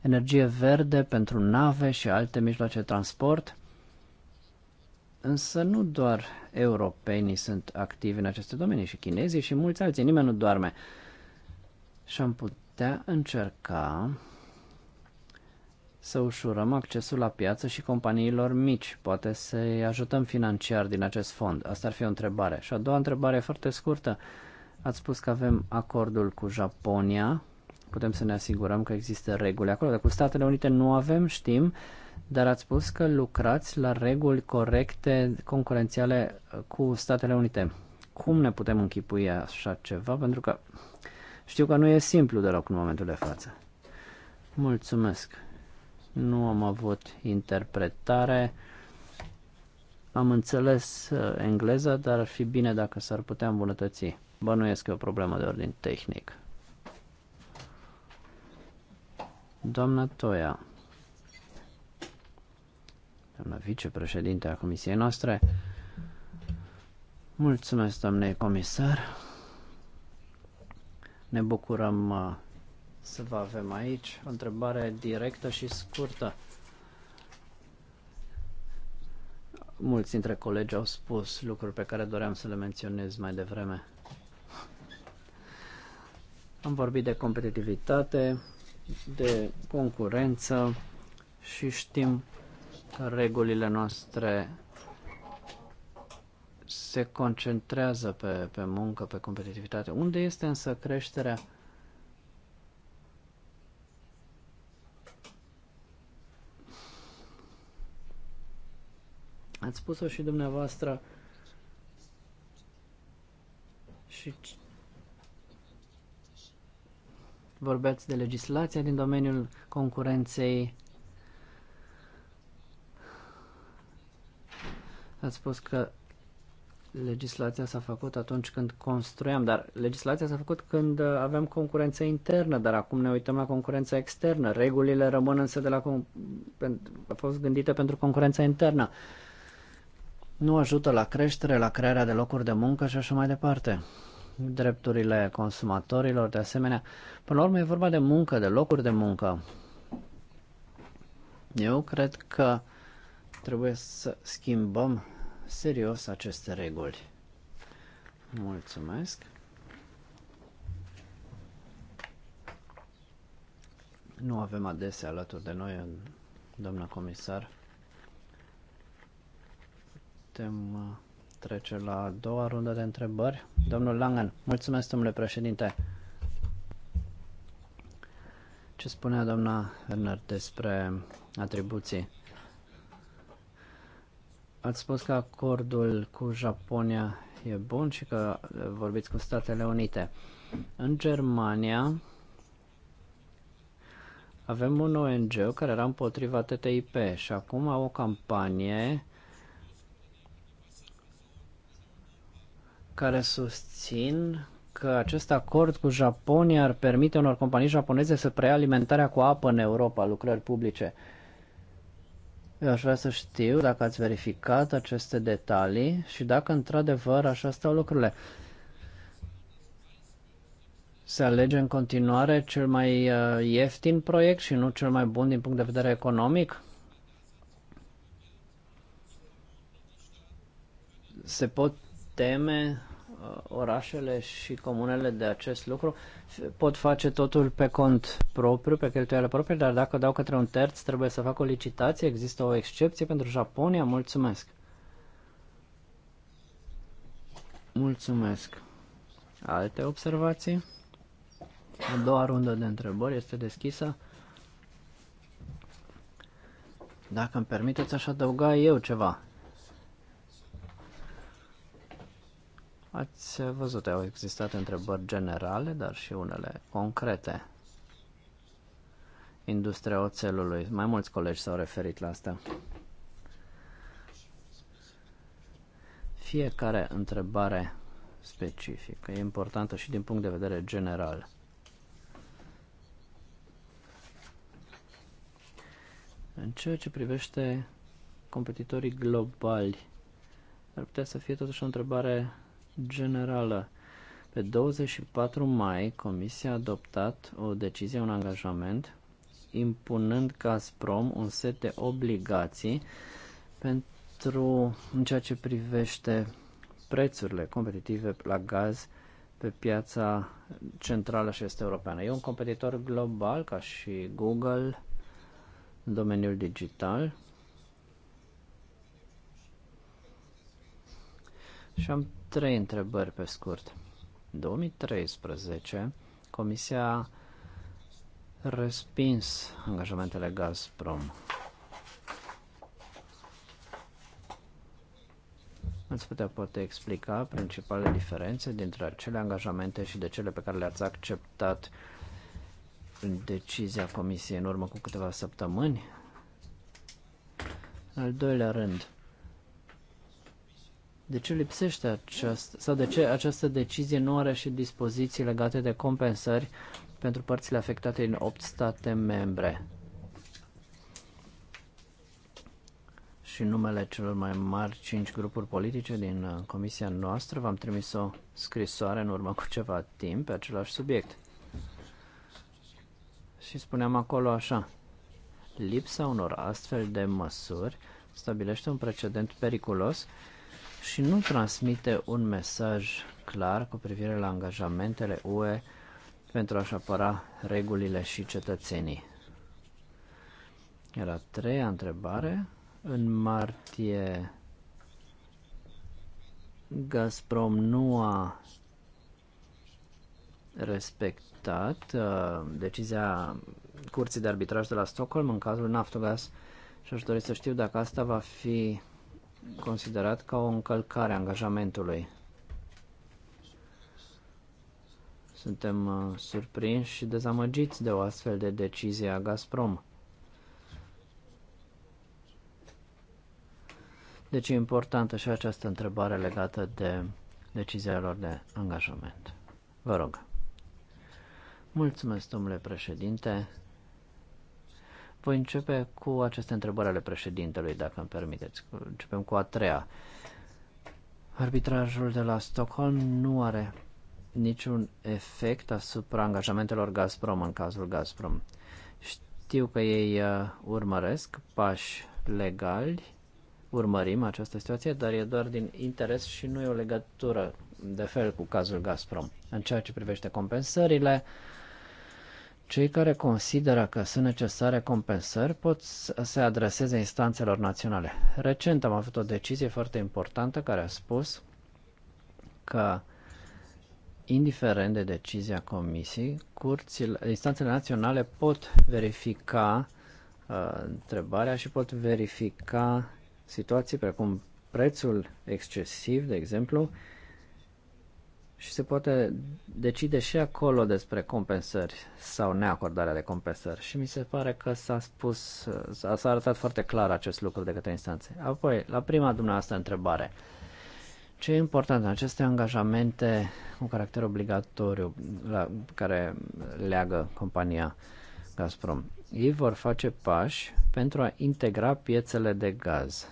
energie verde pentru nave și alte mijloace de transport. Însă nu doar europenii sunt activi în aceste domenii, și chinezii și mulți alții, nimeni nu doarme. Și am putea încerca să ușurăm accesul la piață și companiilor mici. Poate să-i ajutăm financiar din acest fond. Asta ar fi o întrebare. Și a doua întrebare foarte scurtă. Ați spus că avem acordul cu Japonia. Putem să ne asigurăm că există reguli acolo, dar cu Statele Unite nu avem, știm. Uh, dar ați spus că lucrați la reguli corecte concurențiale uh, cu Statele Unite. Cum ne putem închipui așa ceva? Pentru că știu că nu e simplu deloc în momentul de față. Mulțumesc. Nu am avut interpretare. Am înțeles uh, engleza, dar ar fi bine dacă s-ar putea îmbunătăți. Bănuiesc că e o problemă de ordin tehnic. Doamna Toia doamna vicepreședinte a comisiei noastre. Mulțumesc, domnule comisar. Ne bucurăm uh, să vă avem aici. O întrebare directă și scurtă. Mulți dintre colegi au spus lucruri pe care doream să le menționez mai devreme. Am vorbit de competitivitate, de concurență și știm regulile noastre se concentrează pe, pe muncă, pe competitivitate. Unde este însă creșterea? Ați spus-o și dumneavoastră și vorbeați de legislația din domeniul concurenței, Ați spus că legislația s-a făcut atunci când construiam, dar legislația s-a făcut când uh, aveam concurență internă, dar acum ne uităm la concurența externă. Regulile rămân însă de la a fost gândite pentru concurența internă. Nu ajută la creștere, la crearea de locuri de muncă și așa mai departe. Drepturile consumatorilor, de asemenea. Până la urmă e vorba de muncă, de locuri de muncă. Eu cred că Trebuie să schimbăm serios aceste reguli. Mulțumesc! Nu avem adesea alături de noi, doamna comisar. Putem uh, trece la a doua rundă de întrebări. Domnul Langen, mulțumesc, domnule președinte. Ce spunea doamna Werner despre atribuții? Ați spus că acordul cu Japonia e bun și că vorbiți cu Statele Unite. În Germania avem un ONG care era împotriva TTIP și acum au o campanie care susțin că acest acord cu Japonia ar permite unor companii japoneze să preia alimentarea cu apă în Europa, lucrări publice. Uh, eu aș vrea să știu dacă ați verificat aceste detalii și dacă într-adevăr așa stau lucrurile. Se alege în continuare cel mai uh, ieftin proiect și nu cel mai bun din punct de vedere economic? Se pot teme Uh, orașele și comunele de acest lucru pot face totul pe cont propriu, pe cheltuială proprie, dar dacă dau către un terț, trebuie să fac o licitație, există o excepție pentru Japonia, mulțumesc. Mulțumesc. Alte observații? A doua rundă de întrebări este deschisă. Dacă îmi permiteți, aș adăuga eu ceva. Ați văzut, au existat întrebări generale, dar și unele concrete. Industria oțelului. Mai mulți colegi s-au referit la asta. Fiecare întrebare specifică e importantă și din punct de vedere general. În ceea ce privește competitorii globali, ar putea să fie totuși o întrebare generală. Pe 24 mai, Comisia a adoptat o decizie, un angajament, impunând Gazprom un set de obligații pentru, în ceea ce privește prețurile competitive la gaz pe piața centrală și este europeană. E un competitor global ca și Google în domeniul digital Și am trei întrebări pe scurt. În 2013, Comisia a respins angajamentele Gazprom. Ați putea poate explica principalele diferențe dintre acele angajamente și de cele pe care le-ați acceptat în decizia Comisiei în urmă cu câteva săptămâni? În al doilea rând, de ce lipsește această, sau de ce această decizie nu are și dispoziții legate de compensări pentru părțile afectate din 8 state membre? Și numele celor mai mari 5 grupuri politice din uh, comisia noastră v-am trimis o scrisoare în urmă cu ceva timp pe același subiect. Și spuneam acolo așa, lipsa unor astfel de măsuri stabilește un precedent periculos și nu transmite un mesaj clar cu privire la angajamentele UE pentru a-și apăra regulile și cetățenii. Era a treia întrebare. În martie Gazprom nu a respectat uh, decizia Curții de Arbitraj de la Stockholm în cazul Naftogaz și aș dori să știu dacă asta va fi considerat ca o încălcare a angajamentului. Suntem uh, surprinși și dezamăgiți de o astfel de decizie a Gazprom. Deci e importantă și această întrebare legată de decizia lor de angajament. Vă rog. Mulțumesc, domnule președinte. Voi începe cu aceste întrebări ale președintelui, dacă îmi permiteți. Începem cu a treia. Arbitrajul de la Stockholm nu are niciun efect asupra angajamentelor Gazprom în cazul Gazprom. Știu că ei uh, urmăresc pași legali, urmărim această situație, dar e doar din interes și nu e o legătură de fel cu cazul Gazprom. În ceea ce privește compensările, uh, cei care consideră că sunt necesare compensări pot să se adreseze instanțelor naționale. Recent am avut o decizie foarte importantă care a spus că indiferent de decizia comisiei, curțile, instanțele naționale pot verifica uh, întrebarea și pot verifica situații precum prețul excesiv, de exemplu, și se poate decide și acolo despre compensări sau neacordarea de compensări. Și mi se pare că s-a spus, s-a arătat foarte clar acest lucru de către instanțe. Apoi, la prima dumneavoastră întrebare, ce e important în aceste angajamente cu caracter obligatoriu la care leagă compania Gazprom? Ei vor face pași pentru a integra piețele de gaz.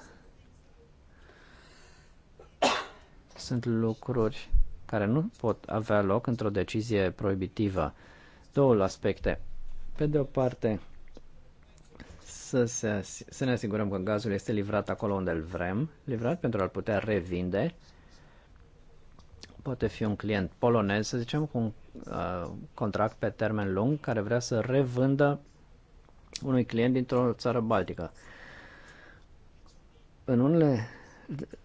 Sunt lucruri care nu pot avea loc într-o decizie proibitivă. Două aspecte. Pe de o parte, să, se, să ne asigurăm că gazul este livrat acolo unde îl vrem, livrat pentru a-l putea revinde. Poate fi un client polonez, să zicem, cu un uh, contract pe termen lung, care vrea să revândă unui client dintr-o țară baltică. În unele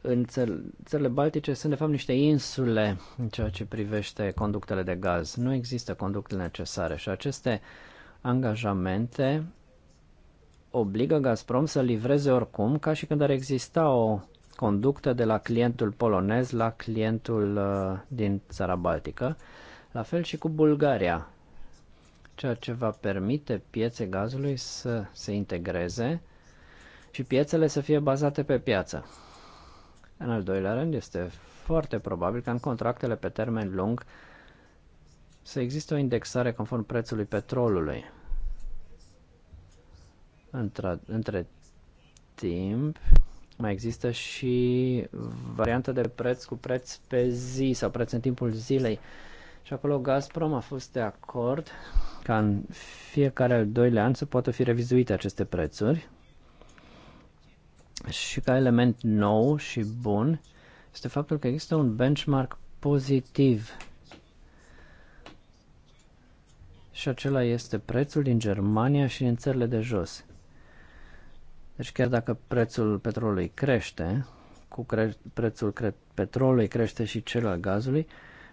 în țările baltice sunt de fapt niște insule în ceea ce privește conductele de gaz. Nu există conductele necesare și aceste angajamente obligă Gazprom să livreze oricum ca și când ar exista o conductă de la clientul polonez la clientul uh, din țara Baltică, la fel și cu Bulgaria, ceea ce va permite piețe gazului să se integreze și piețele să fie bazate pe piață. În al doilea rând, este foarte probabil că în contractele pe termen lung să existe o indexare conform prețului petrolului. Între, între timp, mai există și varianta de preț cu preț pe zi sau preț în timpul zilei. Și acolo Gazprom a fost de acord ca în fiecare al doilea an să poată fi revizuite aceste prețuri și ca element nou și bun este faptul că există un benchmark pozitiv. Și acela este prețul din Germania și din țările de jos. Deci chiar dacă prețul petrolului crește, cu cre- prețul cre- petrolului crește și cel al gazului,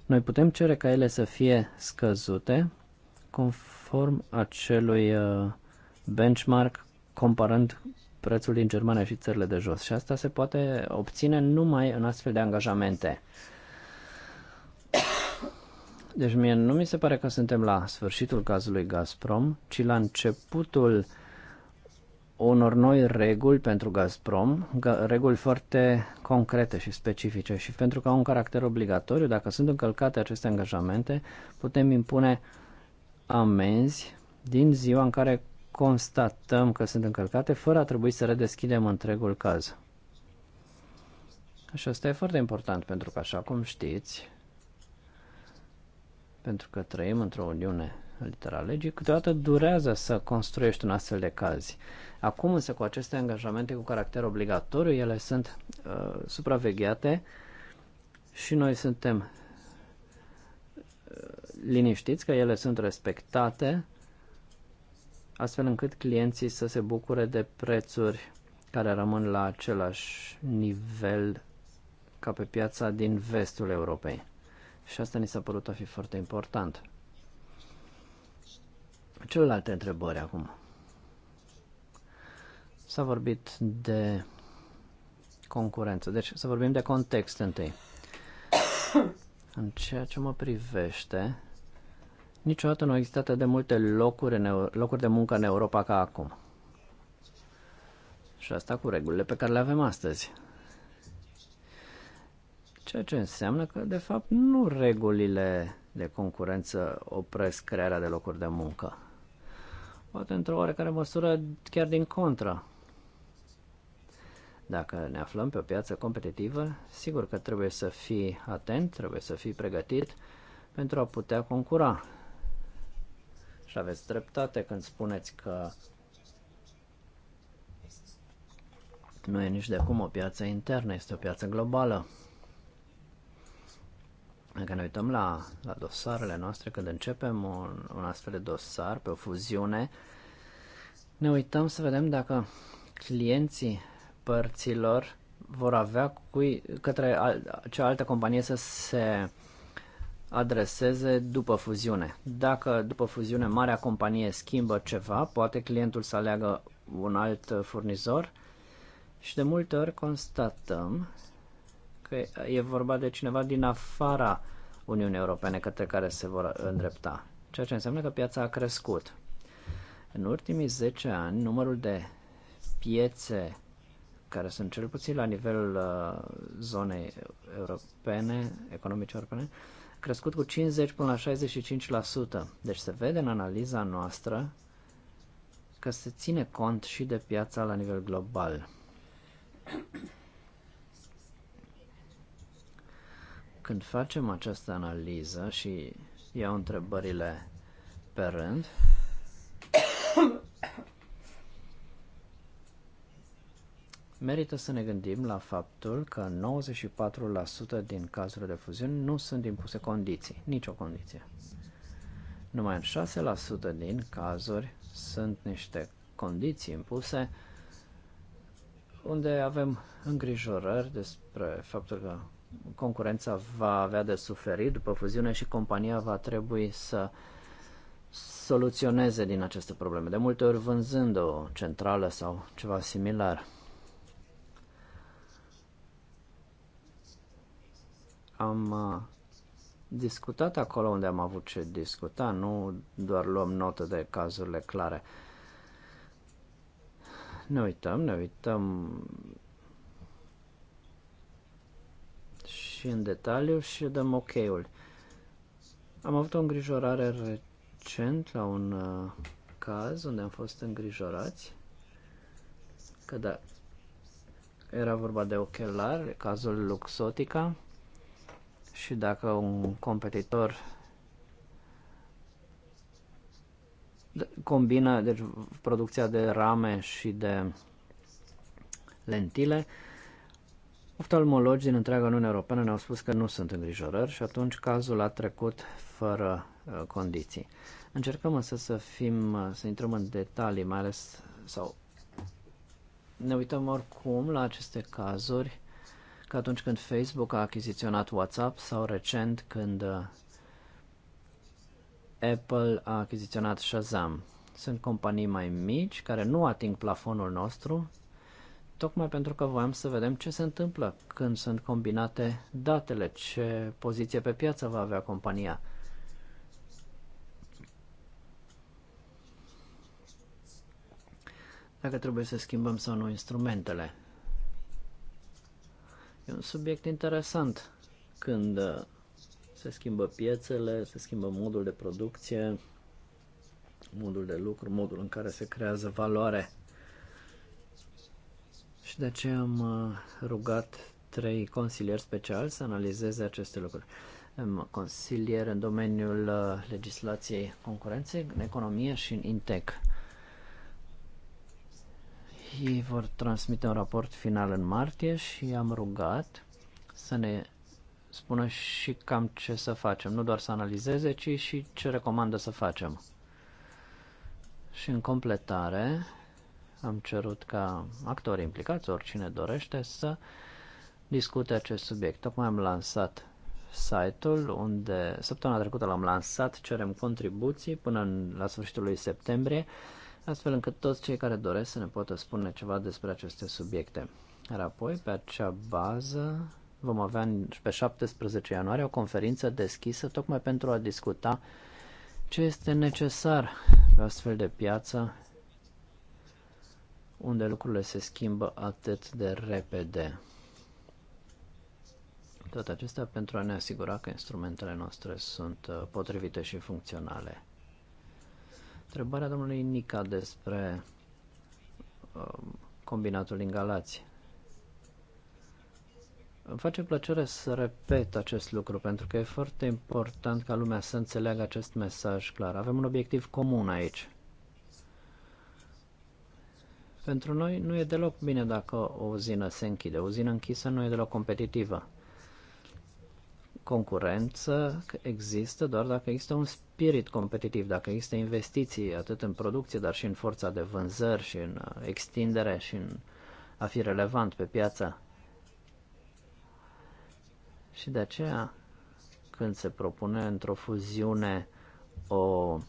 noi putem cere ca ele să fie scăzute conform acelui uh, benchmark comparând prețul din Germania și țările de jos și asta se poate obține numai în astfel de angajamente. Deci mie nu mi se pare că suntem la sfârșitul cazului Gazprom, ci la începutul unor noi reguli pentru Gazprom, reguli foarte concrete și specifice și pentru că au un caracter obligatoriu, dacă sunt încălcate aceste angajamente, putem impune amenzi din ziua în care constatăm că sunt încălcate fără a trebui să redeschidem întregul caz. Și asta e foarte important pentru că, așa cum știți, pentru că trăim într-o uniune literal legii, câteodată durează să construiești un astfel de caz. Acum însă cu aceste angajamente cu caracter obligatoriu, ele sunt uh, supravegheate și noi suntem uh, liniștiți că ele sunt respectate astfel încât clienții să se bucure de prețuri care rămân la același nivel ca pe piața din vestul Europei. Și asta ni s-a părut a fi foarte important. Celelalte întrebări acum. S-a vorbit de concurență, deci să vorbim de context întâi. În ceea ce mă privește, Niciodată nu a existat de multe locuri, în, locuri de muncă în Europa ca acum. Și asta cu regulile pe care le avem astăzi. Ceea ce înseamnă că, de fapt, nu regulile de concurență opresc crearea de locuri de muncă. Poate într-o oarecare măsură chiar din contră. Dacă ne aflăm pe o piață competitivă, sigur că trebuie să fii atent, trebuie să fii pregătit pentru a putea concura. Și aveți dreptate când spuneți că nu e nici de cum o piață internă, este o piață globală. Dacă ne uităm la, la dosarele noastre, când începem un, un astfel de dosar pe o fuziune, ne uităm să vedem dacă clienții părților vor avea cui, către cealaltă companie să se adreseze după fuziune. Dacă după fuziune marea companie schimbă ceva, poate clientul să aleagă un alt furnizor și de multe ori constatăm că e vorba de cineva din afara Uniunii Europene către care se vor îndrepta, ceea ce înseamnă că piața a crescut. În ultimii 10 ani, numărul de piețe care sunt cel puțin la nivelul uh, zonei europene, economice europene, uh, crescut cu 50 până la 65%. Deci se vede în analiza noastră că se ține cont și de piața la nivel global. Când facem această analiză și iau întrebările pe rând, merită să ne gândim la faptul că 94% din cazurile de fuziuni nu sunt impuse condiții, nicio condiție. Numai în 6% din cazuri sunt niște condiții impuse unde avem îngrijorări despre faptul că concurența va avea de suferit după fuziune și compania va trebui să soluționeze din aceste probleme, de multe ori vânzând o centrală sau ceva similar. am uh, discutat acolo unde am avut ce discuta, nu doar luăm notă de cazurile clare. Ne uităm, ne uităm și în detaliu și dăm ok-ul. Am avut o îngrijorare recent la un uh, caz unde am fost îngrijorați că da, era vorba de ochelari, cazul Luxotica, și dacă un competitor combină deci, producția de rame și de lentile, oftalmologi din întreaga Uniune Europeană ne-au spus că nu sunt îngrijorări și atunci cazul a trecut fără uh, condiții. Încercăm însă să fim, uh, să intrăm în detalii, mai ales sau ne uităm oricum la aceste cazuri că atunci când Facebook a achiziționat WhatsApp sau recent când uh, Apple a achiziționat Shazam. Sunt companii mai mici care nu ating plafonul nostru, tocmai pentru că voiam să vedem ce se întâmplă când sunt combinate datele, ce poziție pe piață va avea compania. Dacă trebuie să schimbăm sau nu instrumentele. E un subiect interesant când uh, se schimbă piețele, se schimbă modul de producție, modul de lucru, modul în care se creează valoare. Și de aceea am uh, rugat trei consilieri speciali să analizeze aceste lucruri. Am consilier în domeniul uh, legislației concurenței, în economie și în INTEC. Ei vor transmite un raport final în martie și am rugat să ne spună și cam ce să facem, nu doar să analizeze, ci și ce recomandă să facem. Și în completare am cerut ca actorii implicați, oricine dorește, să discute acest subiect. Tocmai am lansat site-ul unde săptămâna trecută l-am lansat, cerem contribuții până în, la sfârșitul lui septembrie astfel încât toți cei care doresc să ne poată spune ceva despre aceste subiecte. Iar apoi, pe acea bază, vom avea pe 17 ianuarie o conferință deschisă tocmai pentru a discuta ce este necesar pe astfel de piață unde lucrurile se schimbă atât de repede. Tot acestea pentru a ne asigura că instrumentele noastre sunt uh, potrivite și funcționale. Întrebarea domnului Nica despre um, combinatul din Galați. Îmi face plăcere să repet acest lucru pentru că e foarte important ca lumea să înțeleagă acest mesaj clar. Avem un obiectiv comun aici. Pentru noi nu e deloc bine dacă o uzină se închide. O uzină închisă nu e deloc competitivă. Concurență există doar dacă există un spirit competitiv, dacă există investiții atât în producție, dar și în forța de vânzări și în uh, extindere și în a fi relevant pe piață. Și de aceea, când se propune într-o fuziune o um,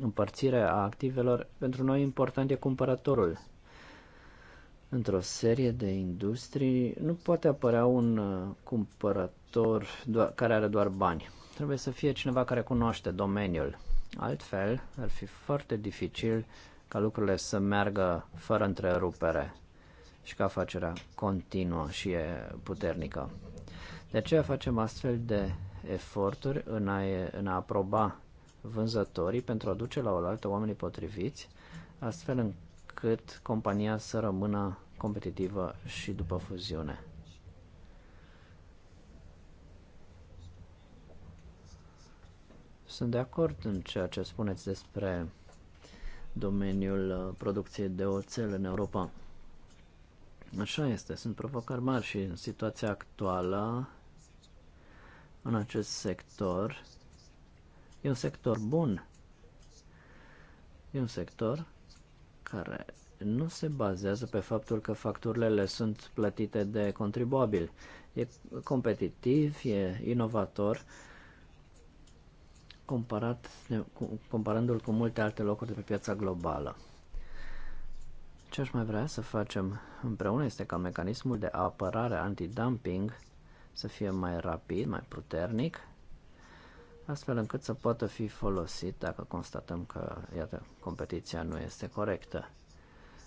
împărțire a activelor, pentru noi important e cumpărătorul. Într-o serie de industrii nu poate apărea un uh, cumpărător actor care are doar bani. Trebuie să fie cineva care cunoaște domeniul. Altfel, ar fi foarte dificil ca lucrurile să meargă fără întrerupere și ca afacerea continuă și e puternică. De aceea facem astfel de eforturi în a, în a aproba vânzătorii pentru a duce la oaltă oamenii potriviți, astfel încât compania să rămână competitivă și după fuziune. Sunt de acord în ceea ce spuneți despre domeniul uh, producției de oțel în Europa. Așa este, sunt provocări mari și în situația actuală în acest sector e un sector bun. E un sector care nu se bazează pe faptul că facturile sunt plătite de contribuabil, E competitiv, e inovator comparat, comparându-l cu multe alte locuri de pe piața globală. Ce aș mai vrea să facem împreună este ca mecanismul de apărare anti-dumping să fie mai rapid, mai puternic, astfel încât să poată fi folosit dacă constatăm că, iată, competiția nu este corectă.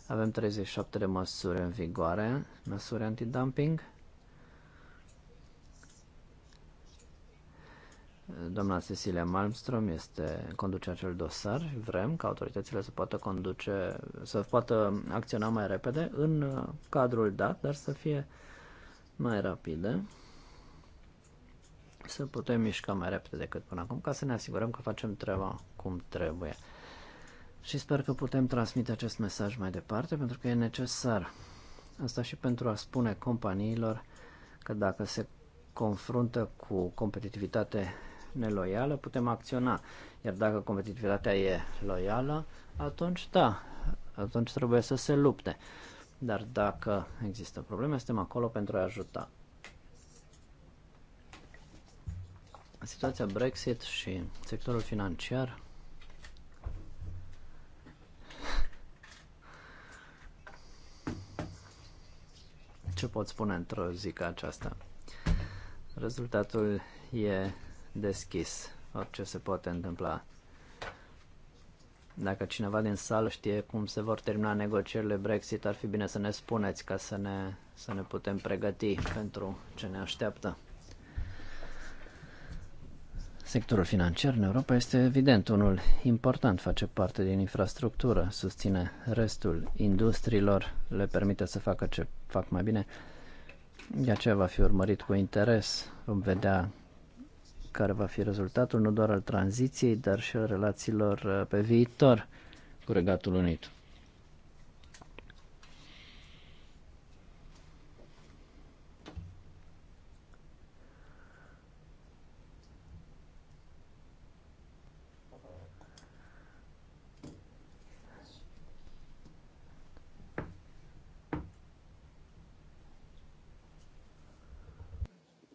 Avem 37 de măsuri în vigoare, măsuri anti-dumping. Doamna Cecilia Malmström este, conduce acel dosar vrem ca autoritățile să poată conduce, să poată acționa mai repede în uh, cadrul dat, dar să fie mai rapide, să putem mișca mai repede decât până acum, ca să ne asigurăm că facem treaba cum trebuie. Și sper că putem transmite acest mesaj mai departe, pentru că e necesar. Asta și pentru a spune companiilor că dacă se confruntă cu competitivitate neloială, putem acționa. Iar dacă competitivitatea e loială, atunci da, atunci trebuie să se lupte. Dar dacă există probleme, suntem acolo pentru a ajuta. Situația Brexit și sectorul financiar ce pot spune într-o zi ca aceasta? Rezultatul e deschis orice se poate întâmpla. Dacă cineva din sală știe cum se vor termina negocierile Brexit, ar fi bine să ne spuneți ca să ne, să ne putem pregăti pentru ce ne așteaptă. Sectorul financiar în Europa este evident unul important, face parte din infrastructură, susține restul industriilor, le permite să facă ce fac mai bine. De aceea va fi urmărit cu interes, vom vedea care va fi rezultatul nu doar al tranziției, dar și al relațiilor uh, pe viitor cu Regatul Unit.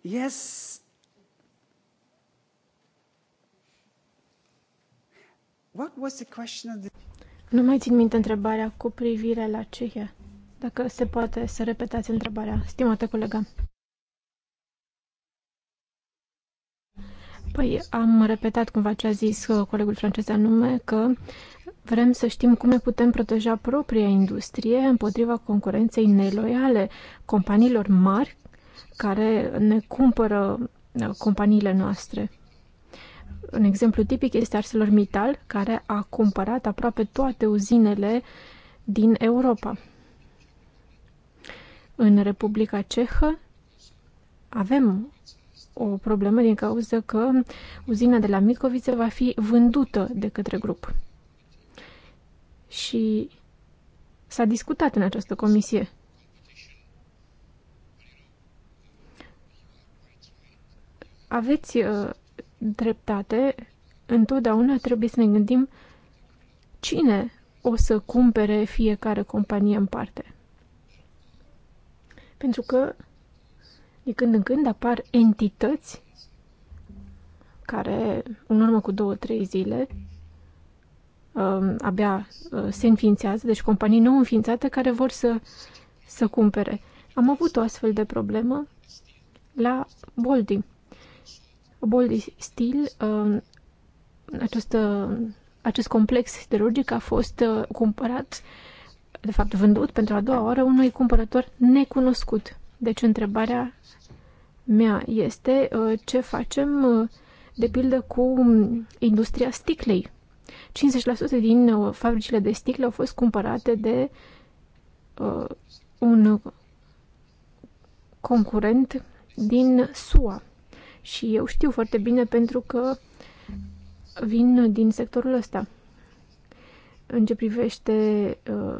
Yes, What was the question of the... Nu mai țin minte întrebarea cu privire la Cehia. Dacă se poate să repetați întrebarea, stimată colega. Păi am repetat cumva ce a zis uh, colegul francez anume că vrem să știm cum ne putem proteja propria industrie împotriva concurenței neloiale companiilor mari care ne cumpără uh, companiile noastre. Un exemplu tipic este ArcelorMittal, care a cumpărat aproape toate uzinele din Europa. În Republica Cehă avem o problemă din cauza că uzina de la Micovice va fi vândută de către grup. Și s-a discutat în această comisie. Aveți uh, dreptate, întotdeauna trebuie să ne gândim cine o să cumpere fiecare companie în parte. Pentru că de când în când apar entități care, în urmă cu două, trei zile, um, abia uh, se înființează, deci companii nou înființate care vor să, să cumpere. Am avut o astfel de problemă la Boldi. Boldistil, stil uh, acest uh, acest complex siderurgic a fost uh, cumpărat, de fapt vândut pentru a doua oară unui cumpărător necunoscut. Deci întrebarea mea este ce facem de pildă cu industria sticlei. 50% din fabricile de sticle au fost cumpărate de uh, un concurent din SUA și eu știu foarte bine pentru că vin din sectorul ăsta. În ce privește uh,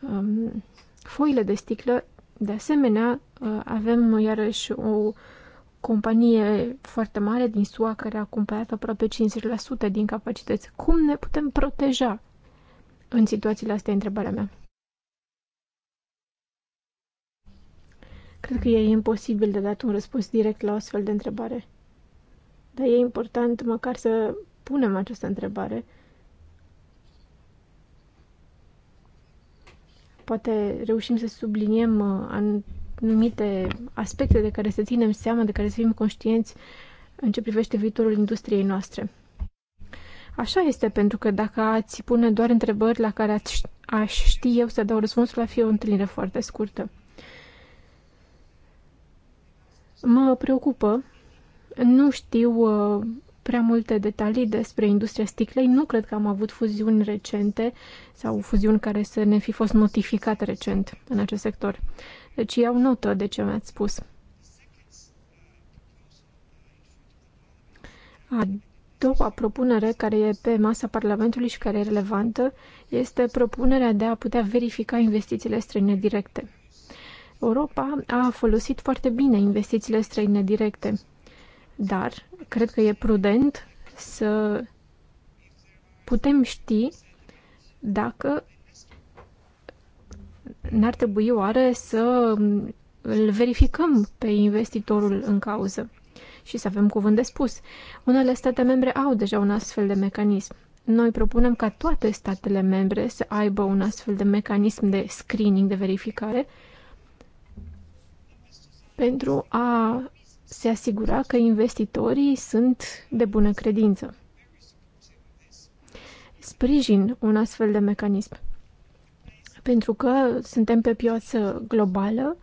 um, foile de sticlă, de asemenea, uh, avem iarăși o companie foarte mare din SUA care a cumpărat aproape 50% din capacități. Cum ne putem proteja în situațiile astea? Întrebarea mea. Cred că e imposibil de dat un răspuns direct la o astfel de întrebare. Dar e important măcar să punem această întrebare. Poate reușim să subliniem uh, anumite aspecte de care să ținem seama, de care să fim conștienți în ce privește viitorul industriei noastre. Așa este, pentru că dacă ați pune doar întrebări la care aș, aș ști eu să dau răspunsul, la fi o întâlnire foarte scurtă mă preocupă. Nu știu uh, prea multe detalii despre industria sticlei. Nu cred că am avut fuziuni recente sau fuziuni care să ne fi fost notificate recent în acest sector. Deci iau notă de ce mi-ați spus. A doua propunere care e pe masa Parlamentului și care e relevantă este propunerea de a putea verifica investițiile străine directe. Europa a folosit foarte bine investițiile străine directe, dar cred că e prudent să putem ști dacă n-ar trebui oare să îl verificăm pe investitorul în cauză și să avem cuvânt de spus. Unele state membre au deja un astfel de mecanism. Noi propunem ca toate statele membre să aibă un astfel de mecanism de screening, de verificare, pentru a se asigura că investitorii sunt de bună credință. Sprijin un astfel de mecanism. Pentru că suntem pe piață globală,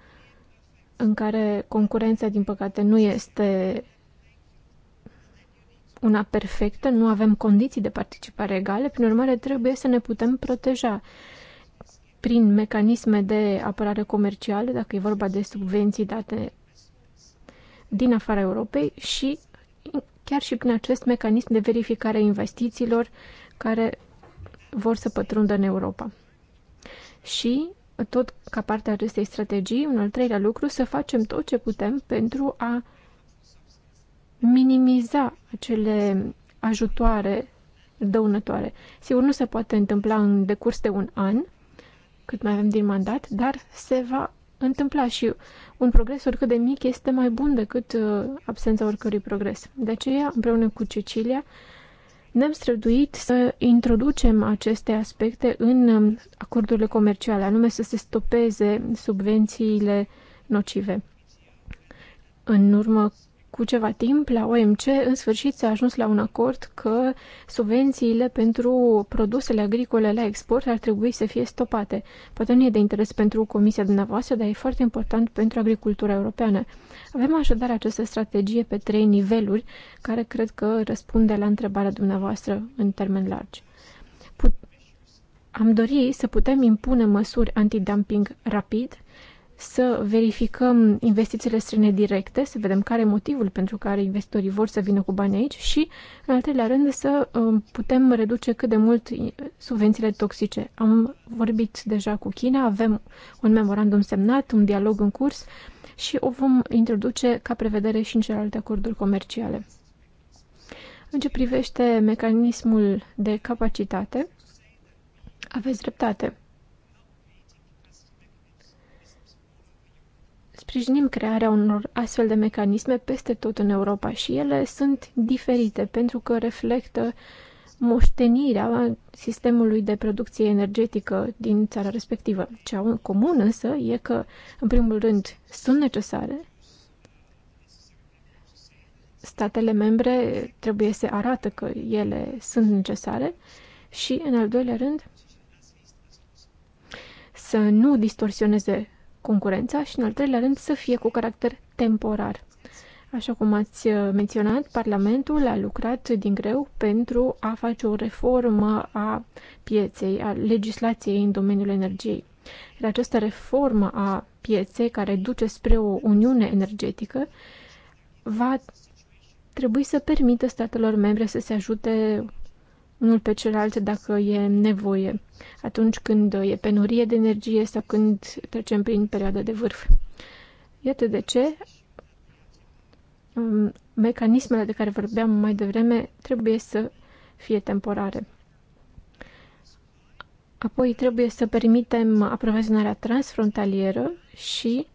în care concurența, din păcate, nu este una perfectă, nu avem condiții de participare egale, prin urmare trebuie să ne putem proteja prin mecanisme de apărare comercială, dacă e vorba de subvenții date din afara Europei și chiar și prin acest mecanism de verificare a investițiilor care vor să pătrundă în Europa. Și, tot ca parte a acestei strategii, un al treilea lucru, să facem tot ce putem pentru a minimiza acele ajutoare dăunătoare. Sigur, nu se poate întâmpla în decurs de un an, cât mai avem din mandat, dar se va întâmpla și un progres oricât de mic este mai bun decât uh, absența oricărui progres. De aceea, împreună cu Cecilia, ne-am străduit să introducem aceste aspecte în um, acordurile comerciale, anume să se stopeze subvențiile nocive. În urmă cu ceva timp, la OMC, în sfârșit s-a ajuns la un acord că subvențiile pentru produsele agricole la export ar trebui să fie stopate. Poate nu e de interes pentru Comisia dumneavoastră, dar e foarte important pentru agricultura europeană. Avem așadar această strategie pe trei niveluri, care cred că răspunde la întrebarea dumneavoastră în termen largi. Put- Am dori să putem impune măsuri antidumping rapid, să verificăm investițiile străine directe, să vedem care e motivul pentru care investitorii vor să vină cu bani aici și, în al treilea rând, să um, putem reduce cât de mult uh, subvențiile toxice. Am vorbit deja cu China, avem un memorandum semnat, un dialog în curs și o vom introduce ca prevedere și în celelalte acorduri comerciale. În ce privește mecanismul de capacitate, aveți dreptate Sprijinim crearea unor astfel de mecanisme peste tot în Europa și ele sunt diferite pentru că reflectă moștenirea sistemului de producție energetică din țara respectivă. Cea comun însă e că, în primul rând, sunt necesare. Statele membre trebuie să arată că ele sunt necesare și, în al doilea rând, să nu distorsioneze concurența și, în al treilea rând, să fie cu caracter temporar. Așa cum ați uh, menționat, Parlamentul a lucrat din greu pentru a face o reformă a pieței, a legislației în domeniul energiei. Iar această reformă a pieței, care duce spre o uniune energetică, va trebui să permită statelor membre să se ajute unul pe celălalt dacă e nevoie, atunci când e penurie de energie sau când trecem prin perioada de vârf. Iată de ce um, mecanismele de care vorbeam mai devreme trebuie să fie temporare. Apoi trebuie să permitem aprovizionarea transfrontalieră și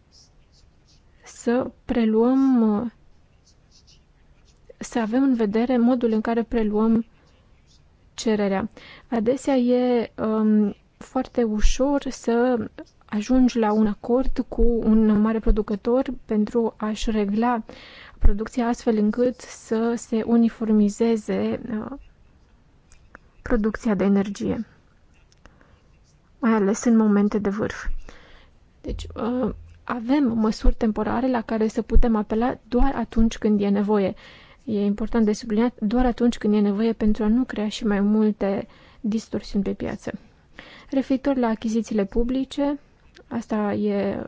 să preluăm, să avem în vedere modul în care preluăm cererea. Adesea e um, foarte ușor să ajungi la un acord cu un mare producător pentru a-și regla producția astfel încât să se uniformizeze uh, producția de energie, mai ales în momente de vârf. Deci uh, avem măsuri temporare la care să putem apela doar atunci când e nevoie. E important de subliniat doar atunci când e nevoie pentru a nu crea și mai multe distorsiuni pe piață. Referitor la achizițiile publice, asta e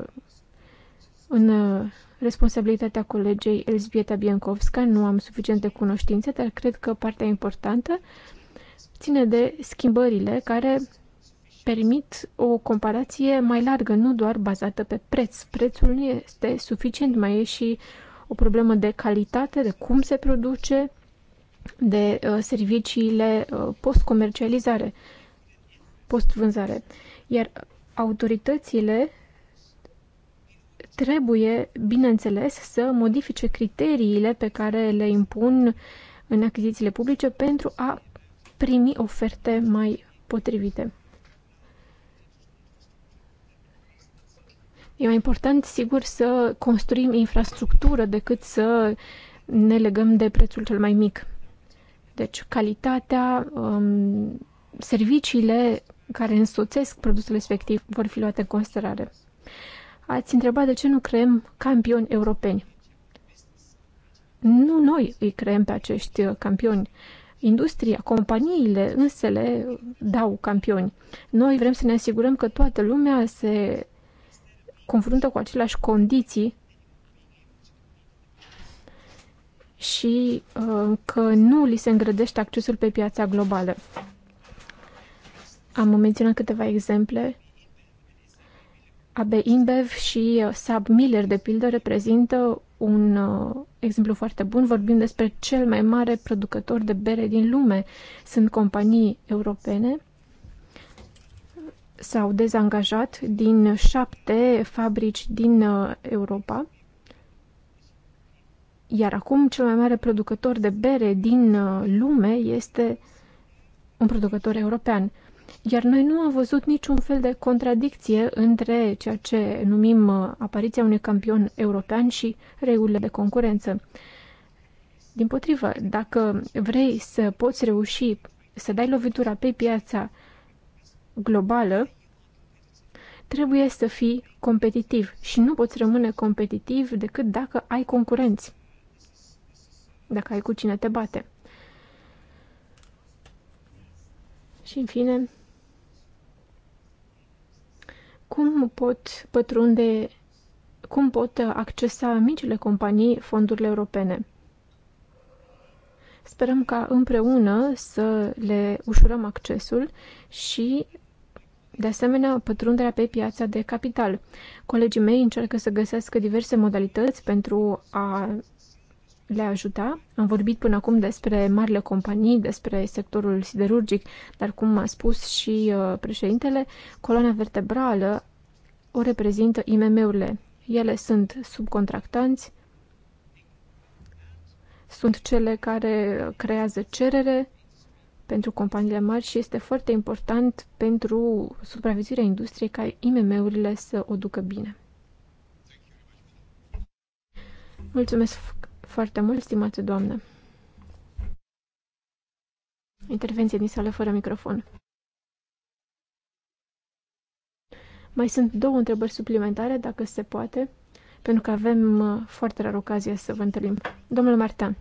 în uh, responsabilitatea colegei Elzbieta Biancovska, nu am suficiente cunoștințe, dar cred că partea importantă ține de schimbările care permit o comparație mai largă, nu doar bazată pe preț. Prețul nu este suficient, mai e și o problemă de calitate, de cum se produce, de uh, serviciile uh, post-comercializare, post-vânzare. Iar autoritățile trebuie, bineînțeles, să modifice criteriile pe care le impun în achizițiile publice pentru a primi oferte mai potrivite. E mai important, sigur, să construim infrastructură decât să ne legăm de prețul cel mai mic. Deci, calitatea, um, serviciile care însoțesc produsul respectiv vor fi luate în considerare. Ați întrebat de ce nu creăm campioni europeni. Nu noi îi creăm pe acești campioni. Industria, companiile însele dau campioni. Noi vrem să ne asigurăm că toată lumea se confruntă cu aceleași condiții și uh, că nu li se îngrădește accesul pe piața globală. Am menționat câteva exemple. AB InBev și uh, Sab Miller, de pildă, reprezintă un uh, exemplu foarte bun. Vorbim despre cel mai mare producător de bere din lume. Sunt companii europene s-au dezangajat din șapte fabrici din uh, Europa, iar acum cel mai mare producător de bere din uh, lume este un producător european. Iar noi nu am văzut niciun fel de contradicție între ceea ce numim uh, apariția unui campion european și regulile de concurență. Din potrivă, dacă vrei să poți reuși să dai lovitura pe piața globală, trebuie să fii competitiv și nu poți rămâne competitiv decât dacă ai concurenți, dacă ai cu cine te bate. Și în fine, cum pot pătrunde, cum pot accesa micile companii fondurile europene? Sperăm ca împreună să le ușurăm accesul și de asemenea, pătrunderea pe piața de capital. Colegii mei încearcă să găsească diverse modalități pentru a le ajuta. Am vorbit până acum despre marile companii, despre sectorul siderurgic, dar cum a spus și uh, președintele, coloana vertebrală o reprezintă IMM-urile. Ele sunt subcontractanți, sunt cele care creează cerere, pentru companiile mari și este foarte important pentru supraviețuirea industriei ca IMM-urile să o ducă bine. Mulțumesc foarte mult, stimată doamnă. Intervenție din sală fără microfon. Mai sunt două întrebări suplimentare, dacă se poate, pentru că avem uh, foarte rar ocazia să vă întâlnim. Domnul Martan.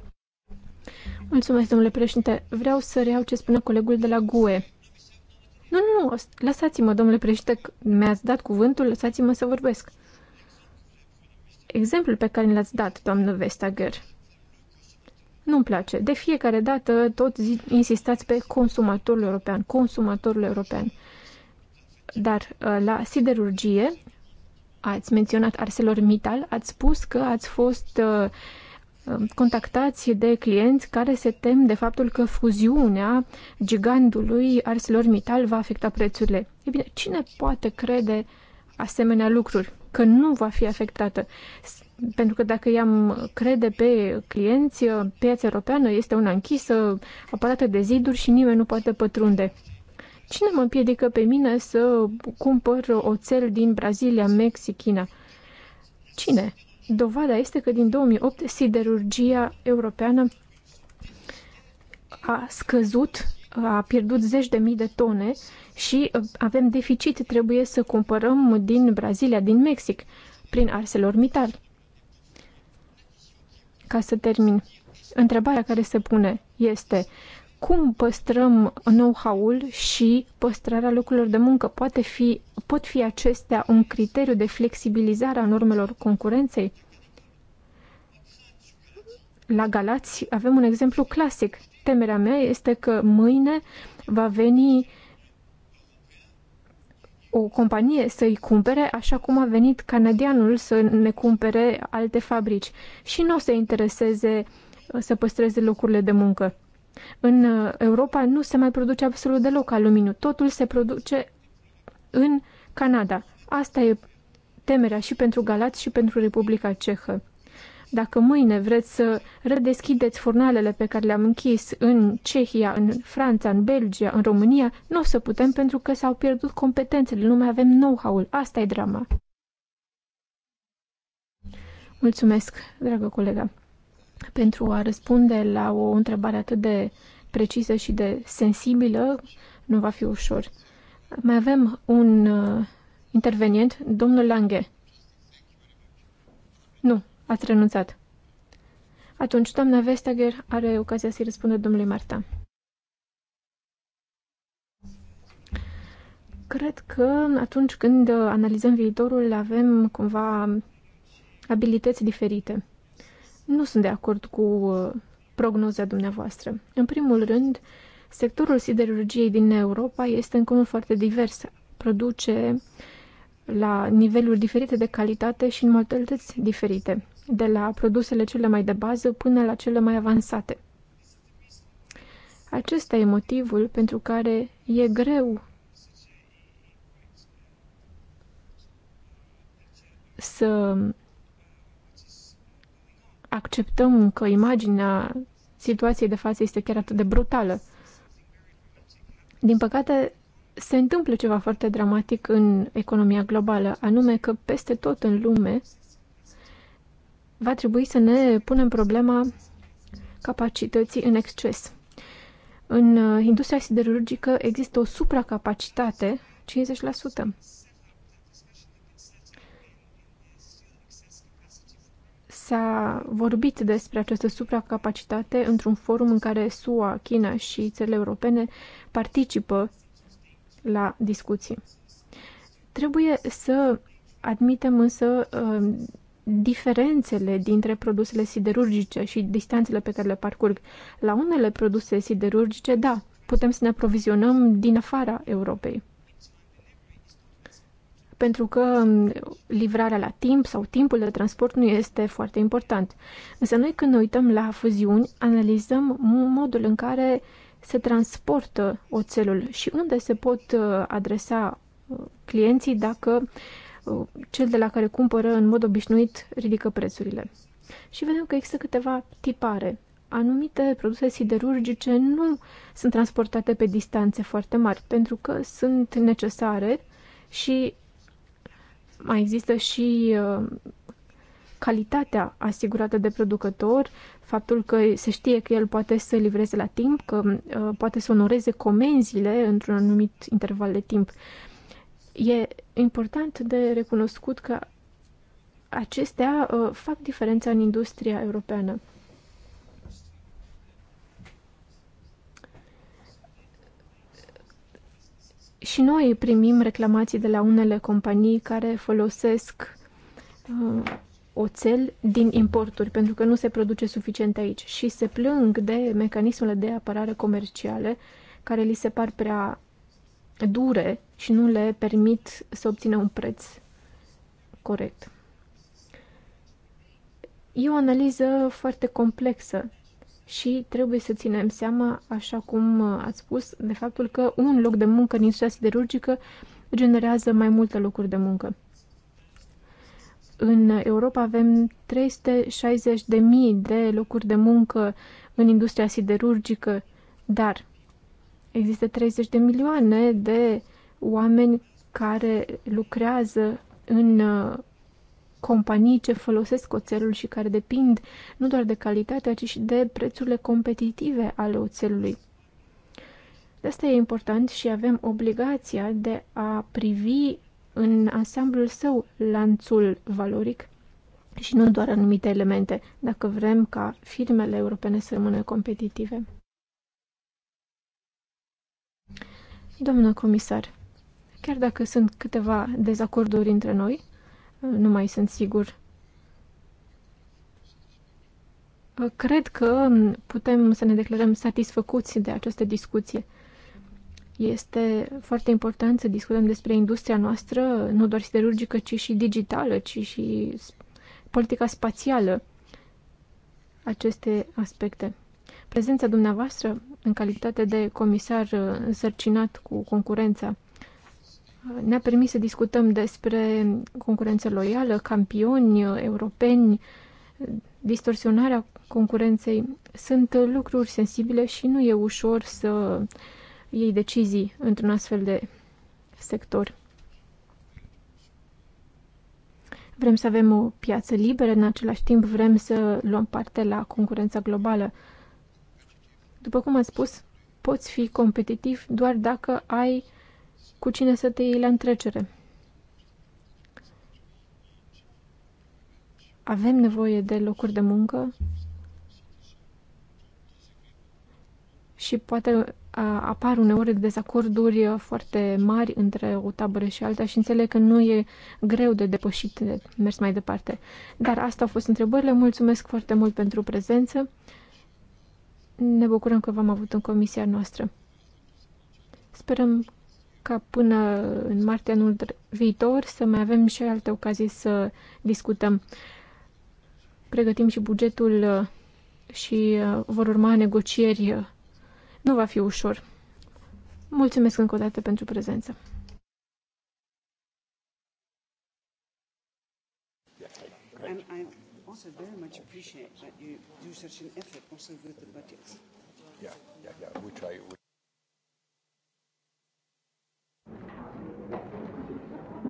Mulțumesc, domnule președinte. Vreau să reiau ce spune colegul de la GUE. Nu, nu, nu, lăsați-mă, domnule președinte, mi-ați dat cuvântul, lăsați-mă să vorbesc. Exemplul pe care l-ați dat, doamnă Vestager, nu-mi place. De fiecare dată tot zi, insistați pe consumatorul european, consumatorul european. Dar ă, la siderurgie, ați menționat ArcelorMittal, ați spus că ați fost uh, contactați de clienți care se tem de faptul că fuziunea gigantului ArcelorMittal va afecta prețurile. E bine, cine poate crede asemenea lucruri? Că nu va fi afectată. Pentru că dacă i-am crede pe clienți, piața europeană este una închisă, aparată de ziduri și nimeni nu poate pătrunde. Cine mă împiedică pe mine să cumpăr oțel din Brazilia, Mexic, China? Cine? Dovada este că din 2008 siderurgia europeană a scăzut, a pierdut zeci de mii de tone și avem deficit, trebuie să cumpărăm din Brazilia, din Mexic, prin ArcelorMittal. Ca să termin, întrebarea care se pune este cum păstrăm know-how-ul și păstrarea locurilor de muncă? Poate fi, pot fi acestea un criteriu de flexibilizare a normelor concurenței? La Galați avem un exemplu clasic. Temerea mea este că mâine va veni o companie să-i cumpere, așa cum a venit canadianul să ne cumpere alte fabrici. Și nu o să intereseze să păstreze locurile de muncă în uh, Europa nu se mai produce absolut deloc aluminiu. Totul se produce în Canada. Asta e temerea și pentru Galați și pentru Republica Cehă. Dacă mâine vreți să redeschideți furnalele pe care le-am închis în Cehia, în Franța, în Belgia, în România, nu o să putem pentru că s-au pierdut competențele, nu mai avem know-how-ul. Asta e drama. Mulțumesc, dragă colega pentru a răspunde la o întrebare atât de precisă și de sensibilă, nu va fi ușor. Mai avem un uh, intervenient, domnul Lange. Nu, ați renunțat. Atunci, doamna Vestager are ocazia să-i răspundă domnului Marta. Cred că atunci când analizăm viitorul avem cumva abilități diferite. Nu sunt de acord cu uh, prognoza dumneavoastră. În primul rând, sectorul siderurgiei din Europa este încă unul foarte divers. Produce la niveluri diferite de calitate și în modalități diferite, de la produsele cele mai de bază până la cele mai avansate. Acesta e motivul pentru care e greu să acceptăm că imaginea situației de față este chiar atât de brutală. Din păcate, se întâmplă ceva foarte dramatic în economia globală, anume că peste tot în lume va trebui să ne punem problema capacității în exces. În uh, industria siderurgică există o supracapacitate, 50%. s-a vorbit despre această supracapacitate într-un forum în care SUA, China și țările europene participă la discuții. Trebuie să admitem însă um, diferențele dintre produsele siderurgice și distanțele pe care le parcurg. La unele produse siderurgice, da, putem să ne aprovizionăm din afara Europei pentru că um, livrarea la timp sau timpul de transport nu este foarte important. Însă noi când ne uităm la fuziuni, analizăm modul în care se transportă oțelul și unde se pot uh, adresa uh, clienții dacă uh, cel de la care cumpără în mod obișnuit ridică prețurile. Și vedem că există câteva tipare. Anumite produse siderurgice nu sunt transportate pe distanțe foarte mari pentru că sunt necesare și mai există și uh, calitatea asigurată de producător, faptul că se știe că el poate să livreze la timp, că uh, poate să onoreze comenzile într-un anumit interval de timp. E important de recunoscut că acestea uh, fac diferența în industria europeană. Și noi primim reclamații de la unele companii care folosesc uh, oțel din importuri, pentru că nu se produce suficient aici și se plâng de mecanismele de apărare comerciale care li se par prea dure și nu le permit să obțină un preț corect. E o analiză foarte complexă și trebuie să ținem seama, așa cum uh, ați spus, de faptul că un loc de muncă în industria siderurgică generează mai multe locuri de muncă. În Europa avem 360.000 de locuri de muncă în industria siderurgică, dar există 30 de milioane de oameni care lucrează în uh, companii ce folosesc oțelul și care depind nu doar de calitatea, ci și de prețurile competitive ale oțelului. De asta e important și avem obligația de a privi în ansamblul său lanțul valoric și nu doar anumite elemente, dacă vrem ca firmele europene să rămână competitive. Doamnă comisar, chiar dacă sunt câteva dezacorduri între noi, nu mai sunt sigur. Cred că putem să ne declarăm satisfăcuți de această discuție. Este foarte important să discutăm despre industria noastră, nu doar siderurgică, ci și digitală, ci și politica spațială, aceste aspecte. Prezența dumneavoastră, în calitate de comisar însărcinat cu concurența, ne-a permis să discutăm despre concurență loială, campioni europeni, distorsionarea concurenței. Sunt lucruri sensibile și nu e ușor să iei decizii într-un astfel de sector. Vrem să avem o piață liberă, în același timp vrem să luăm parte la concurența globală. După cum am spus, poți fi competitiv doar dacă ai uh, cu cine să te iei la întrecere. Avem nevoie de locuri de muncă și poate apar uneori dezacorduri uh, foarte mari între o tabără și alta și înțeleg că nu e greu de depășit, de mers mai departe. Dar asta au fost întrebările. Mulțumesc foarte mult pentru prezență. Ne bucurăm că v-am avut în comisia noastră. Sperăm ca până în martie anul viitor să mai avem și alte ocazii să discutăm. Pregătim și bugetul uh, și uh, vor urma negocieri. Uh, nu va fi ușor. Mulțumesc încă o dată pentru prezență. Yeah, yeah, yeah. We try. We